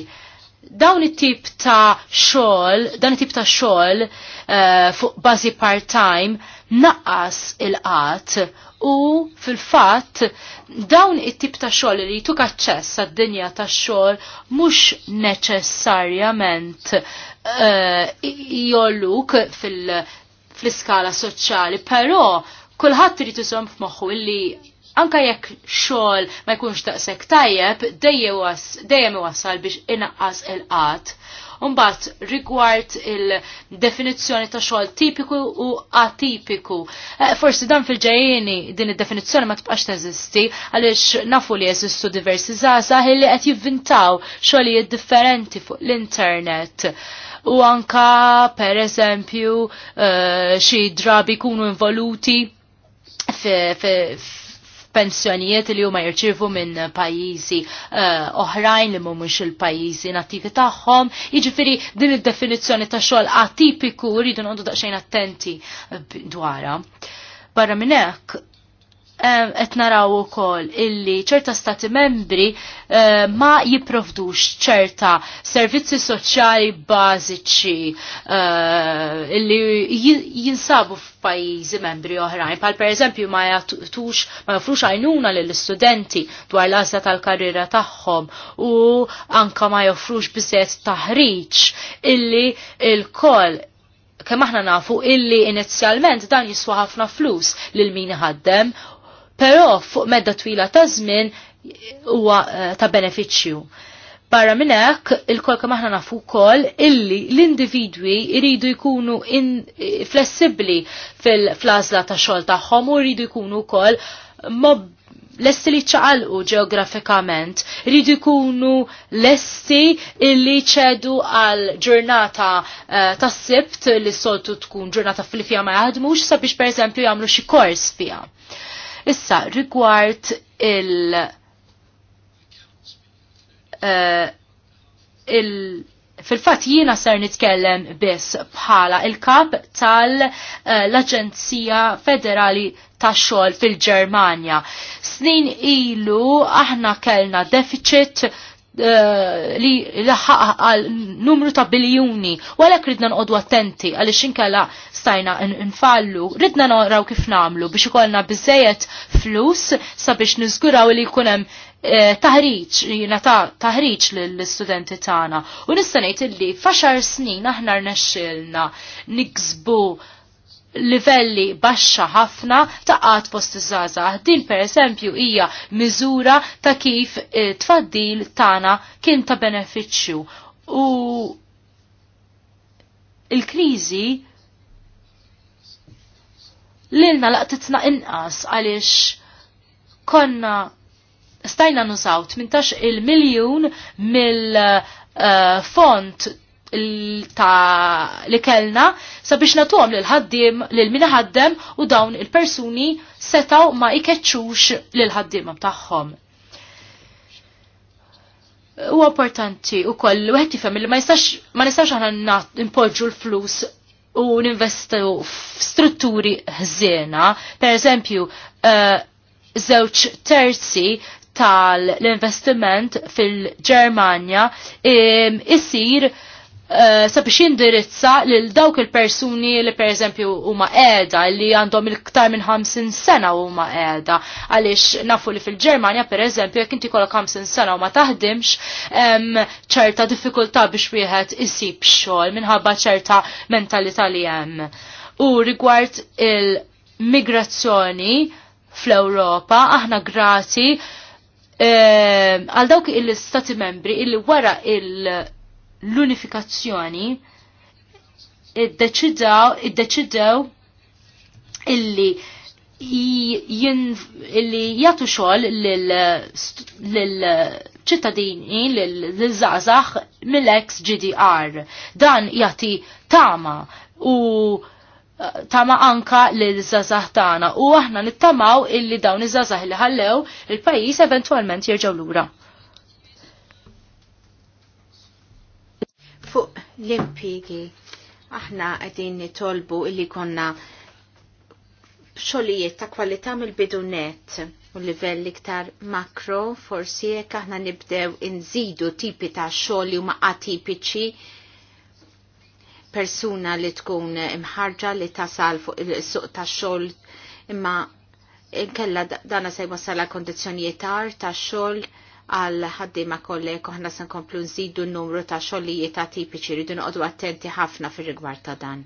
dawn it-tip ta' xogħol, dan it-tip ta' xogħol uh, fuq bażi part-time naqqas il-qat u fil-fatt dawn it-tip ta' xogħol li jtuk aċċess għad-dinja ta' xogħol mhux neċessarjament uh, eh, jolluk fil-iskala soċjali, però kulħadd irid isom f'moħħu illi anka jekk xogħol ma jkunx taqsek tajjeb dejjem iwassal biex inaqqas il qat Umbat rigward il-definizzjoni ta' xogħol tipiku u atipiku. Eh, forsi dan fil ġajini din id-definizzjoni ma tibqax teżisti għaliex nafu li jeżistu diversi żgħażagħ li qed jivvintaw xogħlijiet differenti fuq l-internet. U anka per eżempju eh, xi drabi jkunu involuti pensjonijiet li huma jirċivu minn pajjiżi eh, oħrajn li mhumiex il-pajjiżi nattivi tagħhom. Jiġifieri din id-definizzjoni ta' xogħol atipiku rridu noqogħdu daqsxejn attenti dwarha. Barra minn hekk qed naraw ukoll illi ċerta stati membri eh, ma jipprovdux ċerta servizzi soċjali bażiċi eh, illi jinsabu f'pajjiżi membri oħrajn. Pal pereżempju ma jagħtux ma jafrux għajnuna lill-istudenti dwar l-għażla tal-karriera tagħhom u anka ma jofrux biżżejjed taħriġ illi il-koll kemm aħna nafu illi inizjalment dan jiswa ħafna flus lil min ħaddem però fuq medda twila ta' żmien huwa eh, ta' benefiċċju. Barra minn hekk il-kol kemm aħna nafu wkoll illi l-individwi jridu jkunu eh, flessibbli fil flazla ta' xogħol tagħhom u jridu jkunu wkoll lesti li ċaqalqu ġeografikament, jridu jkunu lesti illi ċedu għal ġurnata eh, ta' sibt li soltu tkun ġurnata fil-fija ma jaħdmux sabiex pereżempju jagħmlu xi kors fiha. Issa, rigward il- uh, il- Fil-fat jiena ser nitkellem biss bħala il-kap tal-Aġenzija eh, Federali tax-xogħol fil-Ġermanja. Snin ilu aħna kellna deficit Eh, li laħħaq għal numru ta' biljuni, u għalhekk ridna nqodu attenti għaliex inkella stajna nfallu, ridna naraw kif namlu biex ikollna biżejjed flus sabiex niżguraw li jkun hemm eh, taħriġ, jina ta' taħriġ l-studenti tagħna. U nistanejt illi faxar snin aħna rnexxilna niksbu livelli baxxa ħafna ta' qatt fost iż-żgħażagħ. Din pereżempju hija miżura ta' kif eh, tfaddil tagħna kien ta' benefiċċju. U il-kriżi lilna laqtitna inqas għaliex konna stajna nużaw 18 il-miljun mill- Uh, font li kellna sabiex natuhom lil ħaddiem lil min ħaddem u dawn il-persuni setaw ma ikeċċux lil ħaddim tagħhom. U importanti u koll, u għetti fem, li ma nistax ma n ħana l-flus u ninvestu f-strutturi ħżiena, per eżempju, eh, zewċ terzi tal-investiment fil-Germania eh, isir Eh, sabiex jindirizza lil dawk il-persuni li pereżempju huma qiegħda li għandhom il-ktar minn 50 sena huma qiegħda għaliex nafu li fil-Ġermanja pereżempju jekk inti kollok 50 sena u ma taħdimx ċerta diffikultà biex wieħed isib xogħol minħabba ċerta mentalità li hemm. U rigward il-migrazzjoni fl-Ewropa aħna grati eh, għal dawk il-stati membri il wara il- l-unifikazzjoni id id-deċidaw illi illi jagħtu xogħol lill-ċittadini lill-żgħażagħ mill-ex GDR. Dan jagħti tama u eh, tama anka lill-żgħażagħ tagħna u aħna nittamaw illi dawn iż-żgħażagħ li ħallew il-pajjiż eventwalment jerġgħu lura. Fuq l-impigi, aħna għedin nitolbu illi konna xolijiet ta' kwalità mill bidunet u livell iktar makro forsi jekk aħna nibdew inżidu tipi ta' xogħol huma atipiċi persuna li tkun imħarġa li tasal fuq il-suq ta' xogħol imma inkella dana se sala kondizzjonijiet tar ta' xogħol għal ħaddima kollek aħna se nkomplu nżidu n-numru ta' xogħlijiet ta' tipiċi rridu noqogħdu attenti ħafna fir-rigward ta' dan.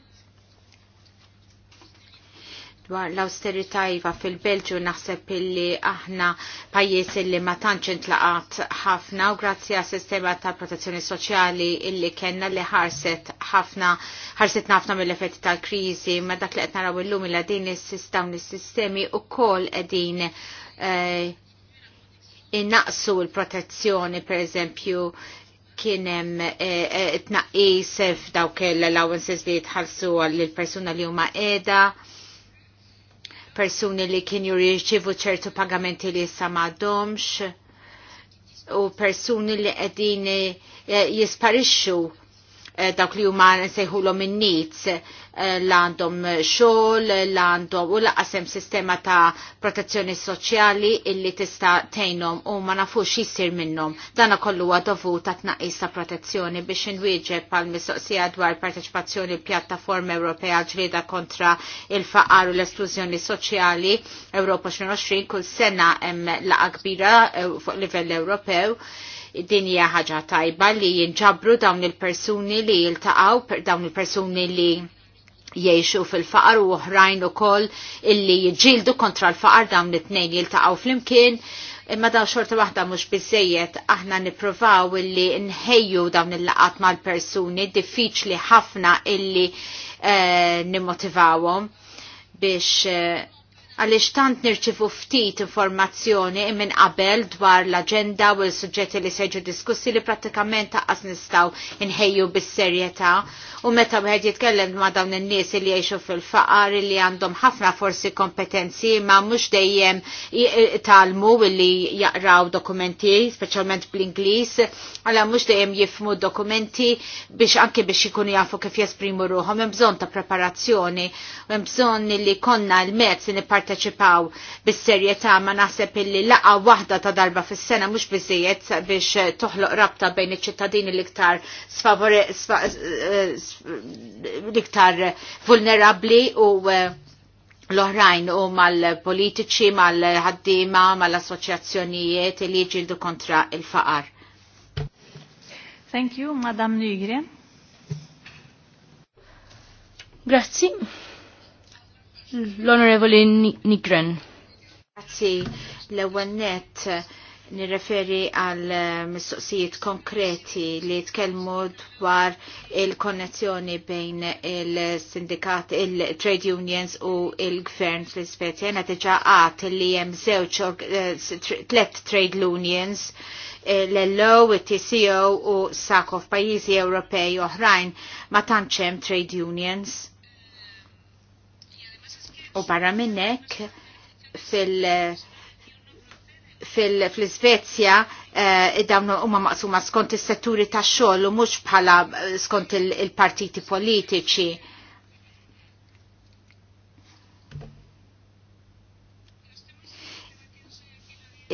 Dwar l-austerità jiva fil-Belġu naħseb illi aħna pajjiż illi ma tantx intlaqat ħafna u grazzi għas sistema ta' protezzjoni soċjali illi kellna li ħarset ħafna ħarset ħafna mill-effetti tal-kriżi ma dak li qed naraw illum illa din is-sistema is-sistemi wkoll qegħdin eh, innaqsu l-protezzjoni per eżempju kienem eh, eh, tnaqis f'dawk l-allowances li jitħalsu għall-persuna li huma qiegħda persuni li kienu jirċivu ċertu pagamenti li issa m'għadhomx u persuni li qegħdin eh, jisparixxu dawk li huma nsejħulhom in-nits Eh, la għandhom xogħol, la għandhom u laqasem sistema ta' protezzjoni soċjali illi tista' tgħinhom u ma nafux x'issir minnhom. Dana kollu huwa dovut ta' tnaqis ta' protezzjoni biex nwieġe pal mistoqsija dwar parteċipazzjoni pjattaforma Ewropea ġrida kontra il-faqar u l-esklużjoni soċjali Ewropa 2020 kull sena hemm laqa kbira eh, fuq livell Ewropew din hija ħaġa tajba li jinġabru dawn il-persuni li jiltaqgħu dawn il-persuni li jiexu fil-faqar u oħrajn u koll illi jġildu kontra l-faqar dawn it-tnejn jiltaqaw fl-imkien. Imma dawn xorta waħda mhux biżejjed aħna nippruvaw illi nħejju dawn il-laqat mal-persuni diffiċli ħafna illi eh, nimmotivawhom biex eh, għaliex tant nirċifu ftit informazzjoni minn qabel dwar l-agenda u l-suġġetti li seġu diskussi li prattikament taqqas nistaw inħejju bis-serjetà u meta wieħed jitkellem ma' dawn in-nies li jgħixu fil-faqar li għandhom ħafna forsi kompetenzi ma mhux dejjem talmu li jaqraw dokumenti, speċjalment bl-Ingliż, għala mhux dejjem jifmu dokumenti biex anke biex ikunu jafu kif jesprimu ruħhom hemm bżonn ta' preparazzjoni, hemm bżonn li konna l-mezz li jipparteċipaw bis-serjetà ma naħseb illi laqa waħda ta' darba fis-sena mhux biżejjed biex toħloq rabta bejn iċ-ċittadini l-iktar l-iktar vulnerabbli u eh, l-oħrajn u mal-politiċi, mal-ħaddima, mal-assoċjazzjonijiet li jġildu kontra il-faqar. Thank you, Madam Nygre. Grazie. L-Onorevoli Nigren. Grazzi, l-ewwel net nirreferi għal eh, mistoqsijiet konkreti li tkellmu dwar il-konnezzjoni bejn il-sindikat, il-trade unions u il-gvern fl-Svezja. Jena teġa għat li jem zewċ eh, tlet trade unions eh, l-LO, il-TCO u SACO pajizi Ewropej oħrajn ma tantxem trade unions U barra minnek fil- fil-Svezja eh, dawn huma maqsuma skont is-setturi tax-xogħol u mhux bħala eh, skont il-partiti politiċi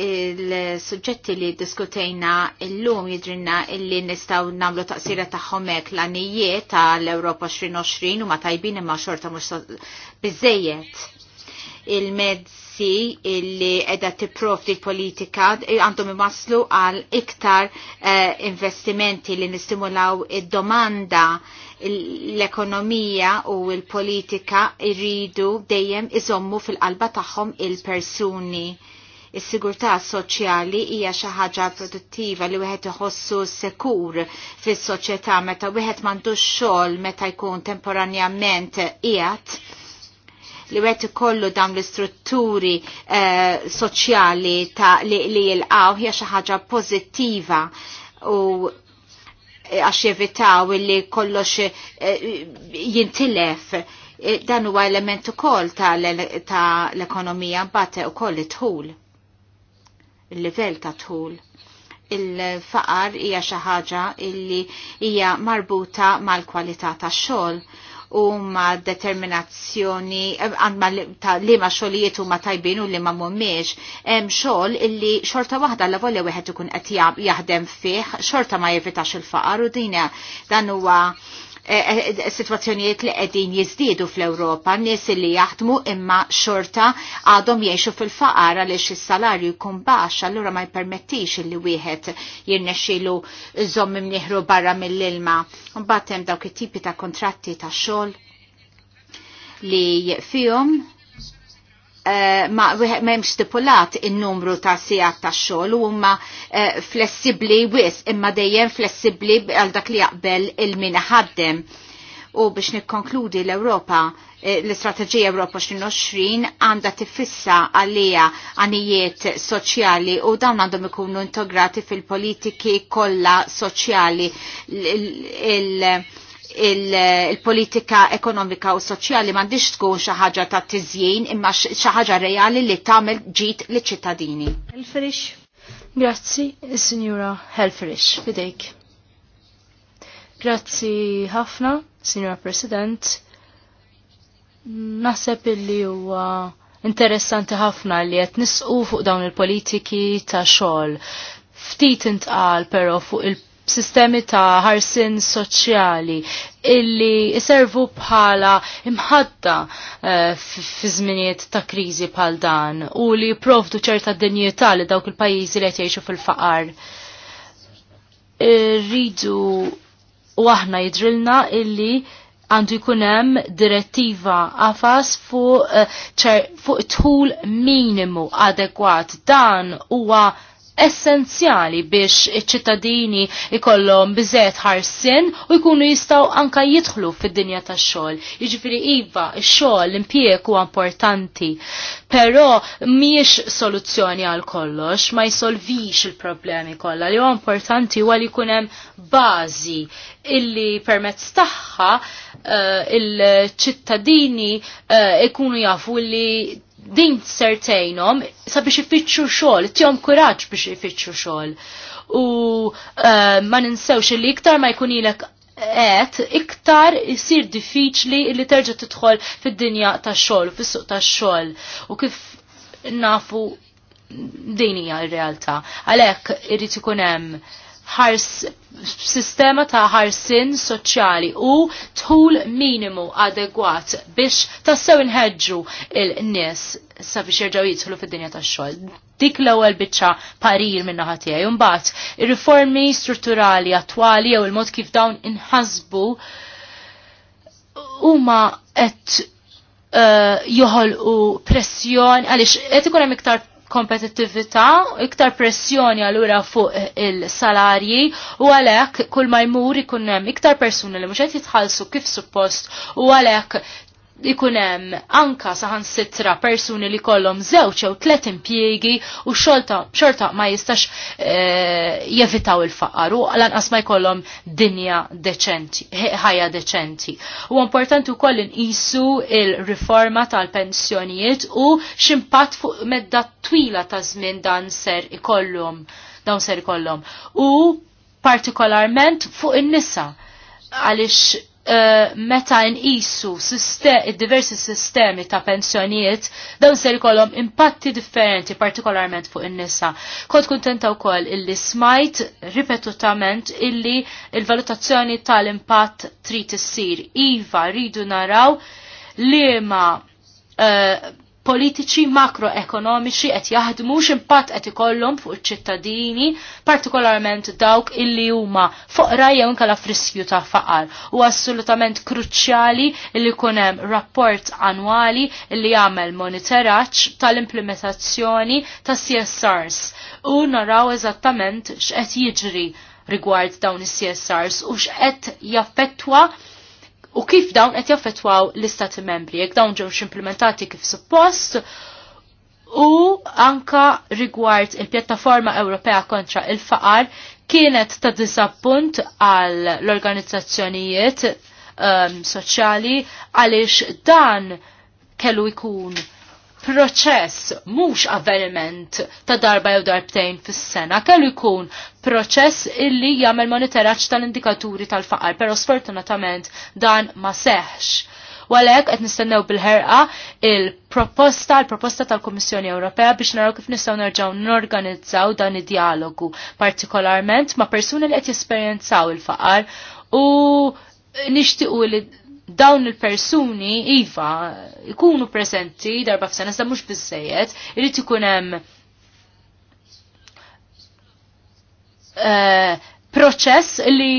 il-sujġetti li diskutejna il-lum jidrinna illi nistaw namlu taqsira taħħomek l-anijiet tal-Europa 2020 u ma tajbin imma xorta mux bizzejiet. Il-medzi illi edha di politika għandhom imaslu għal iktar eh, investimenti li nistimulaw id-domanda l-ekonomija u l-politika irridu dejjem iżommu fil-qalba tagħhom il-persuni. il persuni Is-sigurtà soċjali hija xi ħaġa produttiva li wieħed iħossu sekur fis-soċjetà meta wieħed m'għandux xogħol meta jkun temporanjament qiegħed li wieħed ikollu dawn l-istrutturi eh, soċjali ta' li, li jilqaw hija xi ħaġa pożittiva u eh, għax jevitaw li kollox eh, jintilef eh, dan huwa element ukoll ta' l-ekonomija mbagħad ukoll it-tħul il-livell ta' tħul il-faqar hija xi ħaġa illi hija marbuta mal-kwalità tax-xogħol u ma determinazzjoni għandma ta' li ma xogħlijiet huma tajbin u li ma mhumiex hemm xogħol illi xorta waħda la volja wieħed ikun qed jaħdem fih, xorta ma jevitax il-faqar u dina dan huwa Eh, eh, situazzjonijiet li qegħdin jiżdiedu fl-Ewropa, nies li jaħdmu imma xorta għadhom jgħixu fil-faqar għaliex is-salarju jkun baxx, allura ma jpermettix li wieħed jirnexxielu żomm imnieħru barra mill-ilma. Mbagħad hemm dawk it-tipi ta' kontratti ta' xogħol li fihom Eh, ma memx stipulat il-numru ta' sijat ta' xol u huma eh, flessibbli flessibli wis imma dejjem flessibli għal dak li jaqbel il-min ħaddem. U biex nikkonkludi l-Europa, eh, l-Istrateġija Europa 2020 għandha tifissa għalija għanijiet soċjali u dawn għandhom ikunu integrati fil-politiki kollha soċjali il-, il, il il-politika il ekonomika u soċjali m'għandix tkun xi ħaġa ta' tiżjin imma xi ħaġa reali li tagħmel ġid liċ-ċittadini. Helfrix. Grazzi, sinjura Helfrix, fidejk. Grazzi ħafna, Sinjura President. Naħseb illi huwa interessanti ħafna li qed nisqu fuq dawn il-politiki ta' xogħol. Ftit intqal però fuq il- sistemi ta' ħarsin soċjali illi iservu bħala imħadda uh, fi żminijiet ta' kriżi bħal dan u li jipprovdu ċerta dinjità li dawk il-pajjiżi li qed jgħixu fil-faqar. Rridu u aħna jidrilna illi għandu jkunem direttiva għafas fuq uh, eh, fu tħul minimu adekwat dan huwa uh, essenzjali biex iċ-ċittadini ikollhom biżet ħarsin u jkunu jistgħu anka jidħlu fid-dinja tax-xogħol. Jiġifieri iva, x-xogħol l-impjieg huwa importanti, però mhijiex soluzzjoni għal kollox, ma jsolvix il-problemi kollha. Li huwa importanti huwa li jkun hemm bażi illi permezz tagħha uh, il-ċittadini eh, ikunu jafu li din sertejnom sabiex ifittxu xogħol, tihom kuraġġ biex ifittxu xogħol. U uh, ma ninsewx li iktar ma jkun ilek qed iktar isir diffiċli li terġa' tidħol fid-dinja tax-xogħol, fis-suq tax-xogħol. U kif nafu din hija r-realtà. Għalhekk irid ikun hemm ħars sistema ta' ħarsin soċjali u tħul minimu adegwat biex tassew inħedġu il-nies sabiex jirġaw jitħlu fid-dinja tax-xogħol. Dik l-ewwel biċċa parir minna naħa tiegħi. Imbagħad ir-riformi strutturali attwali jew il-mod kif dawn inħasbu huma qed eh, joħolqu pressjon għaliex qed ikun hemm iktar kompetittività, iktar pressjoni għallura fuq il-salarji u għalek kull ma jmur ikun hemm iktar persuni li mhux qed jitħallsu kif suppost u għalek ikunem anka saħan sitra persuni li kollom zewċ jew tlet impjiegi u xolta xorta ma jistax e, jevitaw il-faqar u lanqas ma jkollhom dinja deċenti, ħajja deċenti. U importanti wkoll inqisu il-riforma tal-pensjonijiet u x'impatt fuq medda twila ta' żmien dan ser ikollhom dawn ser ikollhom. U partikolarment fuq in-nisa għaliex Eh, meta nqisu id diversi sistemi ta' pensjonijiet dawn ser ikollhom impatti differenti partikolarment fuq in-nisa. Kont kuntenta wkoll illi smajt ripetutament illi il-valutazzjoni tal-impatt trid issir. Iva rridu naraw liema eh, politiċi makroekonomiċi qed jaħdmu x'impatt qed ikollhom fuq iċ-ċittadini, partikolarment dawk illi huma foqra jew inkella friskju ta' faqar. U assolutament kruċjali li jkun hemm rapport annwali li jagħmel monitoraġġ tal-implementazzjoni ta' CSRs u naraw eżattament x'qed jiġri rigward dawn is-CSRs u x'qed jaffettwa u kif dawn qed jaffettwaw l-istati membri, jekk dawn ġewx implementati kif suppost u anka rigward il-pjattaforma Ewropea kontra il-faqar kienet ta' disappunt għal l-organizzazzjonijiet um, soċjali għaliex dan kellu jkun proċess mhux avveniment ta' darba jew darbtejn fis-sena, kellu jkun proċess illi jagħmel monitoraġġ tal-indikaturi tal-faqar, però sfortunatament dan ma seħx. Walek qed nistennew bil-ħerqa il-proposta, il-proposta tal-Kummissjoni Ewropea biex naraw kif nistgħu nerġgħu norganizzaw dan id-dialogu, partikolarment ma' persuni li qed jesperjenzaw il-faqar u nixtiequ li dawn il-persuni iva ikunu presenti darba f'sena sa mhux biżejjed, irid ikun hemm eh, proċess li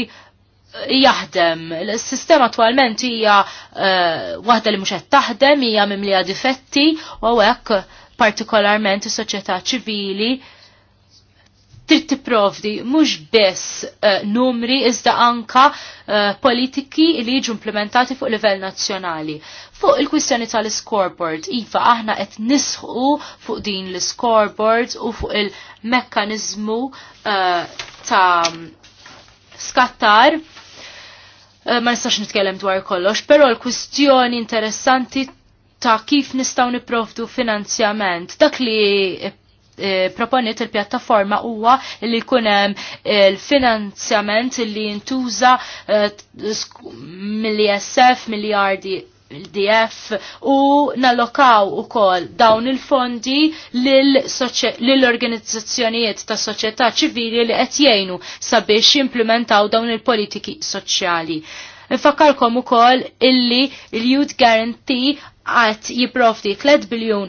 jaħdem. Il-sistema attualment hija eh, waħda li mhux qed taħdem, hija mimlija difetti u hekk partikolarment is-soċjetà ċivili trid tipprovdi mhux biss uh, numri iżda anka uh, politiki li jiġu implementati fuq livell nazzjonali. Fuq il-kwistjoni tal-scoreboard, iva aħna qed nisħu fuq din l-scoreboard u fuq il-mekkaniżmu uh, ta' skattar ma nistax nitkellem dwar kollox, però l-kwistjoni interessanti ta' kif nistaw niprofdu finanzjament. Dak li Eh, proponit il-pjattaforma huwa li jkun hemm eh, il-finanzjament li jintuża eh, mill-ISF, miljardi DF u nallokaw u kol dawn il-fondi l-organizzazzjonijiet ta' soċjetà ċivili li qed jgħinu sabiex jimplementaw dawn il-politiki soċjali. Nfakkarkom ukoll illi il youth Guarantee għat jiprofdi 3 biljun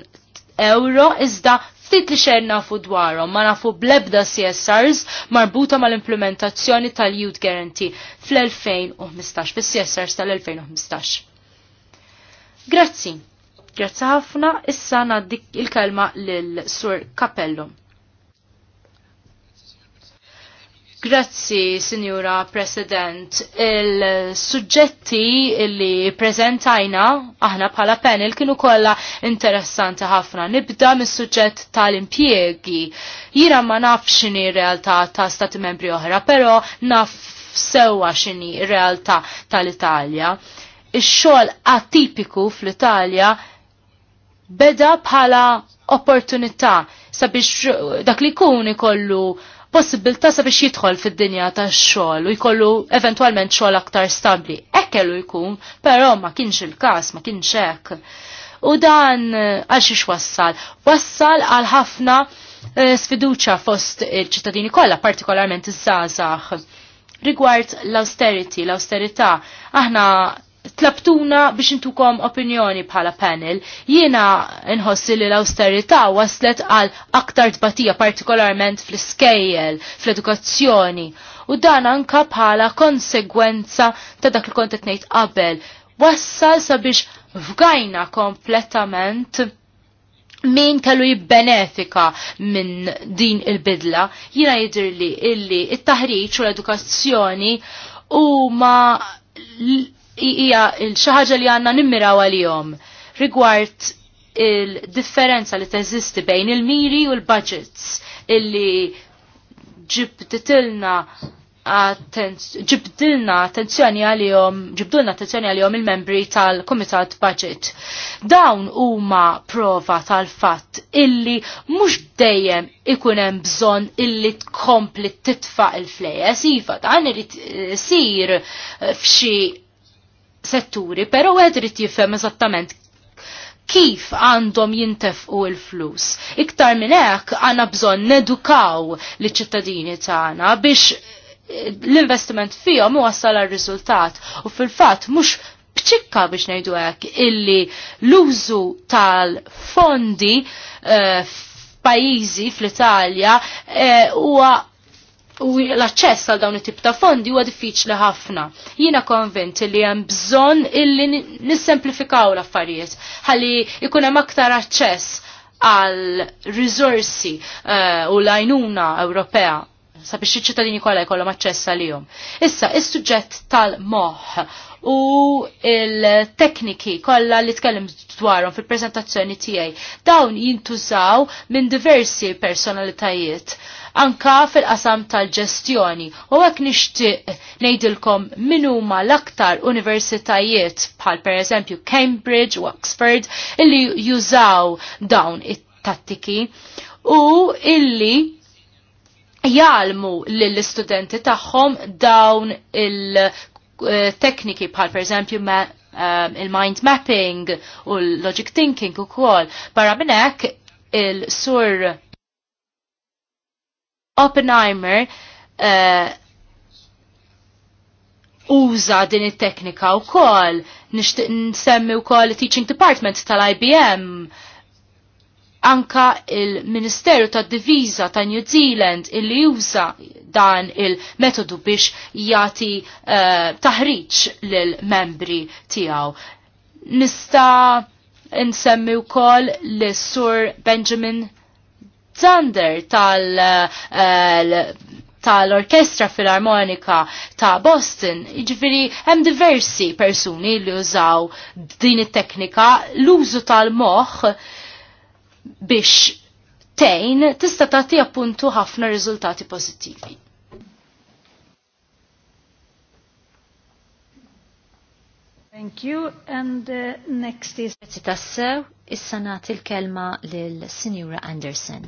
euro iżda ftit li xejn nafu dwarhom, ma nafu blebda CSRs marbuta mal-implementazzjoni tal-Youth Guarantee fl-2015, fis-CSRs tal-2015. Grazzi. Grazzi ħafna, issa naddik il-kelma lil Sur Capello. Grazzi, Signora President. Il-sujġetti li prezentajna aħna bħala panel kienu kollha interessanti ħafna. Nibda mis-suġġett tal-impjiegi. Jira ma nafx x'inhi realtà ta' stati membri oħra, però naf sewwa x'inhi realtà tal-Italja. Ix-xogħol atipiku fl-Italja beda bħala opportunità sabiex dak li kun ikollu possibilità sabiex jidħol fid-dinja tax-xogħol u jkollu eventwalment xogħol aktar stabbli. Hekk kellu jkun, però ma kienx il-każ, ma kienx hekk. U dan eh, għal xiex wassal? Wassal għal ħafna eh, sfiduċa fost il-ċittadini kollha, partikolarment iż-żgħażagħ rigward l-austerity, l-austerità, aħna tlabtuna biex intukom opinjoni bħala panel. Jiena nħossi li l-austerità waslet għal aktar tbatija partikolarment fl-iskejjel, fl-edukazzjoni. U dan anka bħala konsegwenza ta' dak il kontet ngħid qabel. Wassal sabiex fgajna kompletament min kellu jibbenefika minn din il-bidla. Jiena jidirli illi it-taħriġ u l-edukazzjoni u ma hija xi ħaġa li għandna nimmiraw għalihom rigward il-differenza li teżisti bejn il-miri u l-budgets illi ġibditilna ġibdilna attenzjoni għalihom, ġibdilna attenzjoni għalihom il-membri tal-Komitat Budget. Dawn huma prova tal-fatt illi mhux dejjem ikun hemm bżonn illi tkompli titfa' il-flejes, iva dan irid eh, sir eh, f'xi setturi, pero għedrit jifem jifhem eżattament kif għandhom jintefqu l-flus. Iktar minn hekk għandna bżonn nedukaw li ċittadini tagħna biex eh, l-investiment fihom iwassal għal riżultat u fil-fatt mhux bċikka biex ngħidu hekk illi l-użu tal-fondi uh, eh, f'pajjiżi fl-Italja eh, huwa uh, u l-aċċess għal dawn it-tip ta' fondi huwa diffiċli ħafna. Jiena konvint li hemm bżonn illi nissemplifikaw l-affarijiet ħalli ikun hemm aktar aċċess għal risorsi eh, u l-għajnuna Ewropea sabiex iċ-ċittadini kollha jkollhom aċċess għalihom. Issa, is-suġġett tal-moħħ u il-tekniki kollha li tkellem dwarhom fil-preżentazzjoni tiegħi dawn jintużaw minn diversi personalitajiet anka fil-qasam tal-ġestjoni u hekk nishtiq ngħidilkom min huma l-aktar universitajiet bħal pereżempju Cambridge u Oxford illi jużaw dawn it-tattiki u illi jalmu lill-istudenti tagħhom dawn il-tekniki bħal per eżempju um, il-mind mapping u l-logic thinking u kol. Barra minnek il-sur Oppenheimer uh, uża din it-teknika u kol. Nishtiq nsemmi u kol teaching department tal-IBM anka il-Ministeru tad Diviża ta' New Zealand illi juża dan il-metodu biex jati uh, eh, taħriċ l membri tiegħu. Nista' nsemmi wkoll l-Sur Benjamin Zander tal uh, tal-Orkestra Filarmonika ta' Boston, iġviri hemm diversi persuni li użaw din it-teknika, l-użu tal-moħħ biex tejn tista' tagħti appuntu ħafna riżultati pożittivi. Thank you, and uh, next is... Grazie tassew, issa nagħti l-kelma lil Signora Anderson.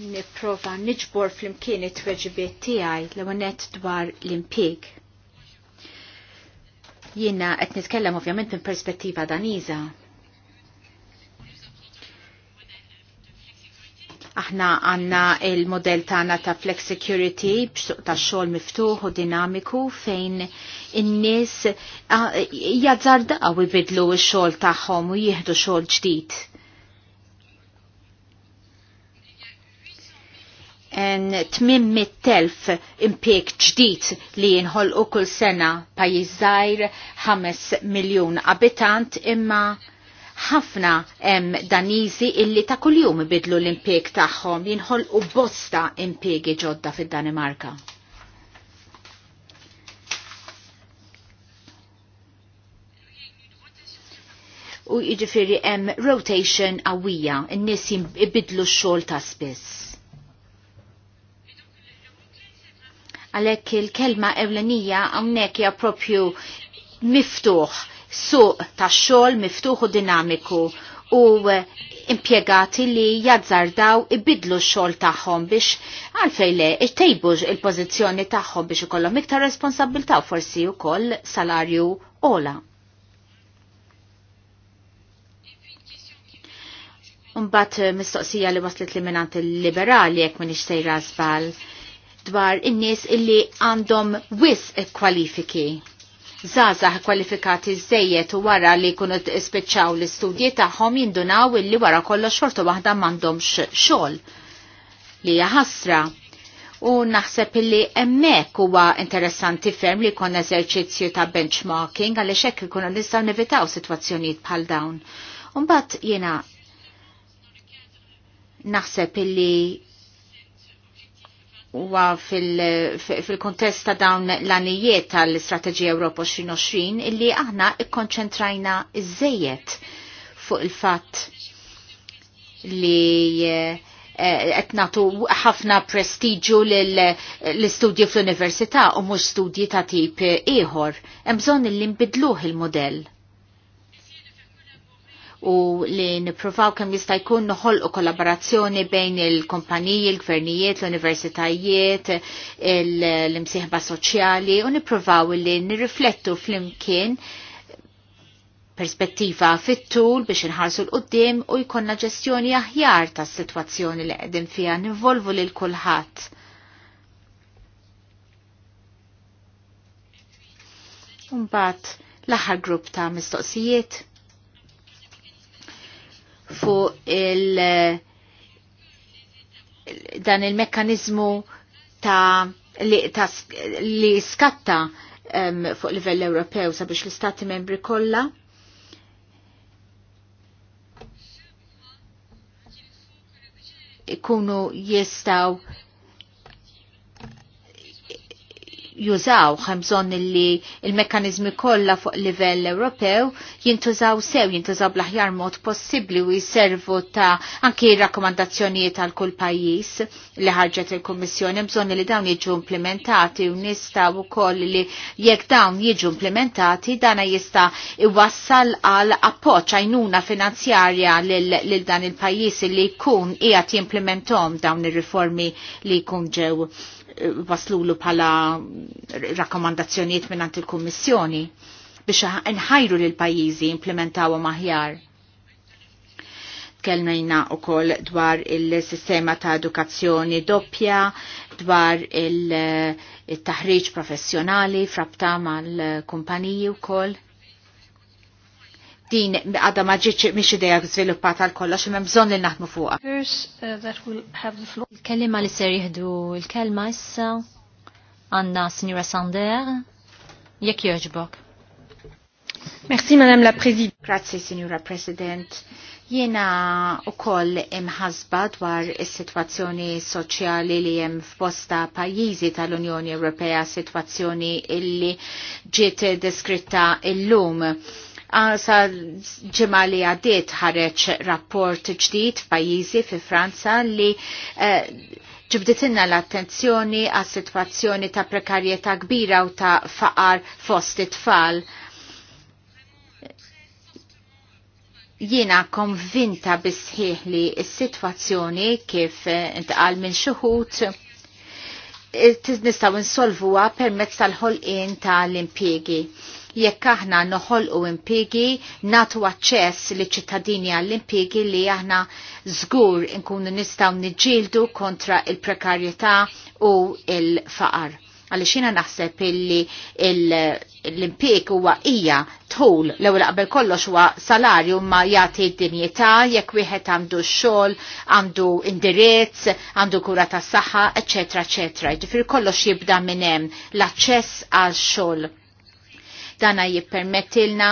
niprofa niġbor fl-imkien it-tweġibiet tiegħi l-għonet dwar l impjieg Jiena qed nitkellem ovvjament minn perspettiva daniża. Aħna għanna il-modell tagħna ta' flex security b'suq ta' xogħol miftuħ u dinamiku fejn in-nies ah, jazzardaw ibidlu x-xogħol tagħhom u jieħdu xogħol ġdid 800.000 impiek ġdid li jinħol u kull sena pajjiż żgħir 5 miljun abitant imma ħafna hemm Daniżi illi ta' kuljum bidlu l-impjeg tagħhom jinħol u bosta impjegi ġodda fid-Danimarka. U jiġifieri em rotation għawija, in-nies jibidlu x-xogħol ta' spiss Għalhekk il-kelma ewlenija hawnhekk hija propju miftuħ, suq tax-xogħol miftuħ u dinamiku u impiegati li jazzardaw ibidlu xol taħħom biex għalfej le ittejbu il-pozizjoni taħħom biex ikollhom iktar responsabilta forsi u koll salarju ola. Unbat mistoqsija li waslet li minant il-liberali jek minix sejra zbal dwar in-nies illi għandhom wis kwalifiki. Zaza kwalifikati zzejiet u wara li kunu spiċċaw l-istudji tagħhom jindunaw illi wara kollo xortu waħda m'għandhomx xogħol li hija U naħseb illi hemmhekk huwa interessanti ferm li jkun eżerċizzju ta' benchmarking għaliex hekk ikunu nistgħu nevitaw sitwazzjonijiet bħal dawn. Umbagħad jiena naħseb illi huwa fil-kontest ta' dawn l-anijiet tal-Istrateġija Ewropa 2020 illi aħna ikkonċentrajna żejjed fuq il-fatt li eh, qed nagħtu ħafna prestiġu l-istudji fl-università u mhux studji ta' tip ieħor. Hemm bżonn li nbidluh il-modell u li niprofaw kem jista' jkun noħolqu kollaborazzjoni bejn il-kumpaniji, il-gvernijiet, l-universitajiet, l-imsieħba soċjali u niprofaw li nirriflettu fl-imkien perspettiva fit-tul biex inħarsu l-qoddim u jkonna ġestjoni aħjar tas situazzjoni li qegħdin fiha nivolvu lil kulħadd. Mbagħad l-aħħar grupp ta' mistoqsijiet fuq il- dan il-mekkanizmu ta' li, ta, li skatta um, fuq livell Ewropew sabiex l-istati membri kollha ikunu jistaw jużaw, xemżon li il mekanizmi kollha fuq livell Ewropew jintużaw sew, jintużaw blaħjar aħjar mod possibbli u jservu ta' anki rakkomandazzjonijiet għal kull pajjiż li ħarġet il-Kummissjoni, bżonn li dawn jiġu implementati u u koll li jekk dawn jiġu implementati dana jista' iwassal għal appoġġ għajnuna finanzjarja lil dan il-pajjiż li jkun qiegħed jimplementom dawn ir-riformi li jkun ġew waslulu pala rakkomandazzjoniet għant il-Kummissjoni biex nħajru lil pajjiżi implementawu maħjar. Tkellmejna u koll dwar il-sistema ta' edukazzjoni doppja, dwar il-taħriġ professjonali frabta mal-kumpaniji u koll din għada maġiċ ġietx mhix idea żviluppata għal kollox imma bżonn li naħdmu fuqha. Uh, Il-kelliema li ser jihdu il kelma issa għanna Sinjura Sander jek jogħġbok. Merci Madame la Presidente. Grazie Signora President. Jena u koll imħazba dwar il-situazzjoni soċjali li jem f'bosta pajjiżi tal-Unjoni Ewropea, situazzjoni illi ġiet deskritta il lum Sa ġemali li għaddiet ħareċ rapport ġdid f'pajjiżi fi Franza li e, ġibditinna l-attenzjoni għas situazzjoni ta' prekarjetà kbira u ta' faqar fost it-tfal. jiena konvinta bisħiħ li s-situazzjoni kif intqal minn xuħut e, nistaw insolvuha permezz tal-ħolqien tal-impjegi jekk aħna noħolqu impigi natu aċċess li ċittadini għall-impigi li aħna żgur nkunu nistgħu niġġieldu kontra il-prekarjetà u il-faqar. Għaliex jiena naħseb illi l-impik huwa hija tħul l-ewwel qabel kollox huwa salarju ma jagħti d-dinjità jekk wieħed għandu xogħol, għandu indirizz, għandu kura tas-saħħa, eċetera, eċetera. Jiġifieri kollox jibda minn hemm l-aċċess għal xogħol Dana jippermettilna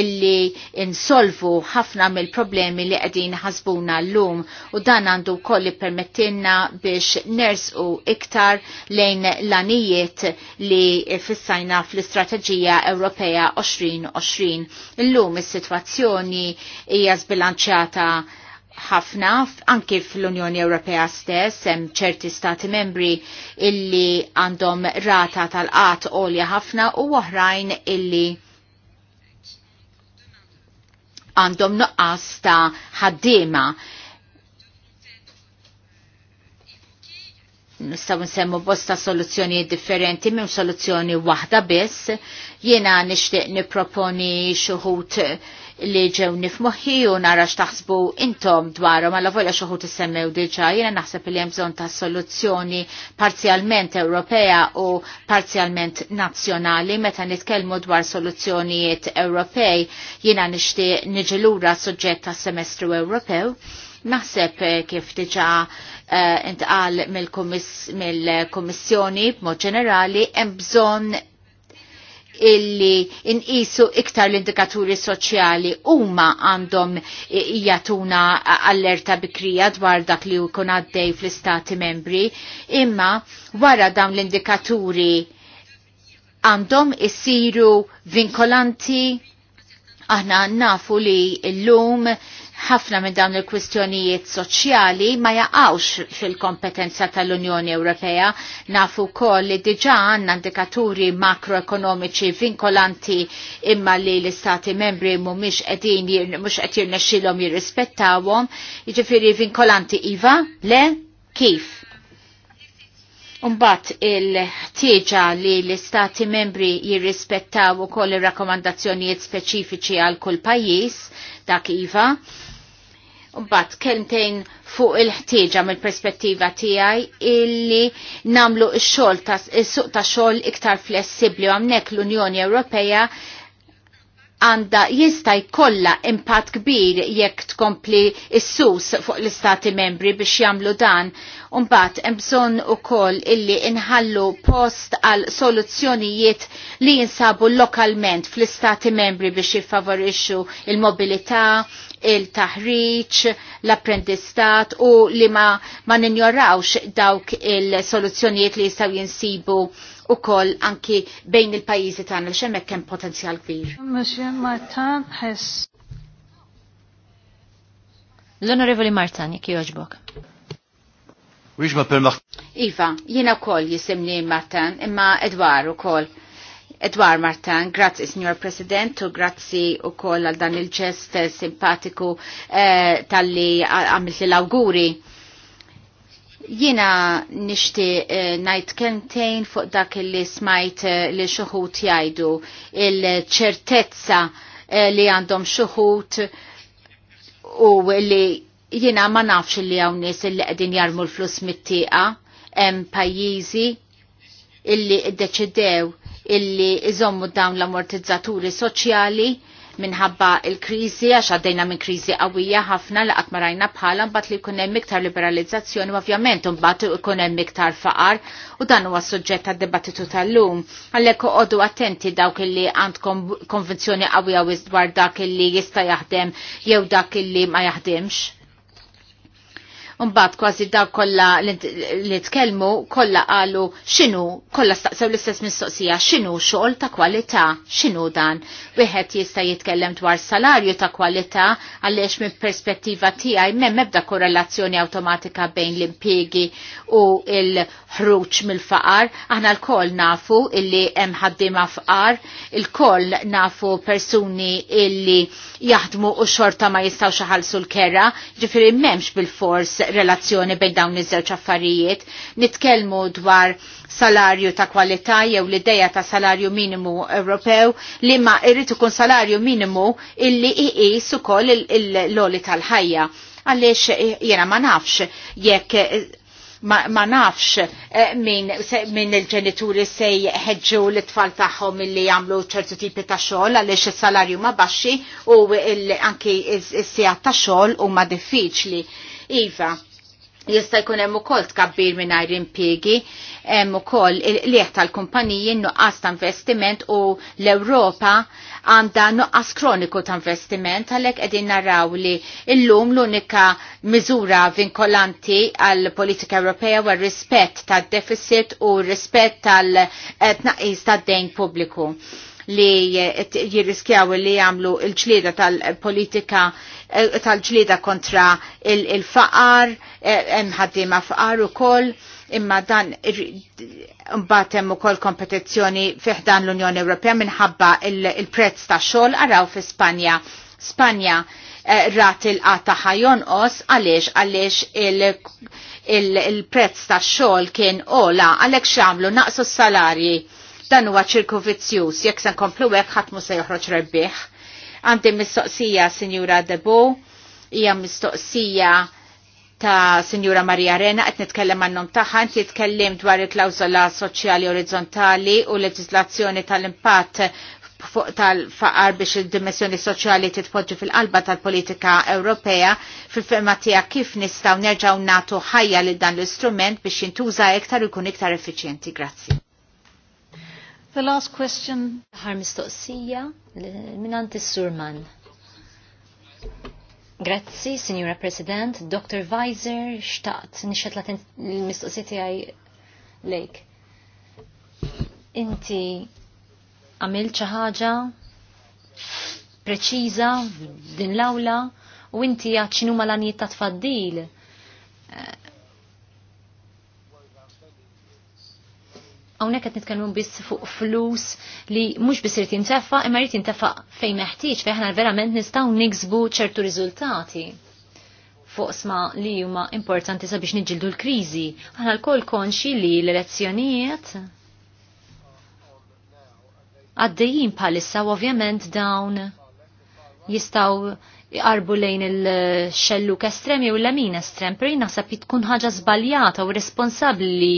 illi insolvu ħafna mill-problemi li qegħdin ħasbuna l-lum u dan għandu wkoll jippermettilna biex nersqu iktar lejn lanijiet li fissajna fl-Istrateġija Ewropea 2020. Illum is-sitwazzjoni hija zbilanċjata ħafna anki fl-Unjoni Ewropea stess hemm ċerti stati membri illi għandhom rata tal-qat għolja ħafna u oħrajn illi għandhom nuqqas ta' ħaddiema. nistaw nsemmu bosta soluzzjoni differenti minn soluzzjoni waħda biss, jiena nixtieq nipproponi xuħut uh, li ġew nifmuħi u nara x'taħsbu intom dwarom, għalla vojla xi ħut issemmew diġà jiena naħseb li hemm bżonn ta' soluzzjoni parzjalment Ewropea u parzjalment nazzjonali meta nitkellmu dwar soluzzjonijiet Ewropej jena nixtieq niġi lura suġġett tas-semestru Ewropew. Naħseb eh, kif diġà eh, intqal mill-Kummissjoni b'mod ġenerali hemm bżonn illi inqisu iktar l-indikaturi soċjali huma għandhom jatuna allerta bikrija dwar dak li jkun għaddej fl-istati membri, imma wara dawn l-indikaturi għandhom isiru vinkolanti aħna nafu li l-lum ħafna minn dawn il-kwistjonijiet soċjali ma jaqgħux fil-kompetenza tal-Unjoni Ewropea. Nafu wkoll li diġà għandna indikaturi makroekonomiċi vinkolanti imma li l-istati membri mhumiex qegħdin mhux qed jirnexxilhom jirrispettawhom. Jiġifieri vinkolanti iva? Le? Kif? Umbat il-ħtieġa li l-istati membri jirrispettaw ukoll ir rakkomandazzjonijiet speċifiċi għal kull pajjiż dak iva, Mbagħad kelmtejn fuq il-ħtieġa mill-perspettiva tiegħi illi namlu x-xogħol tas-suq ta' xogħol iktar flessibbli għamnek hawnhekk l-Unjoni Ewropea għanda jista jkollha impatt kbir jekk tkompli s-sus fuq l-istati membri biex jagħmlu dan. Umbat hemm bżonn ukoll illi inħallu post għal soluzzjonijiet li jinsabu lokalment fl-istati membri biex jiffavorixxu il-mobilità, il-taħriċ, l-apprendistat u li ma, ma ninjorawx dawk il-soluzzjonijiet li jistaw jinsibu u koll anki bejn il-pajizi tagħna l xemmek kem potenzjal kbir. L-Onorevoli Martan, jek joġbok. Wix ma per Iva, jiena wkoll jisimni Martan, imma Edwar u koll. Edwar Martan, grazzi signor President, u grazzi u koll għal dan il-ġest simpatiku eh, tal-li għamil l-auguri. Jina nishti eh, najt kentejn fuq dak li smajt eh, li xuħut jajdu il-ċertezza eh, li għandhom xuħut u li jina ma nafx li għaw nis li għedin jarmu l-flus mittiqa em hemm pajjiżi illi deċidew illi iżommu dawn l-ammortizzaturi soċjali minħabba il-krizi għax għaddejna minn krizi qawwija ħafna li qatt bħala mbagħad li jkun hemm iktar liberalizzazzjoni ovvjament mbagħad ikun hemm iktar faqar u dan huwa suġġett għad-dibattitu tal-lum. Għalhekk oqogħdu attenti dawk illi għandkom konvenzjoni qawwija dwar dak illi jista' jaħdem jew dak illi ma jaħdimx. Mbagħad kważi dawk kollha li tkellmu kollha qalu x'inhu kollha staqsew l-istess mistoqsija x'inhu xogħol ta' kwalità, x'inhu dan. Wieħed jista' jitkellem dwar salarju ta' kwalità għaliex minn perspettiva tiegħi m'hemm ebda korrelazzjoni awtomatika bejn l-impjiegi u l-ħruġ mill-faqar. Aħna l nafu illi hemm ħaddiema fqar, il-koll nafu persuni illi jaħdmu u xorta ma jistgħu xaħalsu l-kera, ġifieri m'hemmx bil-fors relazzjoni bejn dawn iż-żewġ affarijiet. Nitkellmu dwar salarju ta' kwalità jew l-idea ta' salarju minimu Ewropew li ma irrid ikun salarju minimu illi iqis ukoll l-loli tal-ħajja. Għaliex eh, jiena ma nafx jekk eh, ma, ma nafx eh, min, min il-ġenituri se jħedġu l-tfal tagħhom milli jagħmlu ċertu tipi ta' xogħol għaliex is-salarju ma baxxi u anki il-sijat ta' xogħol huma diffiċli. Iva, jista' jkun hemm ukoll tkabbir mingħajr impjiegi, hemm ukoll il-qlieħ tal-kumpaniji nuqqas ta' investiment u l-Ewropa għandha nuqqas kroniku ta' investiment għalhekk qegħdin naraw li llum l-unika miżura vinkolanti għall politika Ewropea huwa rispett tad-deficit u rispett tal-tnaqqis tad-dejn pubbliku li jirriskjaw li jagħmlu il-ġlieda tal-politika eh, tal-ġlieda kontra il-faqar, eh, hemm ħaddiema faqar ukoll, imma dan mbagħad hemm ukoll kompetizzjoni fiħdan l-Unjoni Ewropea minħabba il-prezz ta' xogħol għaraw fi Spanja. Spanja eh, rat il-qata ħajon għaliex għaliex il-prezz il, prezz tax xogħol kien ola għalhekk x'amlu naqsu s-salarji Dan huwa ċirku vizzjuż, jekk se nkomplu hekk ħadd mhux se joħroġ rebbieħ. Għandi mistoqsija Sinjura Debo, hija mistoqsija ta' Sinjura Marija Rena qed nitkellem għannhom tagħha inti jitkellem dwar il klawsola soċjali orizzontali u leġislazzjoni tal-impatt fuq tal-faqar biex il-dimensjoni soċjali titpoġġi fil-qalba tal-politika Ewropea fil-ferma tiegħek kif nistgħu nerġgħu nagħtu ħajja lil dan l-istrument biex jintuża iktar u jkun iktar effiċjenti. Grazzi. The last question. Ħar mistoqsija minant is-Surman. Grazzi, Signora President. Dr. Weiser, xtaqt, nixet latin l-mistoqsijiet għaj lejk. Inti għamil ċaħġa preċiża din l-awla u inti għad xinu malanijiet ta' tfaddil eh, Hawnhekk qed nitkellmu biss fuq flus li mhux biss irid jintefaq imma jrid jintefaq fejn meħtieġ fejn aħna verament nistgħu niksbu ċertu riżultati fuq sma li huma importanti sabiex niġġildu l-kriżi. Aħna lkoll konxi li l-elezzjonijiet għaddejjin bħalissa u ovvjament dawn jistaw iqarbu lejn il-xelluk estremi u l-lamin estrem, per naħseb tkun ħaġa zbaljata u responsabli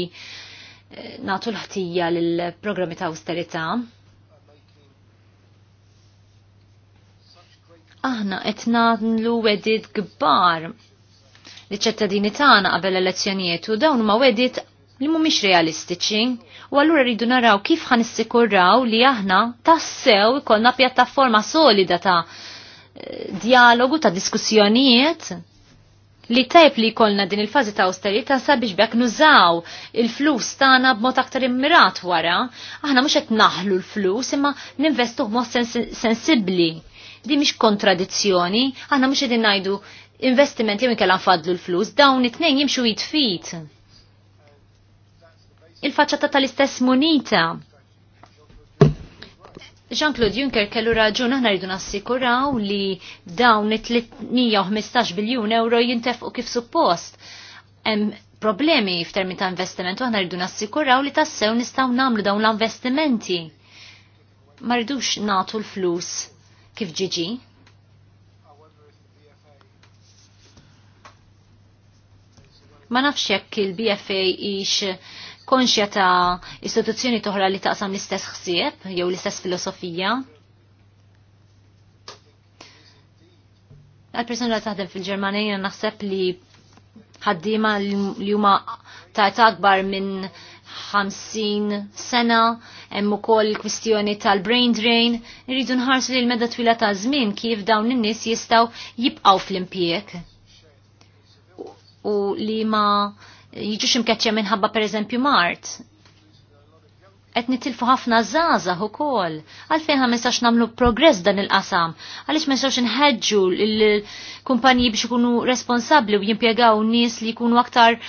natu l-ħtija l-programmi ta' austerita. Aħna qed nagħmlu wedid kbar li ċittadini tagħna qabel elezzjonijiet u dawn ma wedid li mhumiex realistiċi u allura rridu naraw kif ħan li aħna tassew ikollna pjattaforma solida ta' eh, dialogu ta' diskussjonijiet li tajb li kolna din il-fazi ta' austerita sabiex bek nużaw il-flus tagħna b'mod aktar immirat wara, aħna mhux qed naħlu l-flus imma ninvestu b'mod sens sensibbli. Di mhix kontradizzjoni, aħna mhux qegħdin ngħidu investiment jew inkella nfadlu l-flus, dawn it-tnejn jimxu jitfit. Il-faċċata tal-istess munita Jean-Claude Juncker kellu raġun aħna rridu nassikuraw li dawn it-315 biljun euro jintefqu kif suppost. Hemm problemi f'termi ta' investiment u aħna rridu nassikuraw li tassew nistgħu nagħmlu dawn l-investimenti. Ma rridux nagħtu l-flus kif ġiġi. Ma nafx jekk il-BFA ix konxja ta' istituzzjoni toħra li taqsam l-istess ħsieb jew l-istess filosofija. Għal-persona li taħdem fil-Ġermanija naħseb li ħaddima li huma ta' akbar minn 50 sena, hemm ukoll kwistjoni tal-brain drain, irridu nħarsu li l-medda twila ta' żmien kif dawn in-nies jistgħu jibqgħu fl-impjieg. U li ma jiġux imkeċċja minħabba pereżempju Mart. Qed nitilfu ħafna żgħażagħ ukoll. Għalfejn ma nistax nagħmlu progress dan il-qasam, għaliex ma nistgħux inħeġġu l-kumpaniji biex ikunu responsabbli u jimpjegaw nies li jkunu aktar eh,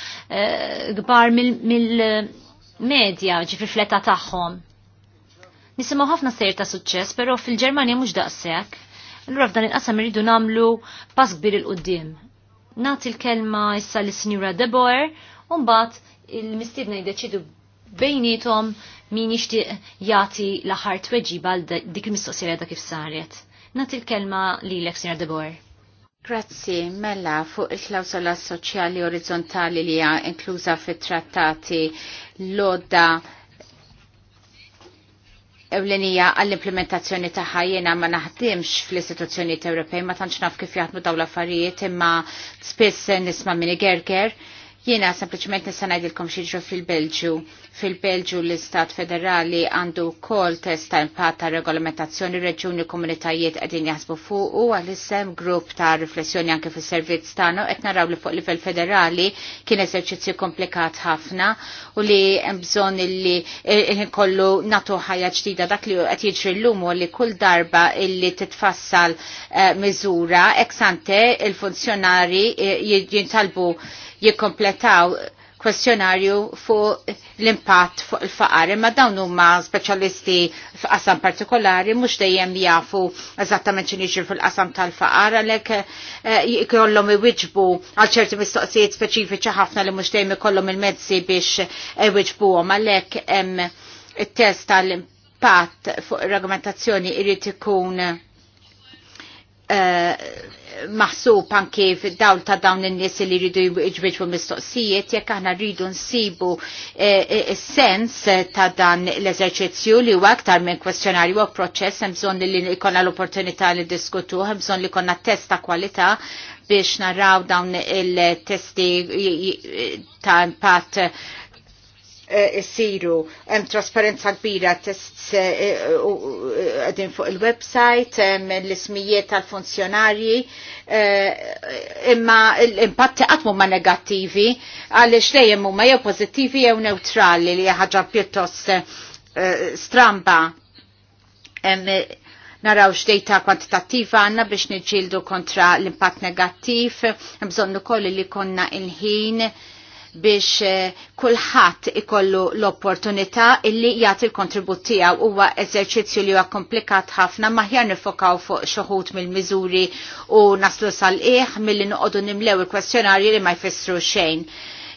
kbar mill-medja ġifri fletta tagħhom. Nisimgħu ħafna sejr ta' suċċess, però fil-Ġermanja mhux daqshekk. Allura f'dan il-qasam irridu nagħmlu pass kbir il-qudiem. Nat il-kelma issa l-Sinjura Debor, un-bat il-mistidna jdeċidu bejnietom min ixti jagħti l-aħħar tweġiba dik il-mistoqsija kif saret. Nat il-kelma lilek, Sinjor Debor. Grazzi, mella, fuq il-klawsola soċjali orizzontali li hija inkluża fit-trattati l-odda ewlenija għall-implementazzjoni taħħa jena ma naħdimx fl-istituzzjonijiet Ewropej ma tantx naf kif jaħdmu dawn l-affarijiet imma spiss nisma' mini gerger. -ger Jiena sempliciment nista' ngħidilkom xi fil-Belġu. Fil-Belġu l-Istat Federali għandu wkoll test ta' impatt ta' regolamentazzjoni reġuni komunitajiet qegħdin jaħsbu fuq u għal-issem grupp ta' riflessjoni anke fis-servizz tagħna qed naraw li fuq livell federali kien eżerċizzju komplikat ħafna u li hemm bżonn li eh, kollu nagħtu ħajja ġdida dak li qed jiġri llum li kull darba illi titfassal eh, miżura ex ante il-funzjonari eh, jintalbu jikkompletaw kwestjonarju fuq l-impatt fuq il-faqar, imma dawn huma speċjalisti f'qasam partikolari mhux dejjem jafu eżattament x'in jiġri fil-qasam tal-faqar għalhekk eh, jkollhom iwiġbu għal ċerti mistoqsijiet speċifiċi ħafna li mhux dejjem ikollhom il-mezzi biex iwiġbuhom għalhekk hemm it-test tal-impatt fuq ir-regolamentazzjoni irid ikun Eh, maħsub anki f'dawl ta' dawn in-nies li jridu jġbidġu mistoqsijiet jekk aħna rridu nsibu eh, eh, sens ta' dan l-eżerċizzju li huwa aktar minn kwestjonarju u proċess hemm bżonn li jkollna l-opportunità li diskutu, hemm bżonn li jkollna test ta' kwalità biex naraw dawn il-testi ta' impatt Eh, isiru. Hemm trasparenza kbira tests qegħdin eh, eh, fuq il-website, hemm l-ismijiet tal-funzjonarji, imma l-impatti qatt ma negattivi għaliex dejjem huma jew pożittivi jew neutrali li ħaġa pjuttost stramba naraw x'dejta kwantitattiva għandna biex niġġieldu kontra l-impatt negattiv, bżonn ukoll li konna il-ħin biex eh, kulħadd ikollu l-opportunità illi jagħti l-kontribut tiegħu huwa eżerċizzju li huwa komplikat ħafna maħjar nifokaw fuq xoħut mill-miżuri u naslu sal-qiegħ milli noqogħdu nimlew il-kwestjonarji li ma jfissru xejn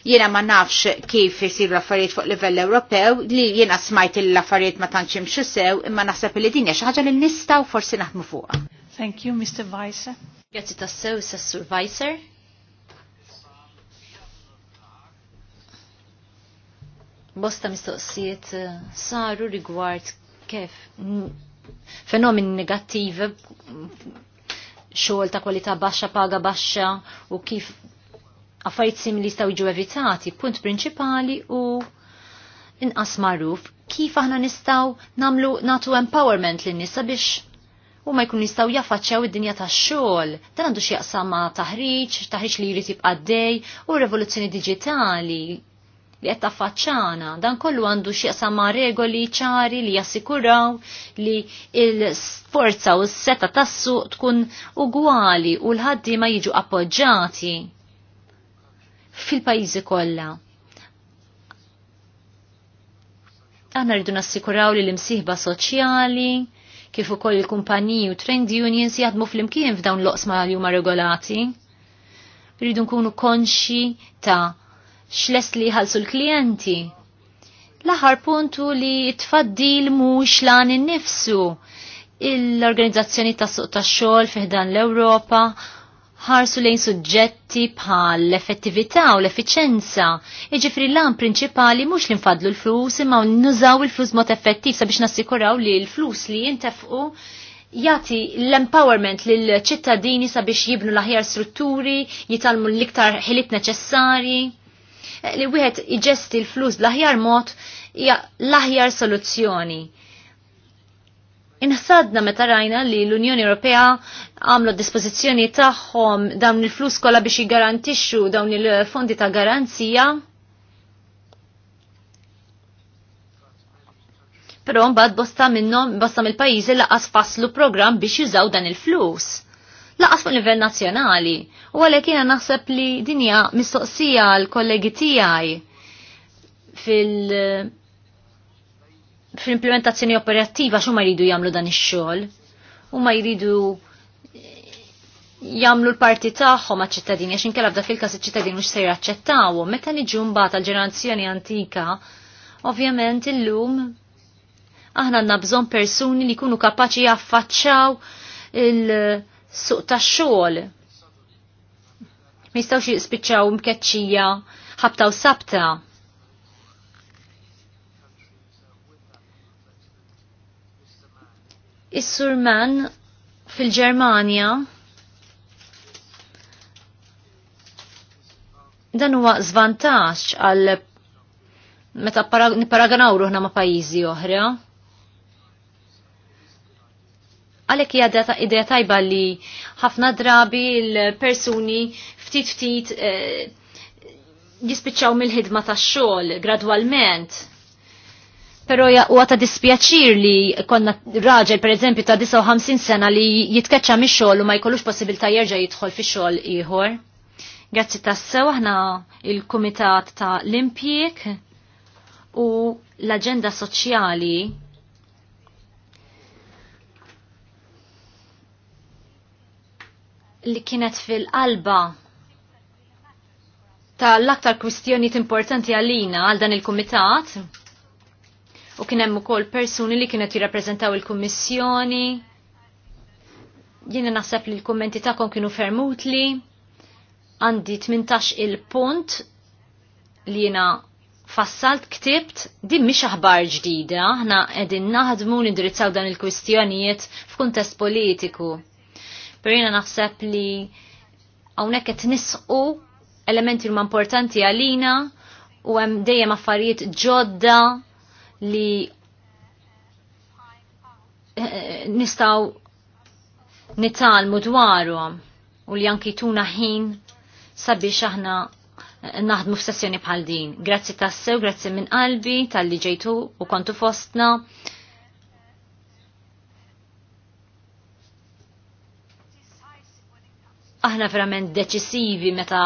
jiena ma nafx kif jisir l-affarijiet fuq livell Ewropew li jiena smajt l-affarijiet ma tantx imxu sew imma naħseb li dinja hija xi ħaġa li nistgħu forsi naħdmu fuqha. Thank you, Mr. Weiser. Grazzi tassew, Sassur Weiser. bosta mistoqsijiet eh, saru rigward kif fenomeni negattiv xogħol ta' kwalità baxxa paga baxxa u kif affarijiet simili jistgħu jiġu evitati, punt prinċipali u inqas magħruf kif aħna nistgħu nagħmlu natu empowerment lin nisa biex u ma jkun jistgħu jaffaċċjaw id-dinja tax-xogħol. Dan għandu jaqsam ma' taħriġ, taħriġ li jrid jibqa' dej u revoluzzjoni diġitali li qed taffaċċana. Dan kollu għandu x'jaqsam ma' regoli ċari li jassikuraw li l-forza u s-seta tas-suq tkun ugwali u l-ħaddiema jiġu appoġġati fil-pajjiżi kollha. Aħna rridu nassikuraw li l-imsieħba soċjali, kif ukoll il-kumpaniji u trend unions jaħdmu fl-imkien f'dawn l-oqsma li huma regolati. Rridu nkunu konxi ta' xlest li jħalsu l-klienti. l puntu li tfaddil mux lan innifsu. L-organizzazzjoni ta' suq ta' xol fiħdan l-Europa ħarsu lejn suġġetti bħal l-effettività u l efficienza Iġifri l-lan prinċipali mux li nfadlu l-flus imma nużaw il-flus mod effettiv sabiex nassikuraw li l-flus li jintefqu jati l-empowerment l ċittadini sabiex jibnu l-aħjar strutturi, jitalmu l-iktar ħilit neċessari li wieħed iġesti l-flus l-aħjar mod hija l-aħjar soluzzjoni. Inħsadna meta rajna li l-Unjoni Ewropea għamlu dispożizzjoni tagħhom dawn il-flus kollha biex jiggarantixxu dawn il-fondi ta' garanzija. Però mbagħad bosta minnhom bosta mill-pajjiżi laqas faslu programm biex jużaw dan il-flus laqas fuq livell nazzjonali. U għalhekk jiena naħseb li dinja mistoqsija l kollegi tiegħi fil- fil-implementazzjoni operattiva xumma jridu jagħmlu dan ix-xogħol. Huma jridu jamlu l-parti tagħhom għaċ-ċittadini għax inkella f'da fil-każ iċ-ċittadini mhux se jaċċettawhom. Meta niġu mbagħad għall-ġenerazzjoni antika, ovvjament illum aħna għandna bżonn persuni li jkunu kapaċi jaffaċċaw il- suq tax-xogħol. Mistgħu jistgħux spiċċaw mkeċċija ħabta u sabta. Is-surman fil-Ġermanja dan huwa żvantaġġ għal meta niparaganaw ruħna ma' pajjiżi oħra. Għalek hija idea tajba li ħafna drabi l-persuni ftit ftit eh, jispiċċaw mill-ħidma tax-xogħol gradwalment. Pero huwa ta' dispjaċir li konna raġel pereżempju ta' 59 sena li jitkeċċa mix-xogħol u ma jkollux possibilità jerġa' jidħol fix-xogħol ieħor. Grazzi tassew aħna il-Kumitat ta' l-Impjek u l-Aġenda Soċjali li kienet fil-qalba tal-aktar kwistjonijiet importanti għalina għal dan il-kumitat u kien hemm ukoll persuni li kienet jirrappreżentaw il-kummissjoni. Jiena naħseb li l-kummenti tagħkom kienu fermutli. Għandi 18 il-punt li jiena fassalt ktibt di mish aħbar ġdida, aħna qegħdin naħdmu nindirizzaw dan il-kwistjonijiet f'kuntest politiku pero naħseb li għawnek qed nisqu elementi l importanti għalina u hemm dejjem affarijiet ġodda li eh, eh, nistaw nitalmu dwarhom u li anki tuna ħin sabiex aħna eh, naħdmu f'sessjoni bħal din. Grazzi tassew, grazzi minn qalbi tal-li ġejtu u kontu fostna aħna verament deċisivi meta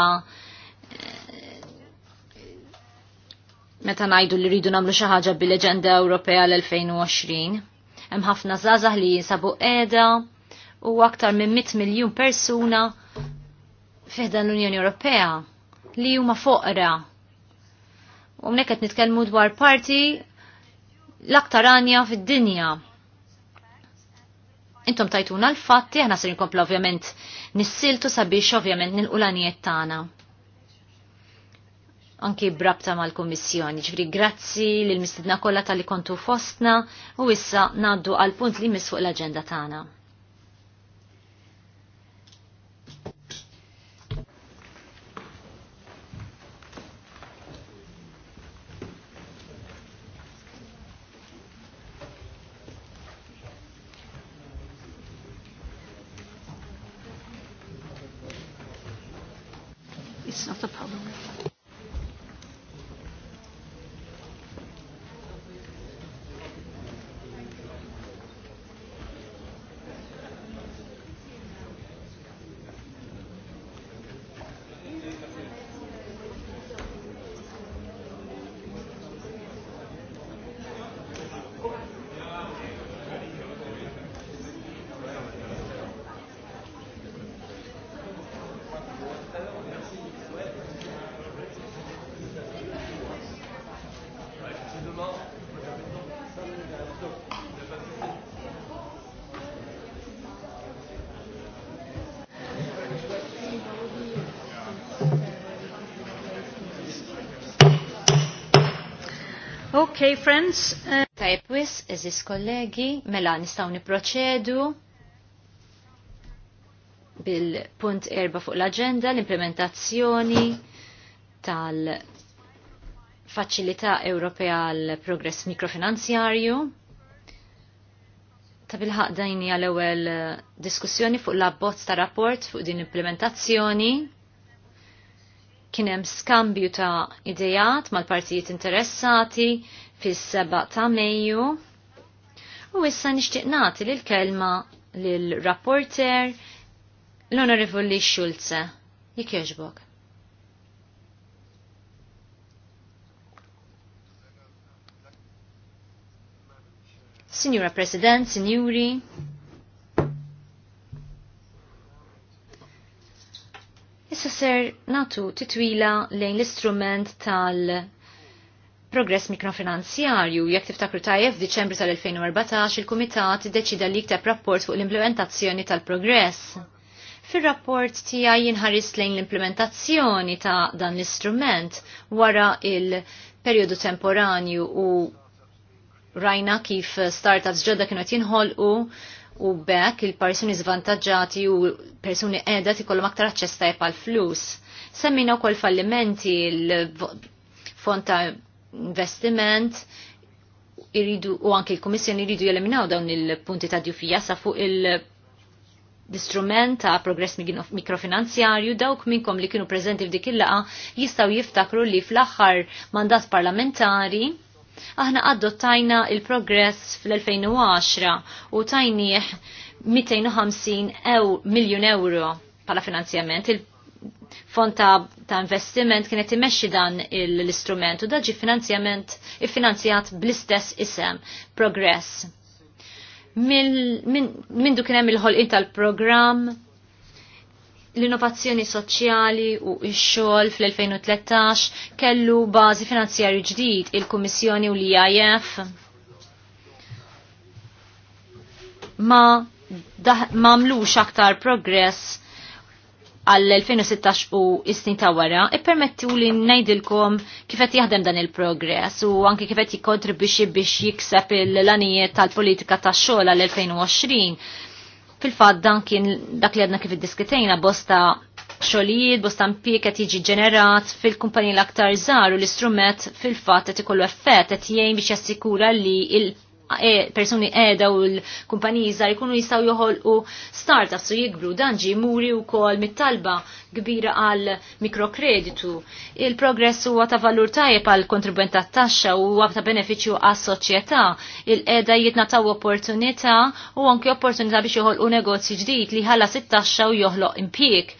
eh, meta najdu li rridu namlu xi ħaġa bil-Leġenda Ewropea l-2020. Hemm ħafna zazah li jinsabu qiegħda u aktar minn 100 miljun persuna fiħdan l-Unjoni Ewropea li huma foqra. U mnek qed nitkellmu dwar parti l-aktar għanja fid-dinja. Intom tajtuna l-fatti, aħna ser inkomplu ovvjament nissiltu sabiex ovvjament nil-ulanijiet tagħna. Anki brabta mal-Kummissjoni, ġifri grazzi l mistidna kollha tal-li kontu fostna u issa naddu għal punt li misfuq l-aġenda tagħna. of the Okay, friends. Uh, Tajb wis, eżis kollegi, mela nistaw niproċedu bil-punt erba fuq l-agenda l-implementazzjoni tal-Faċilità Ewropea għal Progress Mikrofinanzjarju. Ta' bil-ħaq dajni għal ewwel uh, diskussjoni fuq l-abbozz ta' rapport fuq din implementazzjoni kien hemm skambju ta' idejat mal-partijiet interessati fis-7 ta' Mejju. U issa nixtieq nagħti l-kelma lill-rapporter l-Onorevoli Schulze. Jekk jogħġbok. Signora President, Signori, Issa ser natu titwila lejn l-istrument tal- progress mikrofinanzjarju. Jekk tiftakru tajjeb f'Diċembru tal-2014 il-Kumitat iddeċida li jktab rapport fuq l-implementazzjoni tal-progress. Fir-rapport tiegħi jinħares lejn l-implementazzjoni ta' dan l-istrument wara il-perjodu temporanju u rajna kif startups ġodda kienu qed jinħolqu u bekk il-persuni zvantagġati u persuni edha tikollhom aktar aċċess tajjeb għall flus. Semmina wkoll fallimenti l-fond ta' investiment iridu u anke l-Komissjoni iridu jeleminaw dawn il-punti ta' djufija sa' fuq il- l-istrument ta' progress mikrofinanzjarju dawk minnkom li kienu prezenti f'dik il-laqa jistaw jiftakru li fl-aħħar mandat parlamentari aħna adottajna il-progress fl-2010 u tajnieh 250 ew miljon euro pala finanzjament. il fond ta', ta investiment kienet imexxi dan l-istrument u daġi finanzjament iffinanzjat bl-istess isem, Progress. Min, mindu kien hemm il-ħolqien tal-programm l-innovazzjoni soċjali u x-xogħol fl-2013 kellu bażi finanzjarju ġdid il-Kummissjoni u l iaf Ma mamlux aktar progress għall-2016 u is-snin ta' wara, ippermettu li ngħidilkom kif qed jaħdem dan il-progress u anke kif qed jikkontribwixxi biex jikseb il-lanijiet tal-politika tax-xogħol għall-2020. Fil-fatt dan kien dak li għadna kif id id-diskitejna bosta xogħlijiet, bosta impjieg qed jiġi ġenerat fil kumpanija l-aktar żgħar u l-istrument fil-fatt qed ikollu effett qed jgħin biex jassikura li il E, persuni edha u l-kumpaniji żgħar ikunu jistgħu joħolqu startups u jikbru dan muri u wkoll mit-talba kbira għal mikrokreditu. Il-progress huwa ta' valur tajjeb għal kontribwent tat-taxxa u huwa ta' benefiċċju għas-soċjetà. Il-qeda jitnataw opportunità u anke opportunità biex joħolqu negozji ġdid li ħallas it-taxxa u joħloq impjieg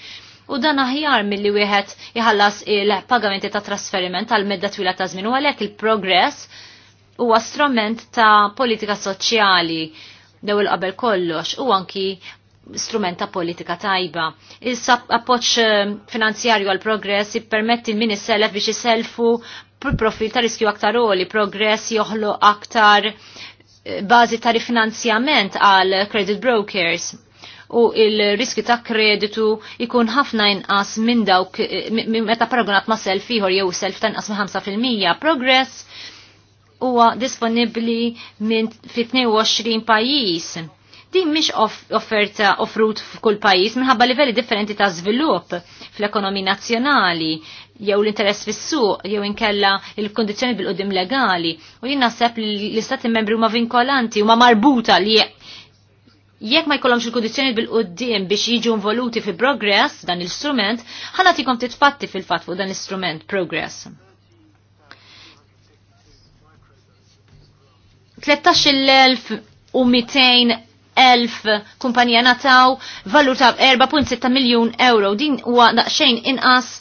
u dan aħjar mill-li wieħed jħallas il-pagamenti ta' trasferiment għal medda twila ta' żmien u għalhekk il-progress huwa strument ta' politika soċjali dew il-qabel kollox u anki strument ta' politika tajba. Issa appoċ eh, finanzjarju għal progress jippermetti min isellef biex iselfu profil ta' riskju aktar oli, progress joħlo aktar eh, bazi ta' rifinanzjament għal credit brokers u il-riski ta' kreditu ikun ħafna inqas minn dawk eh, meta paragonat ma' self ieħor jew self tanqas ma' 5%. Progress huwa disponibbli minn fi 22 pajjiż. Din mhix offerta offrut f'kull pajjiż minħabba livelli differenti ta' żvilupp fl-ekonomi nazzjonali jew l-interess fis-suq jew inkella il-kondizzjoni bil-qudiem legali u jien naħseb li l-istati membri huma vinkolanti huma marbuta li jekk ma jkollhomx il-kundizzjoni bil-qudiem biex jiġu involuti fi progress dan l-istrument, tikom titfatti fil-fatt fuq dan l-istrument progress. 13.200 kumpanija nataw valur ta' 4.6 miljon euro. Din huwa daqsxejn inqas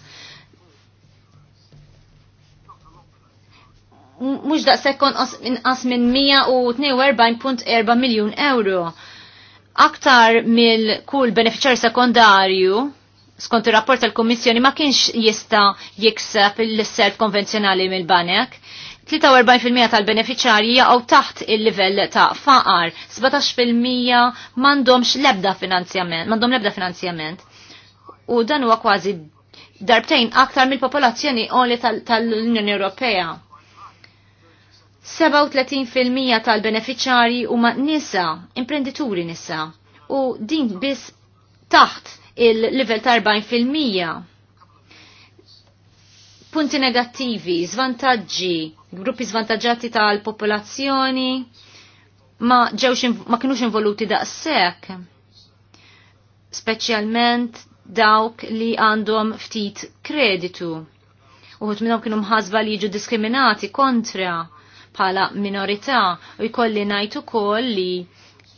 mux da' sekon inqas minn 142.4 miljon euro. Aktar mill-kull beneficjar sekondarju, skont ir rapport tal kummissjoni ma kienx jista jiksa fil self konvenzjonali mill-banek, 43% tal-beneficjarji jaqgħu taħt il-livell ta' faqar, 17% m'għandhomx lebda finanzjament, m'għandhom lebda finanzjament. U dan huwa kważi darbtejn aktar mill-popolazzjoni onli tal-Unjoni Ewropea. 37% tal-beneficjarji huma nisa, imprendituri nisa, u din biss taħt il-livell ta' 40% punti negattivi, zvantaġġi, gruppi zvantaġġati tal-popolazzjoni ma ġewx ma kinux involuti daqshekk. Speċjalment dawk li għandhom ftit kreditu. Uħut minnhom kienu mħazba li jiġu diskriminati kontra bħala minorità u jkolli ngħid ukoll li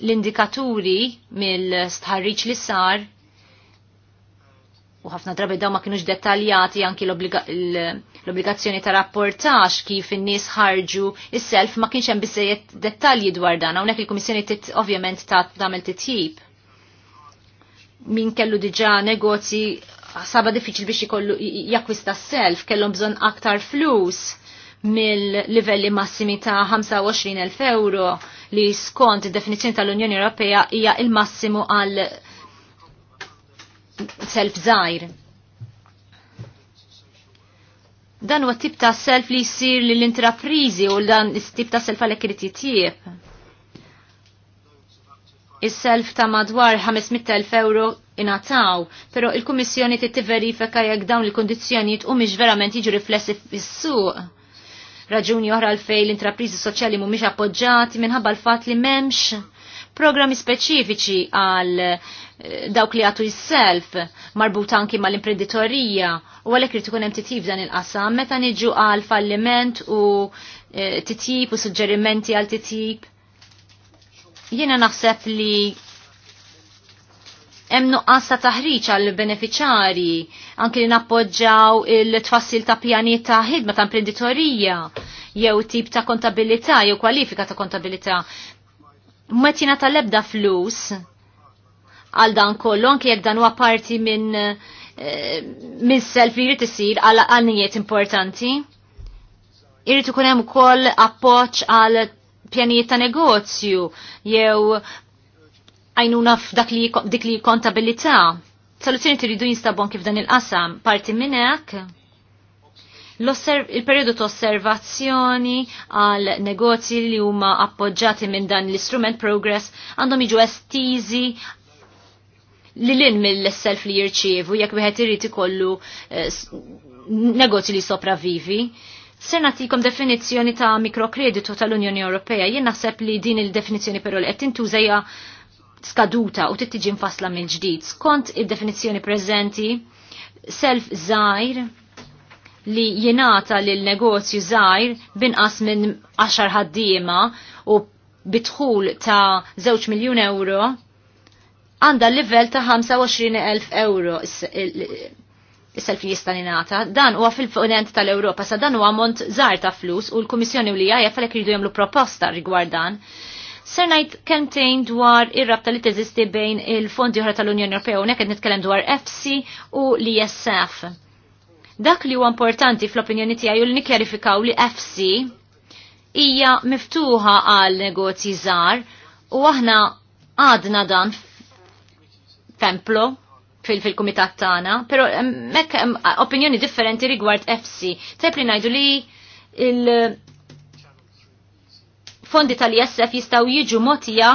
l-indikaturi mill-stħarriċ li sar u ħafna drabi daw ma kienux dettaljati anki l-obbligazzjoni ta' rapportax kif in-nies ħarġu is-self ma kienx hemm biżejjed dettalji dwar dan hawnhekk il-Kummissjoni ovvjament ta' tagħmel titjib. Min kellu diġà negozji saba diffiċil biex ikollu jakwista s-self, kellhom bżonn aktar flus mill-livelli massimi ta' 25.000 euro li skont id-definizzjoni tal-Unjoni Ewropea hija il-massimu għal self żgħir. Dan huwa tip ta' self li jsir lill intraprizi u dan is-tip ta' self għalhekk irid jitjieb. Is-self ta' madwar 500.000 euro inataw, pero il-Kummissjoni trid tiverifika jekk dawn il kundizzjonijiet u verament jiġu riflessi fis-suq. Raġuni oħra l fej l-intrapriżi soċjali mhumiex appoġġjati minħabba l-fatt li m'hemmx programmi speċifiċi għal dawk li għatu jisself marbut anki mal imprenditorija u għalek li tkun hemm titjib dan il-qasam meta niġu għal falliment u e, titjib u suġġerimenti għal titjib. Jiena naħseb li hemm nuqqas ta' taħriġ għal beneficjari anki li nappoġġaw il-tfassil ta' pjanijiet ta' ħidma ta' imprenditorija jew tip ta' kontabilità jew kwalifika ta' kontabilità. Metina tal-ebda flus għal dan kollu, anke jekk dan huwa parti minn eh, min self li jrid isir għal għalnijiet importanti. Irid ikun hemm ukoll appoġġ għal pjanijiet ta' negozju jew għajnuna f'dak li dik li kontabilità. Soluzzjoni tridu jinstabon kif dan il-qasam, parti minn hekk il-periodu ta' osservazzjoni għal negozji li huma appoġġati minn dan l-istrument progress għandhom jiġu estiżi li l-in mill-self li jirċievu jekk wieħed irid ikollu eh, negozju li sopravivi. Se nagħtikom definizzjoni ta' mikrokreditu tal-Unjoni Ewropea, jien naħseb li din il-definizzjoni però li qed tintużejja skaduta u tittiġi nfasla mill-ġdid. Skont id-definizzjoni preżenti, self żgħir li jenata lil negozju żgħir binqas minn 10 ħaddiema u bitħul ta' 2 miljun euro għanda livell ta' 25.000 euro is selfi jista' ningħata. Dan huwa fil-funent tal europa sa dan huwa għamont żgħar ta' flus u l-Kummissjoni u li għajja għalhekk jridu jagħmlu proposta rigward dan. Ser ngħid kemtejn dwar ir-rabta li teżisti bejn il-fondi oħra tal-Unjoni Ewropea u nekk qed nitkellem dwar FC u l-ISF. Dak li huwa importanti fl-opinjoni tiegħi u li nikkjarifikaw li FC hija miftuħa għal negozji żgħar u aħna għadna dan templo fil-kumitat fil tagħna, però hemmhekk hemm opinjoni differenti rigward FC. Tep li ngħidu li il fondi tal-ISF jistaw jiġu motija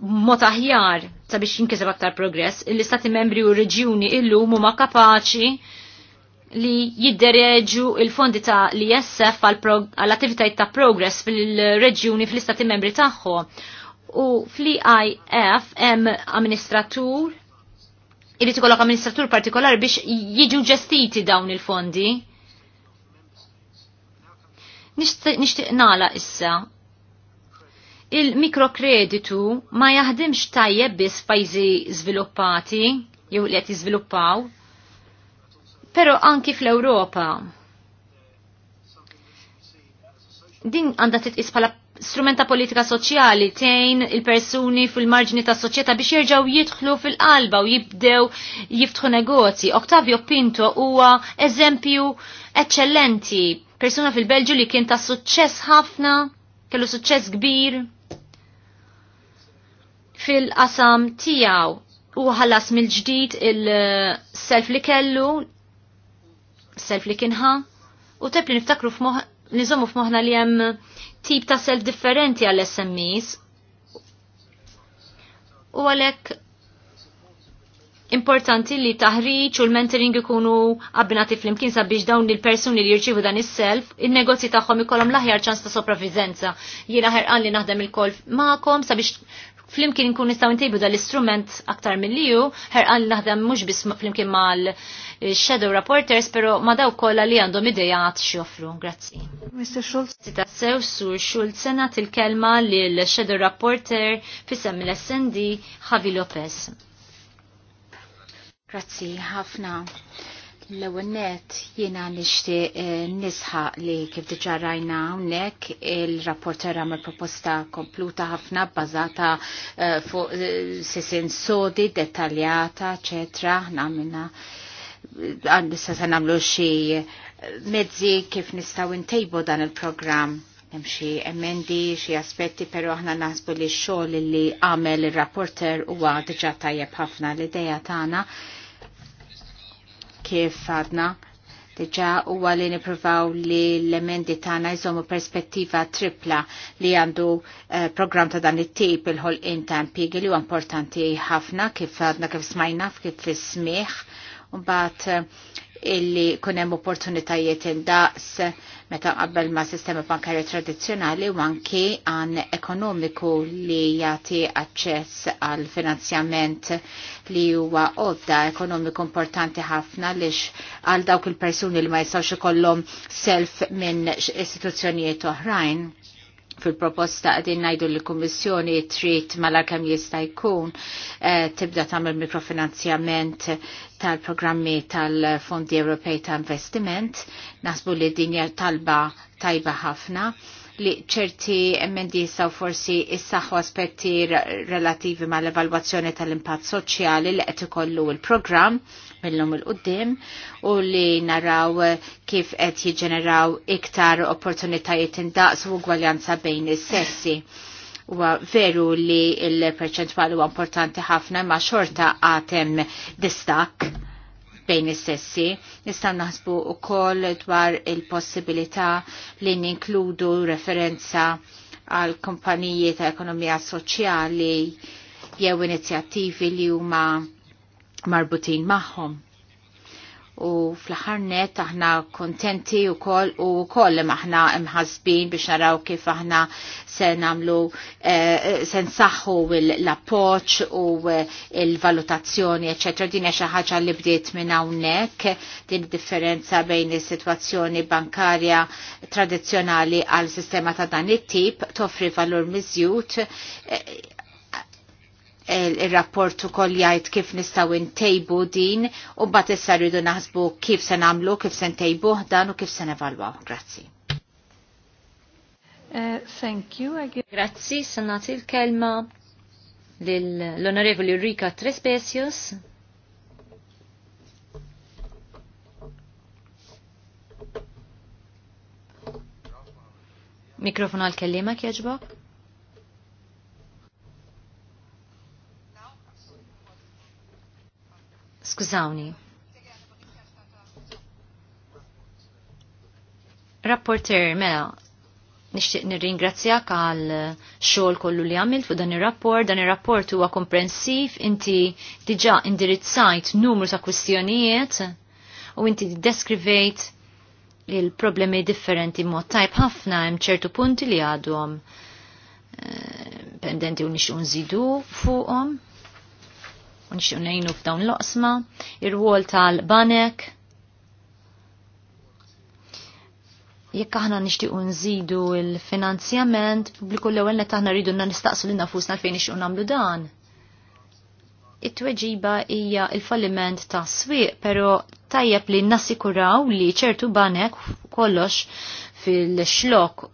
motaħjar aħjar sabiex jinkiseb aktar progress. L-istati membri u reġjuni illum huma kapaċi li jiddereġu il-fondi ta' l-ISF għal-attivitajiet ta' progress fil-reġjuni fl-istati membri tagħhom u fl-IF hemm amministratur irid ikollok amministratur partikolari biex jiġu ġestiti dawn il-fondi. Nixtieq nala issa. Il-mikrokreditu ma jaħdimx tajjeb biss f'pajjiżi żviluppati jew li qed jiżviluppaw, però anki fl-Ewropa. Din għandha titqis bħala strumenta politika soċjali tejn il-persuni fil-marġni ta' soċjetà biex jerġgħu jidħlu fil-qalba u jibdew jiftħu negozji. Octavio Pinto huwa eżempju eċċellenti, persuna fil-Belġu li kien ta' suċċess ħafna, kellu suċċess kbir fil-qasam tiegħu u ħallas mill-ġdid il-self li kellu, self li kienħa, u tepli niftakru f'moħ, nizomu f'moħna li hemm tip ta' self differenti għall smes u għalek importanti li taħriġ u l-mentoring ikunu abbinati fl-imkien sabiex dawn il-persuni li jirċivu dan is-self, il-negozji tagħhom ikollhom l-aħjar ċans ta' sopravivenza. Jiena ħerqan li naħdem il kolf magħkom sabiex flimkien nkun nistaw ntejbu dal-istrument aktar mill-liju, ħerqan naħdem mhux biss flimkien mal-shadow eh, reporters, pero ma daw kollha li għandhom ideja għat xjofru. Grazzi. Mr. Schultz. Sita sew sur Schultz sena til kelma l shadow reporter fissam l-SND Javi Lopez. Grazzi, ħafna. L-ewnet jiena nishti eh, nisħa li kif diġa rajna unnek il-rapportera me proposta kompluta ħafna bazata eh, fuq eh, sisin sodi, dettaljata, ċetra, namina għandissa se namlu xie mezzi kif nistaw intejbu dan il-program. Hemm xi emendi, xi aspetti, però aħna naħsbu li x-xogħol li għamel ir-rapporter huwa diġà tajjeb ħafna l-idea tagħna kif għadna. Deġa u għalli niprofaw li l-emendi tana jżomu perspettiva tripla li għandu eh, program ta' dan it-tip il ħol ta' pigi li u importanti ħafna kif għadna kif smajna kif li smiħ un bat eh, illi kunem opportunitajiet indaqs meta qabel ma' sistema bankarja tradizzjonali u anki għan ekonomiku li jagħti aċċess għal finanzjament li huwa għodda ekonomiku importanti ħafna lix għal dawk il-persuni li ma jistgħux ikollhom self minn istituzzjonijiet oħrajn fil-proposta għadin najdu li kommissjoni trit mala arkam jista' jkun eh, tibda tagħmel mikrofinanzjament tal-programmi tal-Fondi Ewropej ta' Investiment. Nasbu li dinja talba tajba ħafna li ċerti emendi jistaw forsi jissaħu aspetti relativi mal-evalwazzjoni tal-impatt soċjali li qed ikollu il-programm mill-lum il-qoddim u li naraw kif qed jiġġeneraw iktar opportunitajiet indaqs u gwaljanza bejn is-sessi. Huwa veru li l perċentwali huwa importanti ħafna ma xorta għatem distak bejn is-sessi, nistgħu naħsbu wkoll dwar il-possibilità li ninkludu referenza għal kumpaniji ta' ekonomija soċjali jew inizjattivi li huma marbutin maħħom. U fl-aħħar net aħna kontenti u koll u koll aħna imħazbin biex naraw kif aħna se għamlu eh, sen saħħu nsaħħu l-appoċ u eh, l-valutazzjoni, ecc. Din hija xi ħaġa li bdiet minn hawnhekk din differenza bejn is-sitwazzjoni bankarja tradizzjonali għal sistema ta' dan it-tip toffri valur miżjud eh, il-rapport ukoll jgħid kif nistgħu ntejbu din u bat issa rridu naħsbu kif se nagħmlu, kif se ntejbu dan u kif se nevalwaw. Grazzi. Uh, thank you. Grazzi, se nagħti l-kelma l-Onorevoli Ulrika Trespesius. Mikrofon għal-kellima kieġbok? Skużawni. Rapporter, mela, nixtieq nirringrazzjak għal xogħol kollu li għamilt fuq dan ir-rapport. Dan ir-rapport huwa komprensiv, inti diġa' indirizzajt numru ta' kwistjonijiet u inti deskrivejt il-problemi differenti mod tajb ħafna hemm ċertu punti li għadhom eh, pendenti u nixun zidu fuqhom u nejnu ngħinu f'dawn l-oqsma, ir wol tal-banek. Jekk aħna nixtiequ nżidu l-finanzjament, pubbliku l-ewwel net aħna rridu nistaqsu lil nafusna fejn nixtiequ nagħmlu dan. It-tweġiba hija il-falliment ta' swieq, però tajjeb li nassikuraw li ċertu banek kollox fil-xlok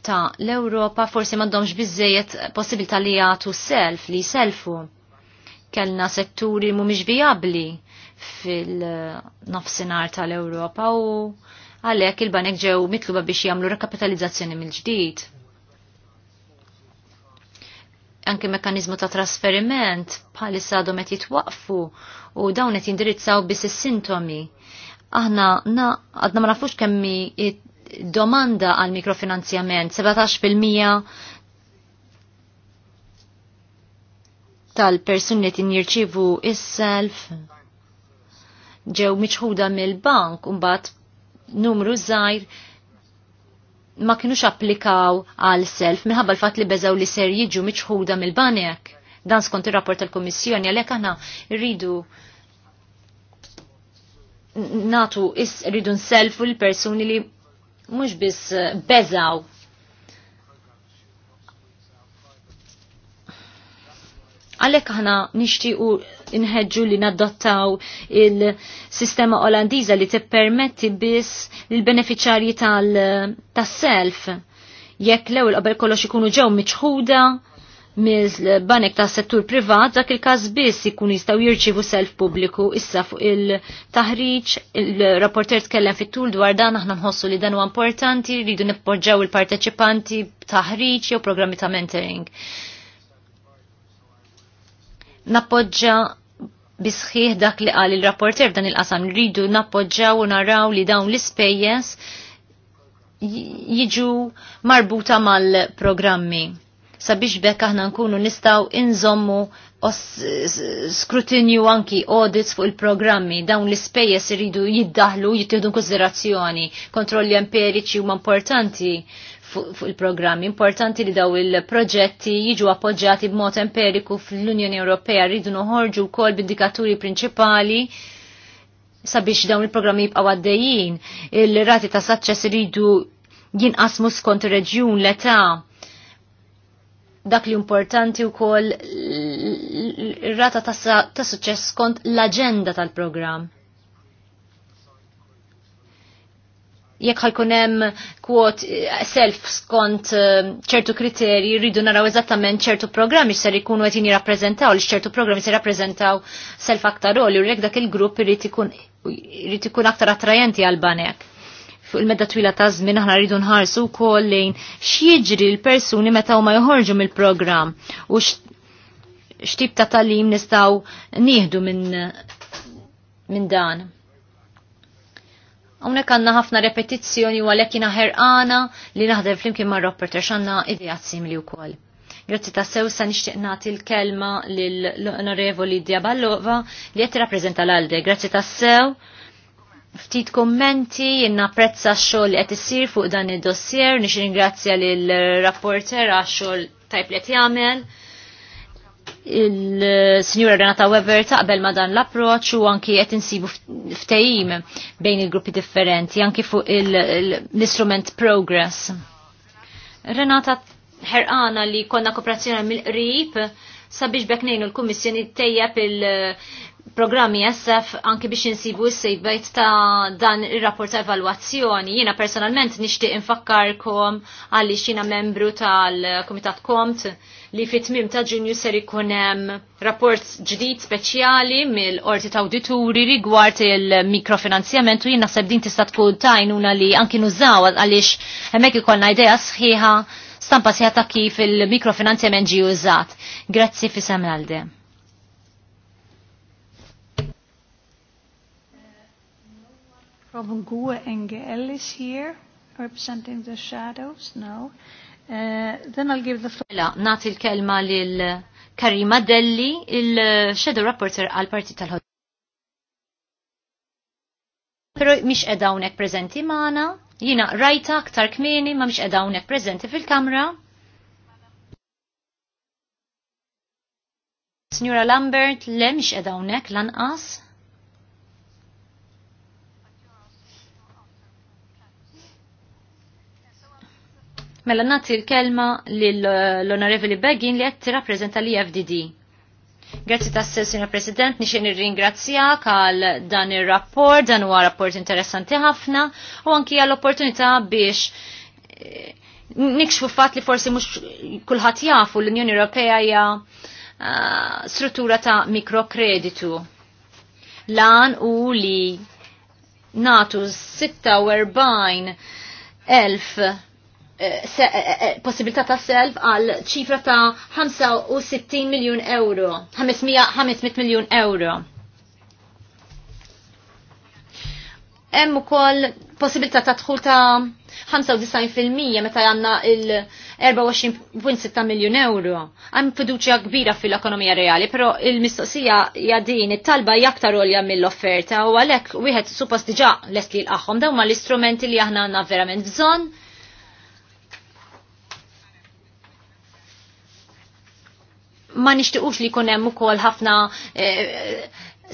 ta' l-Europa forsi mandomx bizzejet possibilta li jgħatu self, li selfu. Kellna setturi mumiġ viabli fil-nofsinar tal-Europa u għalek il-banek ġew mitluba biex jagħmlu rekapitalizzazzjoni mill-ġdid. Anke mekanizmu ta' trasferiment bħalissa domet qed jitwaqfu u dawn qed jindirizzaw biss is-sintomi aħna għadna ma nafux kemmi domanda għal mikrofinanzjament 17% tal-persuni tin jirċivu is-self ġew miċħuda mill-bank mbagħad numru żgħir ma kienux applikaw għal self minħabba l-fatt li beżaw li ser jiġu miċħuda mill-banek. Dan skont ir-rapport tal-Kummissjoni għalhekk aħna rridu natu is rridu nselfu l-persuni li mhux biss eh, beżaw Għalek ħana u nħedġu li naddottaw il-sistema olandiza li tippermetti biss l-beneficjarji tal-self. Jekk l-ewel qabel kollox ikunu ġew miċħuda mis banek ta' settur privat dak il-każ biss ikun jistgħu jirċivu self pubbliku issa fuq il-taħriġ, il-rapporter tkellem fit-tul dwar dan aħna nħossu li dan huwa importanti, rridu nippoġġaw il-parteċipanti b'taħriġ jew programmi ta' mentoring. Nappoġġa bisħiħ dak li qal il-rapporter f'dan il-qasam rridu nappoġġaw u naraw li dawn l-ispejjeż jiġu marbuta mal-programmi sabiex bekk aħna nkunu nistaw inżommu skrutinju anki audits fuq il-programmi dawn l-ispejjeż iridu jiddaħlu jittieħdu konsiderazzjoni kontrolli empiriċi huma importanti fuq il-programmi. Importanti li daw il-proġetti jiġu appoġġjati b'mod empiriku fl-Unjoni Ewropea rridu noħorġu wkoll b'indikaturi prinċipali sabiex dawn il-programmi jibqgħu għaddejjin. Il-rati ta' saċċess iridu jinqasmu skont ir-reġjun l-età dak li importanti u kol rata ta' suċess kont l-agenda tal-program. Jekk ħajkunem kwot eh, self skont eh, ċertu kriteri rridu naraw eżattament ċertu programmi ser ikunu qed jirrappreżentaw li ċertu programmi se jirrappreżentaw self aktar u jekk dak il-grupp irid ikun aktar attrajenti għal banek fuq il-medda twila ta' żmien aħna rridu nħarsu wkoll lejn x'jiġri l-persuni meta huma joħorġu mill-programm u x'tip ta' talim nistgħu nieħdu minn min dan. Hawnhekk għandna ħafna repetizzjoni u għalhekk jiena ħerqana li naħdem flimkien mar Roberter x'għandna idejat simili wkoll. Grazzi ta' sew sa' nixtieq nagħti l-kelma lill-Onorevoli Diaballova li qed tirrappreżenta l-Alde. Grazzi ta' sew ftit kommenti, jenna prezza xol qed issir fuq dan id-dossier, nix ringrazzja l-rapporter għax xol tajb li jagħmel. Il-Sinjura Renata Weber taqbel ma dan l-approċ u anki qed insibu ftehim bejn il-gruppi differenti, anki fuq l-istrument Progress. Renata ħerqana li konna kooperazzjoni mill-qrib sabiex bekk nejnu l-Kummissjoni tejjeb il- programmi SF anki biex insibu s-sejbajt ta' dan il-rapport ta' evalwazzjoni. Jiena personalment nixtieq infakkarkom għalli xina membru tal-Komitat Komt li fit-tmim ta' ġunju ser ikun hemm rapport ġdid speċjali mill-qorti ta' awdituri rigward il-mikrofinanzjament u jien naħseb tista' tkun tajnuna li anki nużaw għaliex hemmhekk ikollna idea sħiħa stampa sħiħa ta' kif il-mikrofinanzjament ġi użat. Grazzi fi Samlalde. from GUE NGL is here, representing the shadows? No. Uh, then I'll give the floor. La, nat il-kelma lil Karima Delli, il-shadow uh, rapporter għal-parti tal-ħod. Pero mish edawnek prezenti maħna, jina rajta aktar kmini ma mish edawnek prezenti fil-kamra. Signora Lambert, le mish edawnek lanqas? Mela nati l-kelma lill-Onorevoli eh, Begin li qed tirrappreżenta li FDD. Grazzi tassel, Signor President, nixen nirringrazzjak għal dan ir-rapport, dan huwa rapport interessanti ħafna, u anki għal opportunità biex eh, nikxfu fatt li forsi mhux kulħadd jafu l-Unjoni Ewropea hija eh, struttura ta' mikrokreditu. Lan u li natu 46.000 elf Eh, eh, eh, possibilità ta' self għal ċifra ta' 65 miljon euro, 500 miljon euro. Hemm ukoll possibilità ta' dħul ta' 95% meta għandna il-24.6 miljon euro. Hemm fiduċja kbira fil-ekonomija reali, però il-mistoqsija hija din it-talba hija aktar għolja mill-offerta u għalhekk wieħed suppost diġà lest l-aħħom dawn l-istrumenti li aħna għandna verament bżonn ma nixtiqux li jkun hemm ukoll ħafna eh,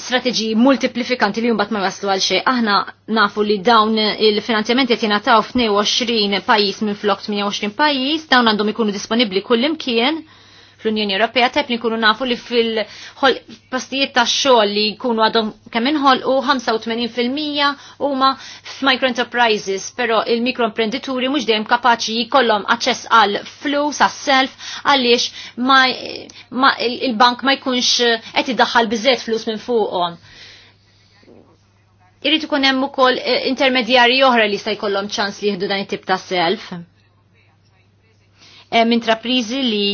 strategi multiplifikanti li jumbat ma waslu għal xej. Aħna nafu li dawn il-finanzjamenti qed jingħataw 22 pajjiż minn flok 28 pajjiż, dawn għandhom ikunu disponibbli kullimkien. kien fl-Unjoni Ewropea tep li kunu nafu li fil-postijiet ta' xogħol li jkunu għadhom kemm inħol u 85% huma f'micro enterprises, però il-mikroimprenditori mhux dejjem kapaċi jkollhom aċċess għal flus għas-self għaliex ma, il-bank ma jkunx eh, qed iddaħħal biżejt flus minn fuqhom. Irrid ikun hemm ukoll eh, intermedjarji oħra li jista' jkollhom ċans li jieħdu dan it-tip ta' self. Hemm intrapriżi li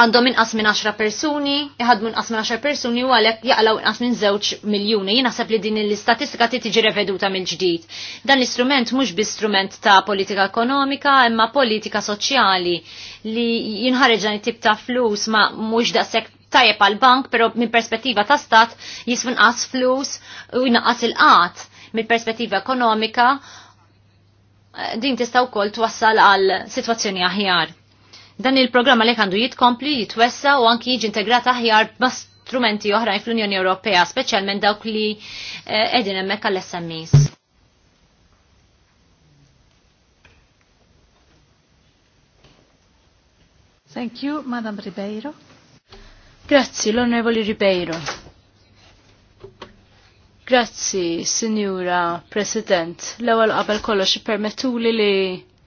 għandhom inqas minn 10 persuni, jħadmu inqas minn 10 persuni u għalhekk jaqlaw inqas minn 2 miljuni. Jien naħseb li din l-istatistika tiġi reveduta mill-ġdid. Dan l-istrument mhux bi strument ta' politika ekonomika, imma politika soċjali li jinħareġ dan it-tip ta' flus ma mhux daqshekk tajjeb għal bank, però minn perspettiva ta' stat jisfin qas flus u jnaqqas il-qat mill perspettiva ekonomika din tista' wkoll twassal għal sitwazzjoni aħjar Dan il-programm li għandu jitkompli, jitwessa u anki jiġi integrata aħjar ma' strumenti oħrajn fl-Unjoni Ewropea, speċjalment dawk li qegħdin eh, emmek għall-SMEs. Thank you, Madam Ribeiro. Grazzi, l Ribeiro. Grazzi, Signora President. L-ewwel qabel kollox li li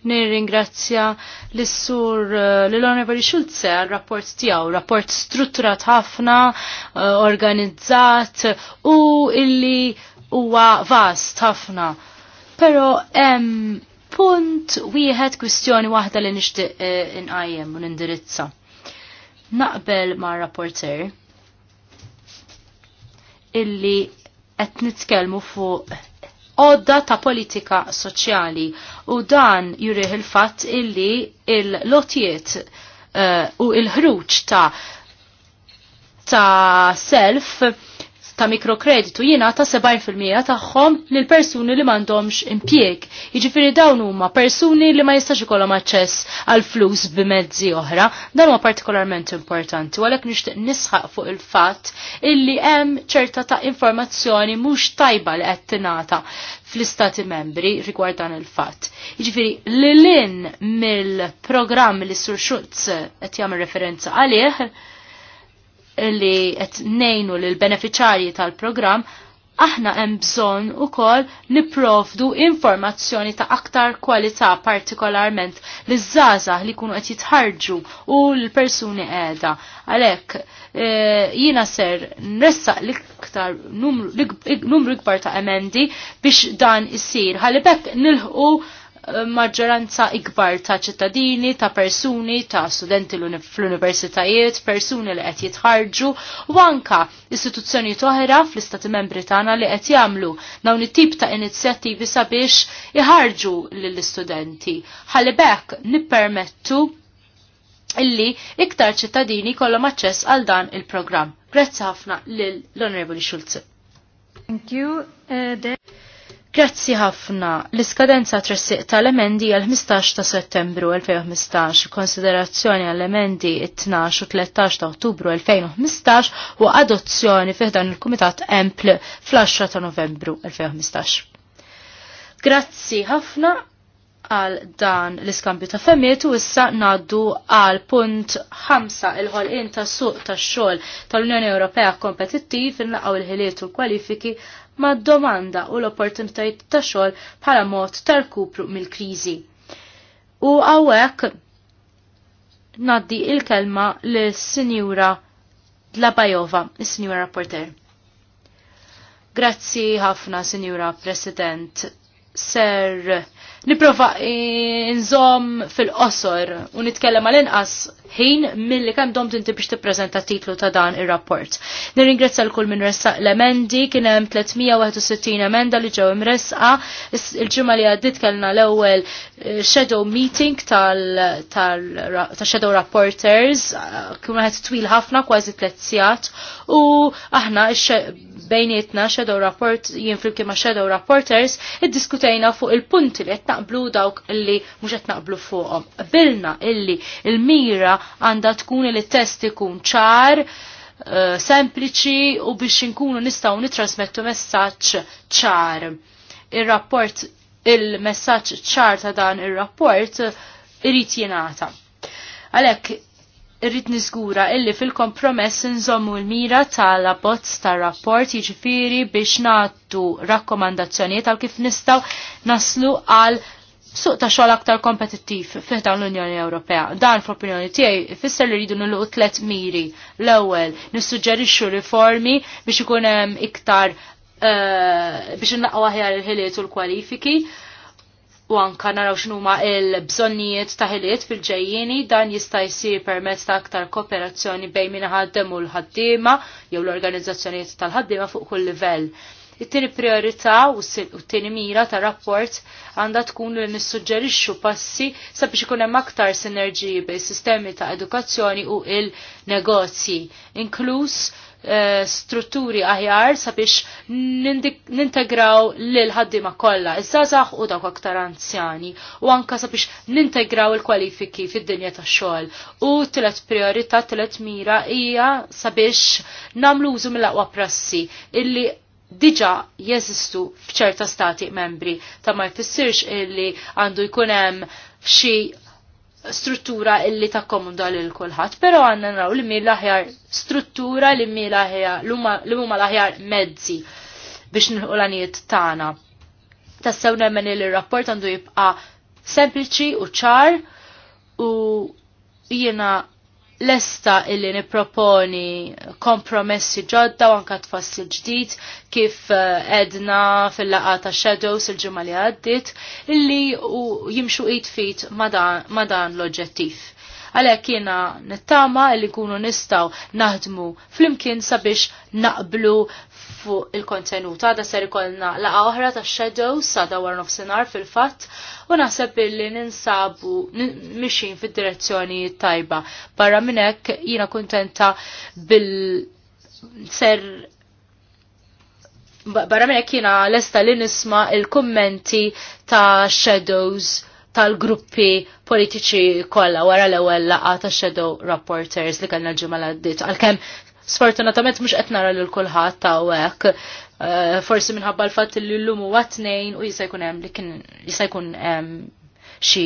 nirringrazzja l-sur eh, l-Honorable Schulze għal rapport tijaw, rapport strutturat ħafna, eh, organizzat u illi huwa vast ħafna. Pero em, punt wieħed kwistjoni waħda li nixtieq eh, inqajjem u nindirizza. Naqbel ma' rapporter illi qed nitkellmu fuq odda ta' politika soċjali u dan jurih il-fatt illi il lotiet uh, eh, u il-ħruġ ta' ta' self ta' mikrokreditu jiena ta' 70% tagħhom lil persuni li m'għandhomx impjieg. Jiġifieri dawn huma persuni li ma jistax ikollhom aċċess għal flus b'mezzi oħra, dan huwa partikolarment importanti għalhekk nixtieq nisħaq fuq il-fatt illi hemm ċerta ta' informazzjoni mhux tajba li qed tingħata fl-istati membri rigward dan il-fatt. Jiġifieri lilin mill-programm li Sur Schutz qed jagħmel referenza għalih li qed nejnu lil beneficjarji tal-programm, aħna hemm bżonn ukoll nipprovdu informazzjoni ta' aktar kwalità partikolarment li żgħażagħ li jkunu qed jitħarġu u l-persuni qiegħda. Għalhekk e, jiena ser nressaq l-iktar numru ikbar ta' emendi biex dan isir. Ħalibek nilħu maġġoranza ikbar ta' ċittadini, ta' persuni, ta' studenti fl-universitajiet, persuni li qed jitħarġu u anka istituzzjoni toħra fl-istati membri tagħna li qed jagħmlu dawn it-tip ta' inizjattivi sabiex iħarġu lill-istudenti. Ħalli bekk nippermettu illi iktar ċittadini kollhom aċċess għal dan il-programm. Grazzi ħafna lill-Onorevoli Schulze. Thank you. Uh, Grazzi ħafna. L-iskadenza tressiq tal-emendi għal-15 ta' settembru 2015, konsiderazzjoni għall-emendi 12 u 13 ta' ottubru 2015 u adozzjoni fiħdan il-Kumitat Empl fl-10 ta' novembru 2015. Grazzi ħafna għal dan l-iskambju ta' femmiet u issa naddu għal punt 5 il-ħolqin ta' suq ta' xogħol tal-Unjoni Ewropea kompetittiv il-laqgħu il-ħiliet u l-kwalifiki ma' domanda u l-opportunitajiet ta' xogħol bħala mod ta' rkupru mill-kriżi. U għawek naddi il-kelma l-Sinjura Dlabajova, il-Sinjura Rapporter. Grazzi ħafna, Sinjura President. Ser niprofa eh, nżom fil-qosor u nitkellem għal-inqas ħin mill-li kem domt inti biex tippreżenta titlu ta' dan ir-rapport. Nirringrazzja l-kull minn ressaq l-emendi, kien hemm 361 emenda li ġew imresqa, il-ġimgħa li għaddit kellna l-ewwel eh, shadow meeting tal-shadow rapporters, eh, kien wieħed twil ħafna kważi tliet sigħat u aħna bejnietna shadow rapport jien fil-kima shadow rapporters iddiskutejna fuq il-punti li qed naqblu dawk illi mhux qed naqblu fuqhom. Bilna illi il-mira għandha tkun li test ikun ċar, eh, sempliċi u biex inkunu nistgħu nitrasmettu messaġġ ċar. Ir-rapport il-messaġġ ċar ta' dan ir-rapport eh, irid jingħata. Għalhekk irrit niżgura illi fil-kompromess nżommu l-mira tal-abbozz tar-rapport jiġifieri biex nagħtu rakkomandazzjonijiet għal kif nistgħu naslu għal suq ta' xogħol aktar kompetittiv fih dawn l-Unjoni Ewropea. Dan fl-opinjoni tiegħi fisser li rridu nilluqu tliet miri. L-ewwel nissuġġerixxu riformi biex ikun hemm iktar eh, biex innaqgħu aħjar il-ħiliet u l-kwalifiki u anka naraw x'numa il-bżonnijiet ta' ħiliet fil-ġejjieni dan jista' jsir permezz ta' aktar kooperazzjoni bejn min ħaddem u l-ħaddiema jew l-organizzazzjonijiet tal-ħaddiema fuq kull livell. It-tieni priorità u t-tieni mira ta' rapport għandha tkun li nissuġġerixxu passi sabiex ikun hemm aktar sinerġiji bejn sistemi ta' edukazzjoni u il-negozji, inkluż Eh, strutturi aħjar sabiex nintegraw lil ħaddima kollha, iż-żazax u dawk aktar anzjani, u anka sabiex nintegraw il-kwalifiki fid-dinja tax-xogħol. U tlet priorità, tlet mira hija sabiex nagħmlu użu mill-aqwa prassi illi diġa jeżistu f'ċerta stati membri ta' ma jfissirx illi għandu jkun hemm xi struttura illi li lil kulħadd, però għandna naraw li mi l-aħjar struttura li mi l-aħjar li huma l-aħjar mezzi biex nilħu l-għaniet tagħna. Tassew nemmen li l-rapport għandu jibqa' sempliċi u ċar u jiena lesta illi niproponi kompromessi ġodda u anka tfassi ġdid kif eh, edna fil-laqa ta' Shadows il-ġimma li għaddit illi u jimxu id fit ma' dan l-oġġettiv. Għalhekk jiena nittama illi kunu nistaw naħdmu flimkien sabiex naqblu fuq il-kontenut. Għada ser ikolna laqa oħra ta' Shadows sa' dawar nofsinar fil-fatt u naħseb billi ninsabu mixin fil-direzzjoni tajba. Barra minnek jina kontenta bil ser barra minnek jina lesta li nisma il-kommenti ta' Shadows tal-gruppi politiċi kolla wara l-ewwel laqa ta' Shadow Rapporters li kellna ġimala ġimgħa l-għaddiet għalkemm sfortunatament mhux qed nara lil kulħadd ta' u għek. forsi minħabba l fat li l-lum u tnejn u jista' jkun li kien jisajkun għem xi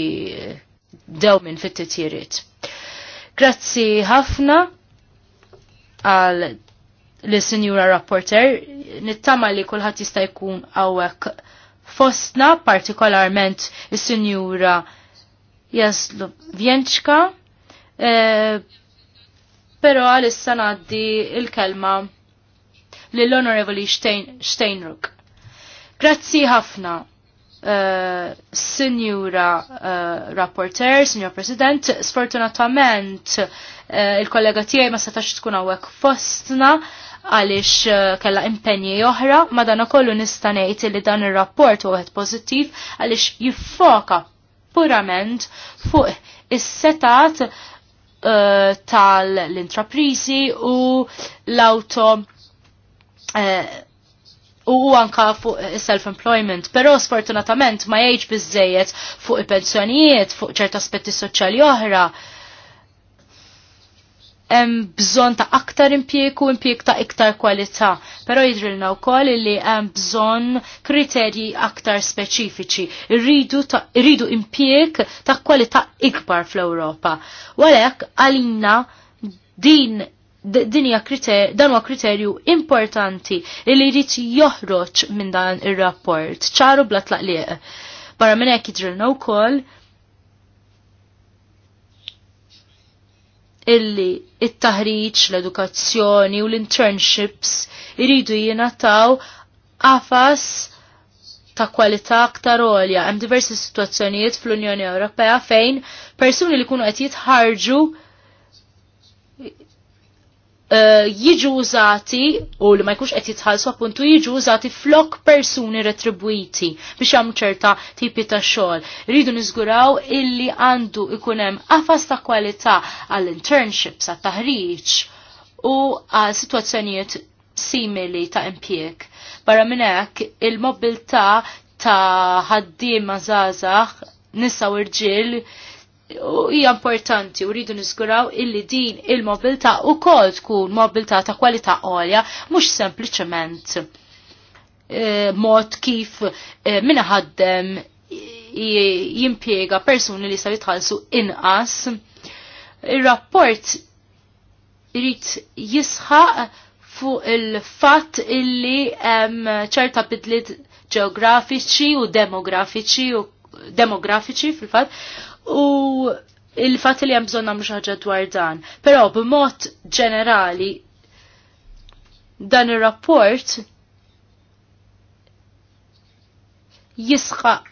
dew minn fit-titjiriet. Grazzi ħafna għal li sinjura Rapporter, nittama li kullħat jista' jkun għawek fostna, partikolarment il senjura Jaslu Vienċka, Pero għalissa naddi il-kelma lill honorable Steinruck. Grazzi ħafna, uh, Signora uh, Signor President, sfortunatament uh, il-kollega tiegħi ma setax tkun hawnhekk fostna għalix kella impenji oħra, ma dan kollu nistanejt li dan il-rapport u għed pozittiv għalix jiffoka purament fuq is-setat Eh, tal-intraprizi u l-auto uh, u anka fuq self-employment. Pero sfortunatament ma jgħidx bizzejiet fuq i pensjonijiet, fuq ċerta aspetti soċjali oħra. Uh, hemm bżonn ta' aktar impjieku, impjieg ta' iktar kwalità, però jidrilna wkoll li hemm bżonn kriterji aktar speċifiċi. Irridu impjieg ta' kwalità ikbar fl-Ewropa. U għalhekk għalina din din dan huwa kriterju importanti li jrid joħroġ minn dan ir-rapport ċaru bla tlaqliq. Barra minn hekk jidrilna wkoll illi it-taħriġ, l-edukazzjoni u l-internships iridu jinataw għafas ta' kwalità aktar għolja. Hemm diversi situazzjonijiet fl-Unjoni Ewropea fejn persuni li kunu qed jitħarġu Eh, jiġu użati u li ma jkunx qed jitħallsu appuntu jiġu użati flok persuni retribwiti biex hemm ċerta tipi ta' xogħol. Ridu niżguraw illi għandu ikun hemm qafas ta' kwalità għall-internships, għat-taħriġ u għal sitwazzjonijiet simili ta' impjeg. Barra minn hekk il-mobilità ta' ħaddiema żgħażagħ nisa u rġiel hija importanti u rridu niskuraw illi din il-mobilità kol tkun mobilità ta' kwalità għolja mhux sempliċement eh, mod kif e, minna ħaddem jimpiega persuni li sa jitħallsu inqas. Ir-rapport irrid jisħaq fuq il-fatt illi hemm ċerta bidliet ġeografiċi u demografiċi u demografiċi fil-fatt u il-fat li hemm bżonn nagħmlu ħaġa dwar dan. Però b'mod ġenerali dan ir-rapport jisħaq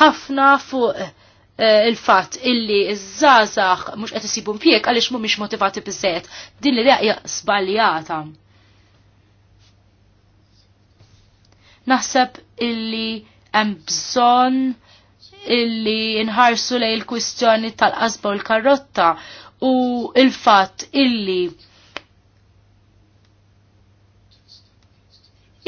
ħafna fuq eh, il-fat illi iż-żazax mhux qed mpijek għalix għaliex mhumiex motivati biżejjed. Din li hija sbaljata. Naħseb illi hemm bżonn illi nħarsu lej il-kwistjoni tal-qasba u l-karotta u il-fat illi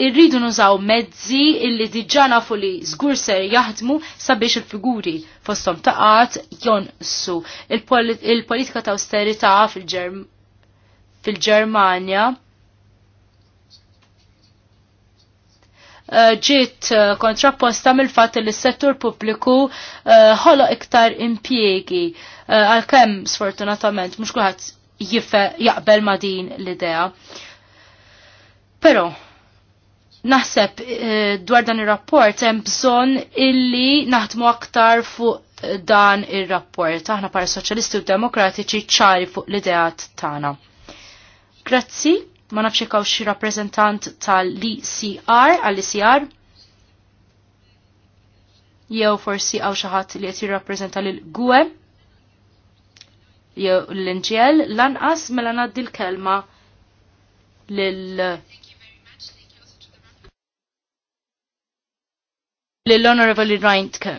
irridu nużaw mezzi illi diġana nafu li zgur ser jaħdmu sabiex il-figuri fostom taqat jonqsu. Il-politika ta' austerita fil-Germania Eh, ġiet eh, kontrapposta mill-fatt li s-settur pubbliku eh, ħolo iktar impjiegi għalkemm sfortunatament mhux kulħadd jaqbel ma' din l-idea. Però naħseb dwar dan ir-rapport hemm bżonn illi naħdmu aktar fuq dan ir-rapport. Aħna para soċjalisti u demokratiċi ċari fuq l-ideat tagħna. Grazzi ma nafx kaw xi rappreżentant tal-ECR għall-ECR jew forsi għaw xi ħadd li qed jirrappreżenta lil GUE jew l-NGL lanqas mela ngħaddi l-kelma lil lill-Honorable Reintke.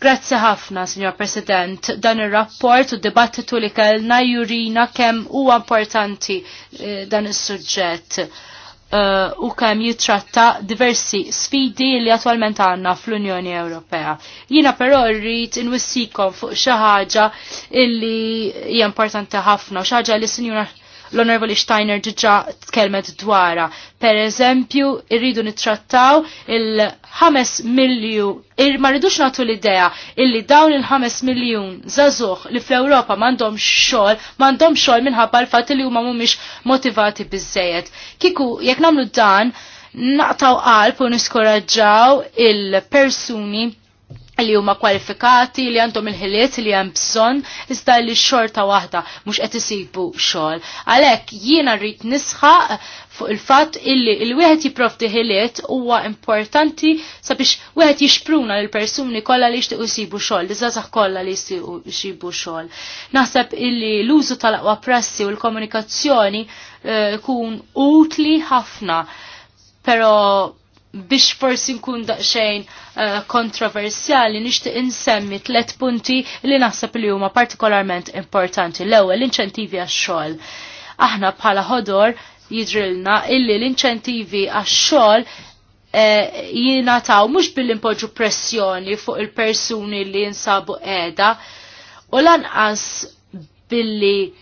Grazzi ħafna, Signor President, dan ir-rapport u dibattitu li kellna jurina kemm huwa importanti eh, dan is-suġġett uh, u kemm jitratta diversi sfidi li attualment għandna fl-Unjoni Ewropea. Jina però rrid inwissikom fuq xi ħaġa illi hija importanti ħafna u xi ħaġa li Sinjura l-Onorevoli Steiner ġiġa tkelmet dwara. Per eżempju, irridu nittrattaw il-5 milju, ir ma rridux natu l-idea illi dawn il-5 miljun zazuħ li fl-Europa mandom xol, mandom xol minħabba l-fat li huma mumiex motivati bizzejet. Kiku, jek namlu dan, naqtaw qalb u niskoraġġaw il-persuni li huma kwalifikati li għandhom il-ħiliet li hemm bżonn iżda li xorta waħda mhux qed isibu xogħol. Għalhekk jiena rrid nisħaq fuq il-fatt illi l-wieħed jipprovdi ħiliet huwa importanti sabiex wieħed jixpruna lil persuni kollha li jixtiequ jsibu xogħol, li żgħażagħ kollha li jsibu jsibu xogħol. Naħseb illi l-użu tal-aqwa prassi u l-komunikazzjoni eh, kun utli ħafna. Pero biex forsi nkun daqxejn uh, eh, kontroversjali nixtieq insemmi tliet punti li naħseb li huma partikolarment importanti. L-ewwel l-inċentivi għax-xogħol. Aħna bħala ħodor jidrilna illi l-inċentivi għax-xogħol jiena eh, jingħataw mhux billi npoġġu pressjoni fuq il-persuni li jinsabu qiegħda u lanqas billi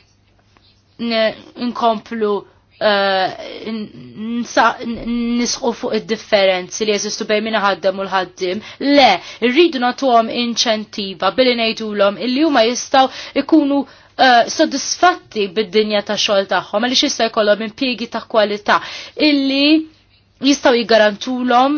nkomplu nisqu fuq id-differenzi li jeżistu bejn min ħaddem u l-ħaddim. Le, rridu nagħtuhom inċentiva billi ngħidulhom illi huma jistgħu ikunu eh, soddisfatti bid-dinja ta' xogħol tagħhom għaliex jista' jkollhom impjiegi ta' kwalità illi jistaw jiggarantulhom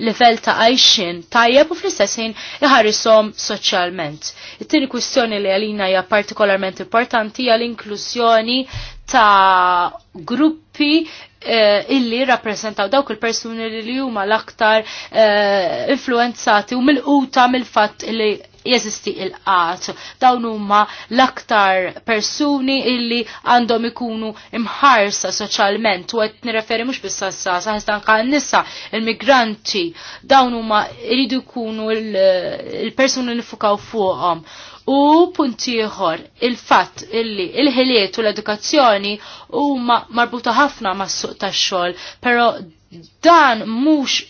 livell ta' għajxin tajjeb u fl-istess ħin iħarisom soċjalment. It-tieni kwistjoni li għalina hija partikolarment importanti hija l-inklużjoni ta' gruppi eh, illi rappresentaw dawk il-persuni li huma l-aktar eh, influenzati u mill-quta mill-fatt li jeżisti il-qat. Dawn huma l-aktar persuni illi għandhom ikunu imħarsa soċjalment u qed nirreferi mhux biss sa saħista anka nisa il-migranti dawn huma jridu jkunu il-persuni nifukaw li fukaw fuqhom. U punti ieħor, il-fatt illi il-ħiliet u l-edukazzjoni huma marbuta ħafna mas-suq tax-xogħol, però dan mhux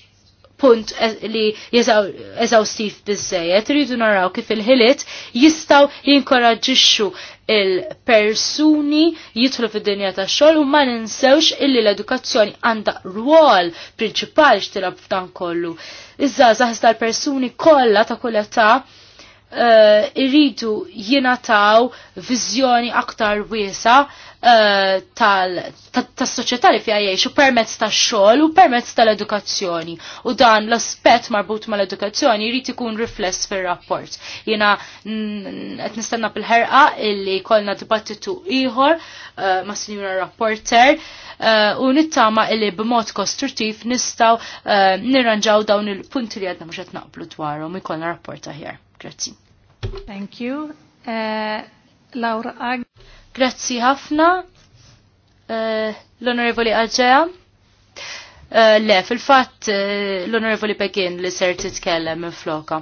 punt li eżawstiv bizzejet, rridu naraw kif il-ħiliet jistaw jinkoraġixxu il-persuni jitlu fid-dinja ta' xogħol u ma ninsewx illi l-edukazzjoni għandha rwol prinċipali x'tilab f'dan kollu. Iżda żgħażagħ l persuni kollha ta' kull età uh, irridu jinataw vizjoni aktar wiesa uh, eh, tal-soċieta li fija jiexu permezz ta' xol u permezz tal-edukazzjoni. U dan l-aspet marbut mal edukazzjoni jrid ikun rifless fil-rapport. Jiena qed nistenna bil-ħerqa illi kolna dibattitu ieħor uh, ma' sinjura rapporter uh, u nittama illi b'mod kostruttiv nistaw uh, nirranġaw dawn il-punti li għadna mhux qed naqblu dwarhom ikolna rapport aħjar. Grazzi. Thank you. Uh, Laura Ag. Grazzi ħafna. Uh, L-Onorevoli Aġea. Uh, le, fil-fat uh, l-Onorevoli Begin li ser titkellem minn floka.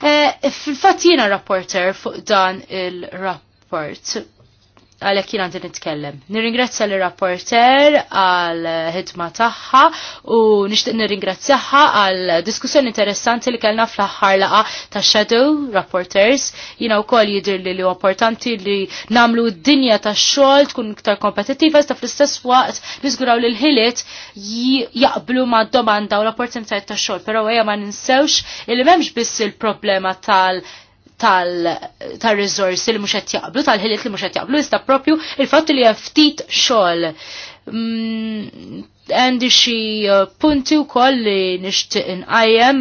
Uh, fil-fat jiena rapporter fuq dan il-rapport għalhekk jien għandi nitkellem. Nirringrazzja l rapporter għal ħidma tagħha u nixtieq nirringrazzjaha għal diskussjoni interessanti li kellna fl-aħħar laqa ta' Shadow Rapporters. Jiena wkoll jidir li li importanti li nagħmlu d-dinja tax-xogħol tkun iktar kompetittiva sta fl-istess waqt nizguraw li l-ħiliet jaqblu ma' domanda u l opportunitajt tax-xogħol, però għajja ma ninsewx il m'hemmx biss il-problema tal- tal-rizorsi li mhux qed jaqblu, tal-ħiliet li mhux qed jaqblu, jista' propju il-fatt li jaftit ftit xogħol. Għandi mm, xi uh, punti wkoll li nixtieq inqajjem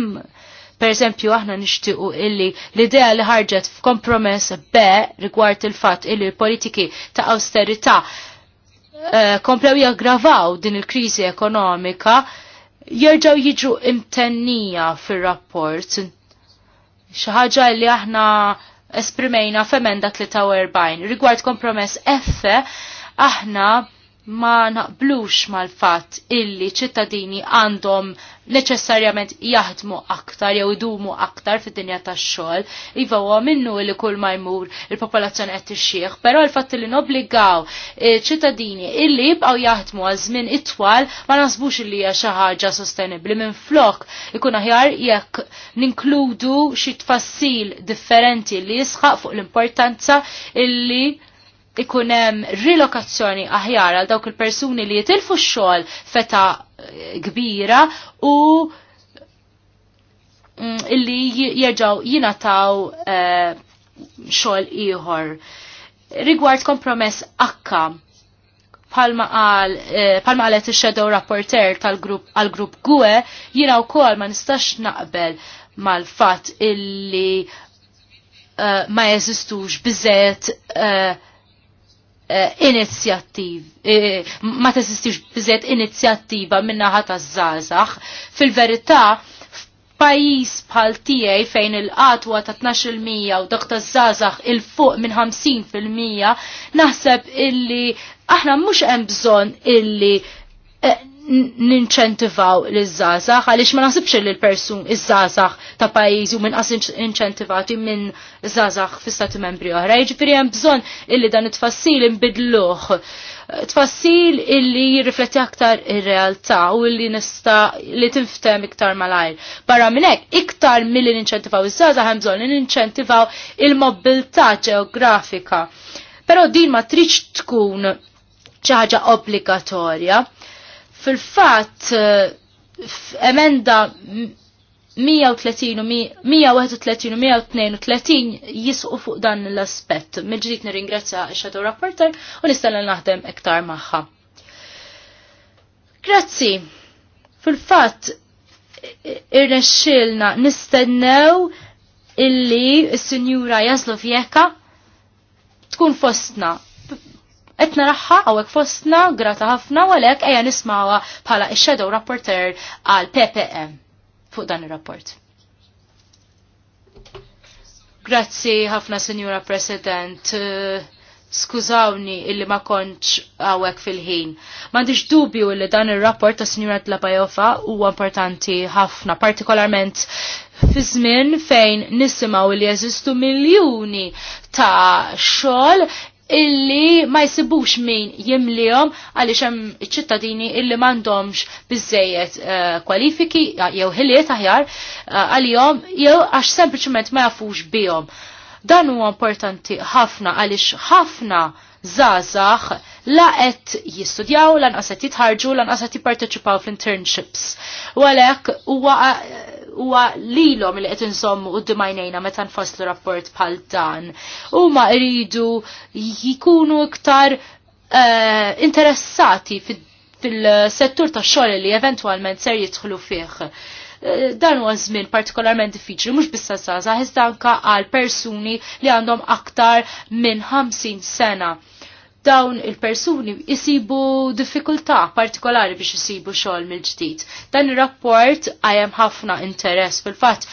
per esempio aħna nixtiqu illi l-idea li ħarġet f'kompromess B rigward il-fatt illi l-politiki ta' austerita uh, komplew jaggravaw din il-kriżi ekonomika jerġaw jiġu imtennija fir-rapport xi ħaġa li aħna esprimejna f'emenda 43. Rigward kompromess F, aħna ma naqblux mal-fatt illi ċittadini għandhom neċessarjament jaħdmu aktar jew idumu aktar fid-dinja tax-xogħol, iva huwa minnu li kull ma jmur il-popolazzjoni qed tixjieħ, però l-fatt li nobbligaw e, ċittadini illi jibqgħu jaħdmu għal żmien itwal ma nasbux illi hija xi ħaġa sostenibbli minn flok ikun aħjar jekk ninkludu xi tfassil differenti li jisħaq fuq l-importanza illi ikun hemm rilokazzjoni aħjar għal dawk il-persuni li jitilfu x-xogħol feta eh, kbira u mm, illi jerġgħu jinataw eh, xogħol ieħor. Rigward kompromess akka palma qalet eh, ix għalet il-shadow rapporter tal-grupp għal-grupp GUE jina u kol ma nistax naqbel mal-fat illi ma jeżistux bizet Eh, inizjattiv, eh, ma tesistix bizet inizjattiva minna ta' zazax. Fil-verità, pajis bħal tiegħi fejn il-qatwa ta' 12% u dak ta' zazax il-fuq minn 50% naħseb illi aħna mhux hemm bżonn illi eh, ninċentivaw l-żazax, għalix ma naħsibx li l-persun iż-żazax ta' pajizu u minn qas inċentivati minn żazax fi stati membri oħra. Jiġifieri hemm bżonn illi dan it-tfassil inbidluh. Tfassil illi jirrifletti aktar ir-realtà u illi nista' li tinftem iktar malajr. Barra minn hekk, iktar milli ninċentivaw iż-żazax hemm bżonn ninċentivaw il-mobilità ġeografika. Però din ma tridx tkun ħaġa obbligatorja Fil-fatt, eh, emenda 131 u 132 jisqu fuq dan l-aspett. Mil-ġdid nirringrazzja x-Shadow Rapporter u nistalla naħdem iktar magħha. Grazzi. Fil-fatt, irnexxilna nistennew illi s-Sinjura Vieka tkun fostna qed naraħħa hawnhekk fostna grata ħafna u għalhekk ejja nismawha bħala x-shadow rapporter għal PPM fuq dan ir-rapport. Grazzi ħafna Sinjura President. Skużawni illi ma konċ għawek fil-ħin. M'għandix dubju illi dan il-rapport ta' Sinjura Tlapajofa huwa importanti ħafna, partikolarment fi żmien fejn nisimgħu li jeżistu miljuni ta' xogħol illi ma jsibux min jimlihom għaliex hemm ċittadini illi m'għandhomx biżejjed eh, kwalifiki jew ħiliet aħjar eh, għalihom jew għax sempliċement ma jafux bihom. Dan huwa importanti ħafna għaliex ħafna zazax la qed jistudjaw, lanqas qed jitħarġu, lan qed jipparteċipaw fl-internships. U għalhekk huwa lilhom li qed insommu u d-dimajnejna meta nfasslu rapport bħal dan. Huma jridu jikunu iktar uh, interessati fil-settur fil tax-xogħol li eventwalment ser jidħlu fih eh, dan huwa żmien partikolarment diffiċli mhux bissa żgħażagħ iżda anke għal persuni li għandhom aktar minn 50 sena dawn il-persuni jisibu diffikultà partikolari biex jisibu xogħol mill-ġdid. Dan ir-rapport għajem ħafna interess fil-fatt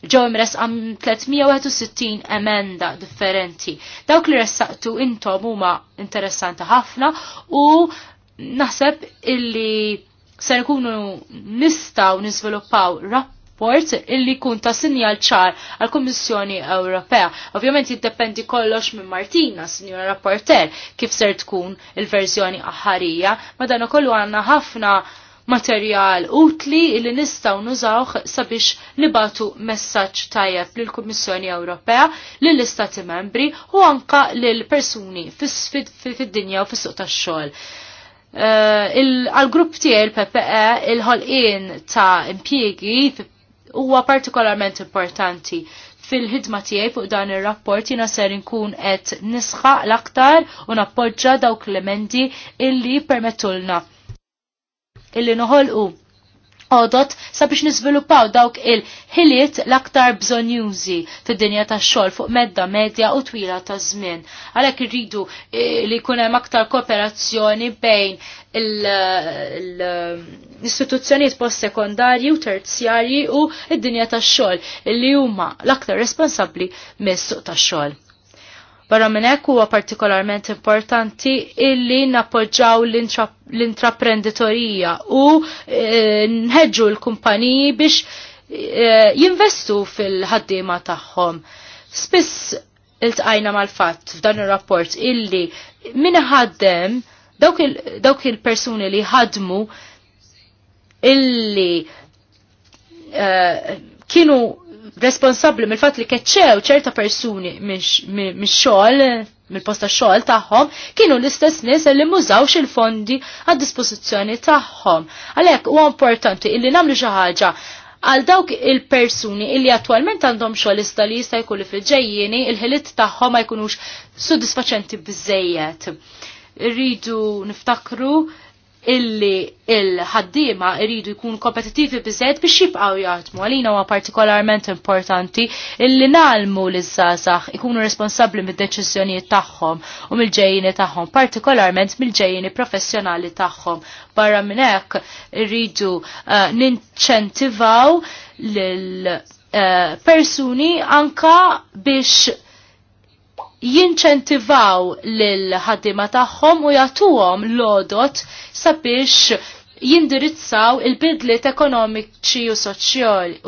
ġew imres għam 361 emenda differenti. Dawk li ressaqtu intom huma interessanti ħafna u naħseb illi se nkunu nistaw niżviluppaw rapport rapport illi kun ta' sinjal ċar għal Kummissjoni Ewropea. Ovvjament jiddependi kollox minn Martina, Sinjora Rapporter, kif ser tkun il-verżjoni aħħarija, ma dan ukoll għandna ħafna materjal utli illi nistaw nużawh sabiex nibatu messaġġ tajjeb lil kummissjoni Ewropea, lill istati membri u anka lil persuni fid-dinja u fis-suq tax-xogħol eh, għal-grupp tiegħi l-PPE il-ħolqien ta' impjiegi huwa partikolarment importanti. Fil-ħidma tiegħi fuq dan ir-rapport jiena ser inkun qed nisħaq l-aktar u nappoġġa dawk l-emendi illi permettulna illi noħolqu odot sabiex nizviluppaw dawk il-ħiliet l-aktar bżonjużi fid-dinja tax-xogħol fuq medda medja u twila ta' żmien. Għalhekk irridu eh, li jkun hemm aktar kooperazzjoni bejn l-istituzzjonijiet post-sekondarji u terzjarji u id-dinja tax-xogħol li huma l-aktar responsabbli mis-suq tax-xogħol. Barra minn hekk huwa partikolarment importanti illi nappoġġaw l-intraprenditorija u e, nħeġġu l-kumpaniji biex e, jinvestu fil-ħaddiema tagħhom. Spiss iltqajna mal-fatt f'dan ir-rapport illi min ħaddem dawk il-persuni li ħadmu illi e, kienu responsabli mill-fat li keċċew ċerta persuni mix-xogħol mill-posta xogħol tagħhom kienu l-istess nies li mużawx il-fondi għad dispożizzjoni tagħhom. Għalhekk huwa importanti illi nagħmlu xi ħaġa għal dawk il-persuni illi attualment għandhom xogħol iżda li jista' jkun fil-ġejjieni il ħilit tagħhom ma jkunux sodisfaċenti biżejjed. Irridu niftakru illi il-ħaddima iridu jkun kompetitivi bizzed biex jibqaw jaħdmu. Għalina huwa partikolarment importanti illi nalmu l żazax ikunu responsabli mid-deċiżjonijiet tagħhom u mill-ġejjini tagħhom, partikolarment mill-ġejjini professjonali tagħhom. Barra minn hekk irridu uh, ninċentivaw lil uh, persuni anka biex jinċentivaw l-ħaddima tagħhom u jagħtuhom lodot sabiex jindirizzaw il-bidliet ekonomiċi u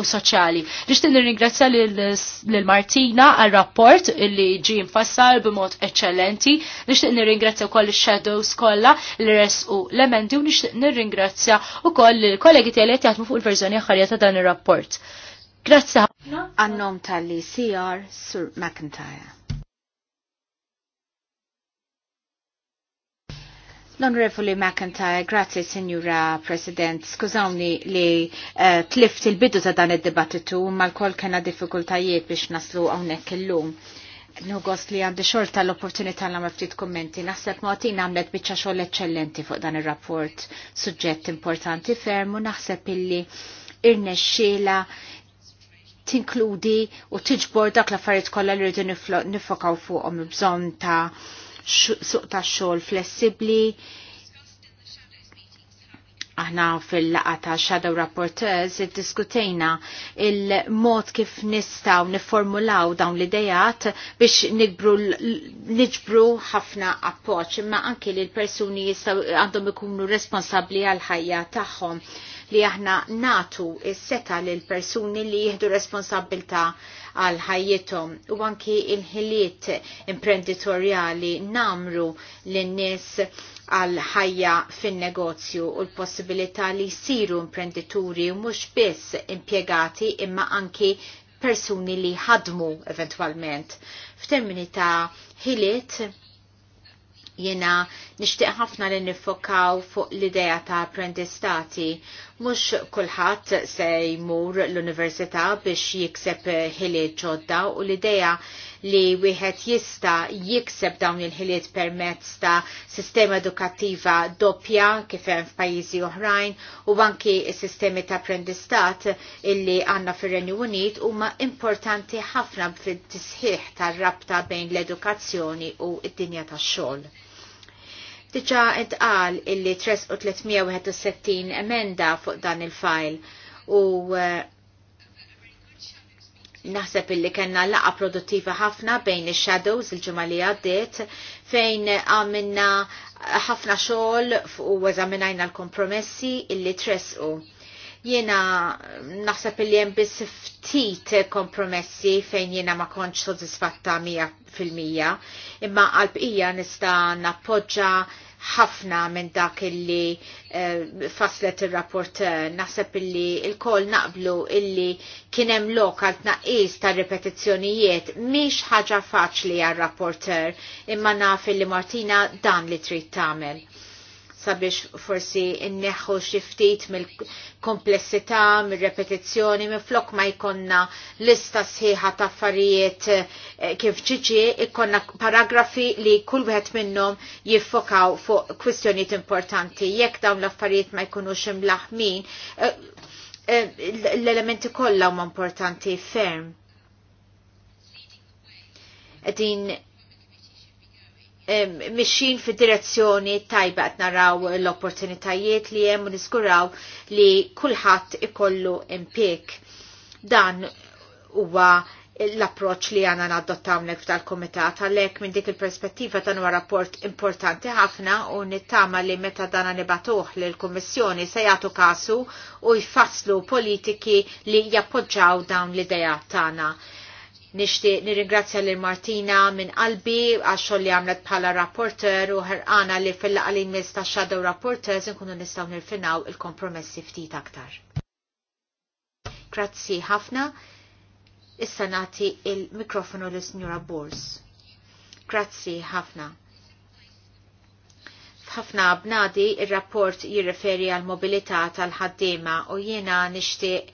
soċjali. Nixtieq nirringrazzja lil Martina għal rapport li ġi mfassal b'mod eċċellenti. Nixtieq nirringrazzja wkoll ix-shadows kollha l res u l-emendi u nixtieq nirringrazzja wkoll il-kollegi tiegħi qed fuq il-verżjoni aħħarja ta' dan ir-rapport. Grazzi ħafna. Annom tal-li CR Sur McIntyre. L-Onorevoli McIntyre, grazie Signora President, skużawni li uh, tlift il-bidu ta' dan id-dibattitu mal-kol kena diffikultajiet biex naslu għonek il-lum. Nogost li għandi xorta l-opportunità l ftit kommenti. Naħseb Martin għamlet bieċa xogħol eccellenti fuq dan ir-rapport, suġġett importanti ferm u naħseb illi irnexxiela tinkludi u tiġbor dak l-affarijiet kollha li rridu nifokaw fuqhom bżonn ta' suq ta' xogħol flessibbli. Aħna fil-laqa ta' Shadow Rapporteurs iddiskutejna il-mod kif nistaw niformulaw dawn l-idejat biex niġbru ħafna appoċ, imma anki li l-persuni jistaw għandhom ikunu responsabli għal-ħajja tagħhom li aħna natu s seta lil persuni li jieħdu responsabilta għal ħajjithom u anki il-ħiliet imprenditorjali namru lin-nies għal ħajja fin-negozju u l-possibilità li jsiru imprendituri u mhux biss impjegati imma anki persuni li ħadmu eventualment. F'termini ta' ħiliet jena Nixtieq ħafna li nifokaw fuq l-idea ta' apprendistati. Mhux kulħadd se jmur l universita biex jikseb ħiliet ġodda u l-idea li wieħed jista' jikseb dawn il-ħiliet permezz ta' sistema edukattiva doppja kif hemm f'pajjiżi oħrajn u anki s-sistemi ta' apprendistat illi għandna fir-Renju Unit huma importanti ħafna fit-tisħiħ tar-rabta bejn l-edukazzjoni u d-dinja tax-xogħol diċa id-qal illi 3361 emenda fuq dan il-fajl u eh, Naħseb illi kena laqa produttiva ħafna bejn il-shadows il-ġumma li għaddiet fejn għamilna ħafna xogħol u eżaminajna l-kompromessi illi tresqu. Jiena naħseb li hemm biss ftit kompromessi fejn jiena ma kontx sodisfatta fil-mija, imma għalbqija nista' nappoġġa ħafna minn dak illi uh, faslet il-rapport naħseb illi il-kol naqblu illi kienem lokal tnaqqis ta' ripetizzjonijiet miex ħaġa faċli għal rapporter imma naf illi Martina dan li trid tagħmel sabiex forsi inneħħu xiftit mill-komplessità, mill-repetizzjoni, minn flok ma jkonna lista sħiħa ta' affarijiet eh, kif ċiċi, ikonna paragrafi li kull wieħed minnhom jiffokaw fuq kwistjonijiet importanti. Jekk dawn l-affarijiet ma jkunux imlaħmin, eh, eh, l-elementi kollha huma importanti ferm. Din mixin fi direzzjoni tajba għat naraw l-opportunitajiet li hemm u niskuraw li kulħadd ikollu impik. Dan huwa l-approċ li għana nadottaw nek tal-komitat għalek minn dik il-perspettiva dan huwa rapport importanti ħafna u nittama li meta dan nibatuħ li l-Kommissjoni se jagħtu kasu u jfasslu politiki li jappoġġaw dawn l ideja tagħna. Nishti nirringrazzja lil Martina minn qalbi xogħol li għamlet bħala rapporter u ħerqana li fil-laqalin mis ta' shadow rapporters nkunu nistgħu nirfinaw il-kompromessi ftit aktar. Grazzi ħafna. Issa nagħti il-mikrofonu lis signora Bors. Grazzi ħafna. F'ħafna bnadi ir rapport jirreferi għal mobilità tal-ħaddiema u jiena nixtieq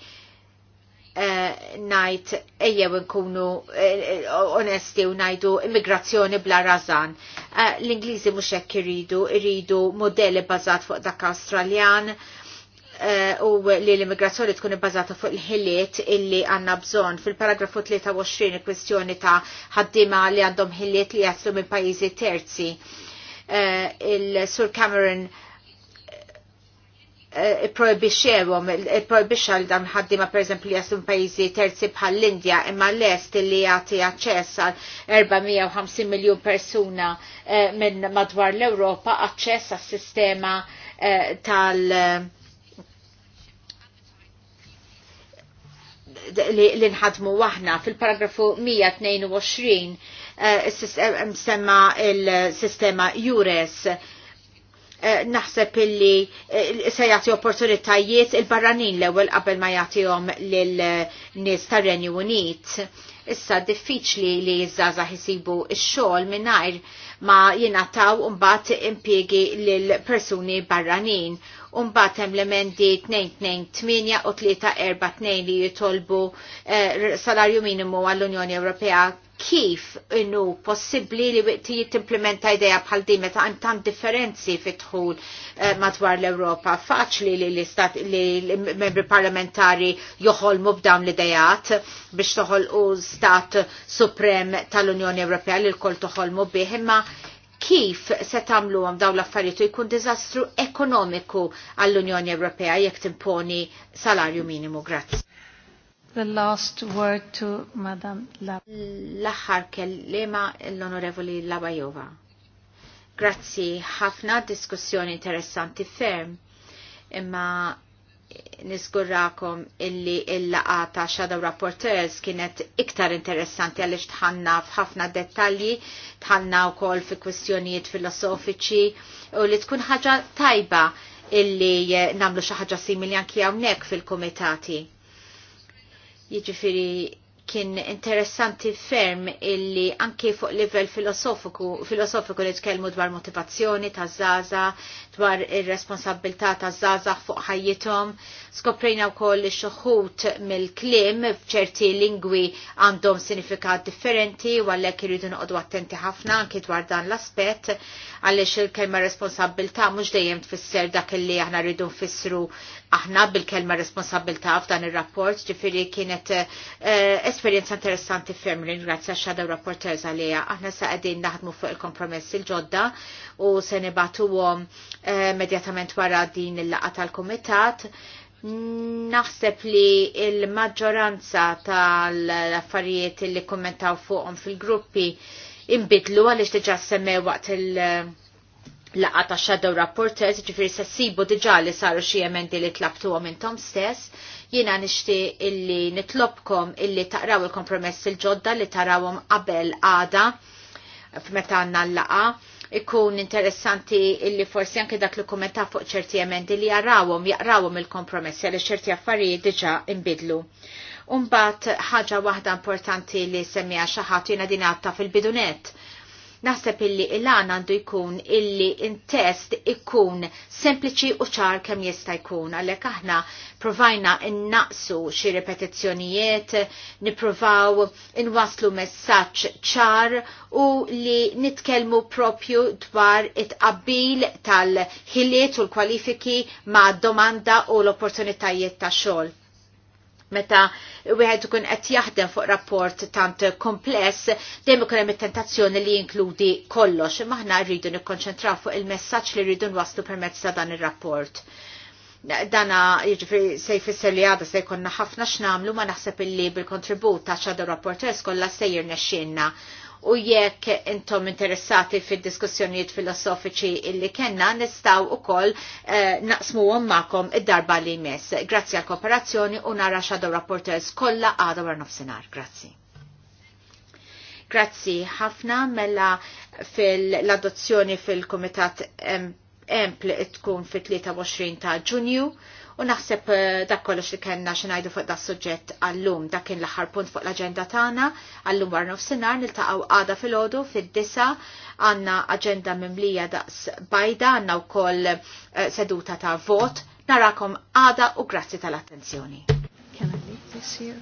Eh, najt ejjew nkunu eh, onesti u najdu immigrazzjoni bla razan. Eh, L-Ingliżi mhux hekk iridu, iridu modelli bażat fuq dak Awstraljan u li l-immigrazzjoni tkun bażata fuq il-ħiliet illi għandna bżonn. Fil-paragrafu 23 kwestjoni ta' ħaddiema li għandhom ħiliet li jaslu minn pajjiżi terzi. Il-Sur Cameron Eh, proibixxewhom eh, proibixxa l dan ħaddiema pereżempju li jaslu pajjiżi terzi bħal l-Indja imma lest li jagħti aċċess għal 450 miljun persuna eh, minn madwar l-Ewropa aċċess għas-sistema tal- li nħadmu waħna fil-paragrafu 122 semma il-sistema Jures Eh, naħseb illi eh, se jagħti opportunitajiet il-barranin l-ewwel qabel ma jagħtihom lil eh, nies tar-Renju Unit. Issa diffiċli li żgħażagħ isibu x-xogħol mingħajr ma jingħataw imbagħad impjiegi lil persuni barranin. Umbat hemm l-emendi 228 u 342 li jitolbu salarju minimu għall-Unjoni Ewropea kif innu possibli li ti jittimplementa ideja bħal di meta għan tant differenzi fitħul tħul eh, madwar l-Europa. Faċli li l-istat li membri parlamentari joħolmu b'dawn l-idejat biex toħol u stat suprem tal-Unjoni Ewropea li l-kol toħolmu bih, imma kif se tamlu għam daw l-affarijiet jkun dizastru ekonomiku għall-Unjoni Ewropea jekk timponi salarju minimu. Grazzi the last word to Madam Lab. L-aħħar kellima l-Onorevoli Labajova. Grazzi, ħafna diskussjoni interessanti ferm, imma nisgurrakom illi il-laqa ta' Shadow Rapporteurs kienet iktar interessanti għalix tħanna f'ħafna dettalji, tħanna u kol fi kwestjonijiet filosofiċi u li tkun ħaġa tajba illi namlu xaħġa simili anki għawnek fil-komitati. Jiġifieri kien interessanti ferm illi anki fuq livell filosofiku, filosofiku li tkellmu dwar motivazzjoni ta' zaza, dwar ir-responsabilità ta' zaza fuq ħajjithom. Skoprejna wkoll li xuħut mill-klim f'ċerti lingwi għandhom sinifikat differenti u għalhekk iridu noqogħdu attenti ħafna anki dwar dan l-aspett għaliex il-kelma responsabilità mhux dejjem tfisser dak illi aħna rridu nfissru aħna bil-kelma responsabilta f'dan il-rapport ġifiri kienet uh, esperienza interessanti ferm ringrazzja xadaw rapporters għalija. Aħna sa' għedin naħdmu fuq il-kompromess il-ġodda u se nibatu uh, eh, medjatament wara din il-laqa tal-komitat. Naħseb li il-maġġoranza tal-affarijiet li kommentaw fuqhom fil-gruppi imbidlu għaliex diġà semmew waqt il- laqa ta' Shadow Rapporters, ġifir se sibu diġa li saru xie emendi li tlabtu għamintom stess, jina nishti illi nitlobkom illi taqraw il-kompromess il-ġodda li tarawom qabel għada f'meta għanna laqa ikun interessanti illi forsi anke dak li kummenta fuq ċerti emendi li jarawom jaqrawom il-kompromess li ċerti affarijiet diġa imbidlu. Umbat ħaġa waħda importanti li semmija xaħat jina dinatta fil-bidunet Naħseb illi il-għan għandu jkun illi in-test ikun sempliċi u ċar kemm jista' jkun għalhekk aħna provajna innaqsu xi ripetizzjonijiet, nippruvaw inwaslu messaġġ ċar u li nitkellmu propju dwar it qabil tal-ħiliet u l-kwalifiki ma' domanda u l-opportunitajiet ta' xogħol meta wieħed ikun qed jaħdem fuq rapport tant kompless, dejjem ikun hemm it-tentazzjoni li jinkludi kollox, imma aħna rridu nikkonċentraw fuq il-messaġġ li rridu nwasslu permezz ta' dan ir-rapport. Dana jiġifieri se jfisser li għadha se jkollna ħafna x'namlu ma naħseb illi bil-kontribut ta' xadar rapporters kollha sejjer nexxinna u jekk intom interessati fid diskussjonijiet filosofiċi illi kenna nistaw u koll eh, naqsmu makom id-darba li jmiss. Grazzi għal kooperazzjoni u nara xadu rapporters kolla għadu għar nofsinar. Grazzi. Grazzi ħafna mela fil-adozzjoni fil-Komitat Empl tkun fit-23 ta' ġunju U naħseb eh, dak kollox li kellna xi ngħidu fuq da' suġġett għallum dak kien l-aħħar punt fuq l-aġenda tagħna għallum war nofsinhar niltaqgħu għada filgħodu fid-disa għandna aġenda mimlija daqs bajda għandna wkoll eh, seduta ta' vot. Narakom għada u grazzi tal-attenzjoni. Can I leave this here?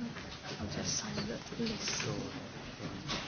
I'll just sign list.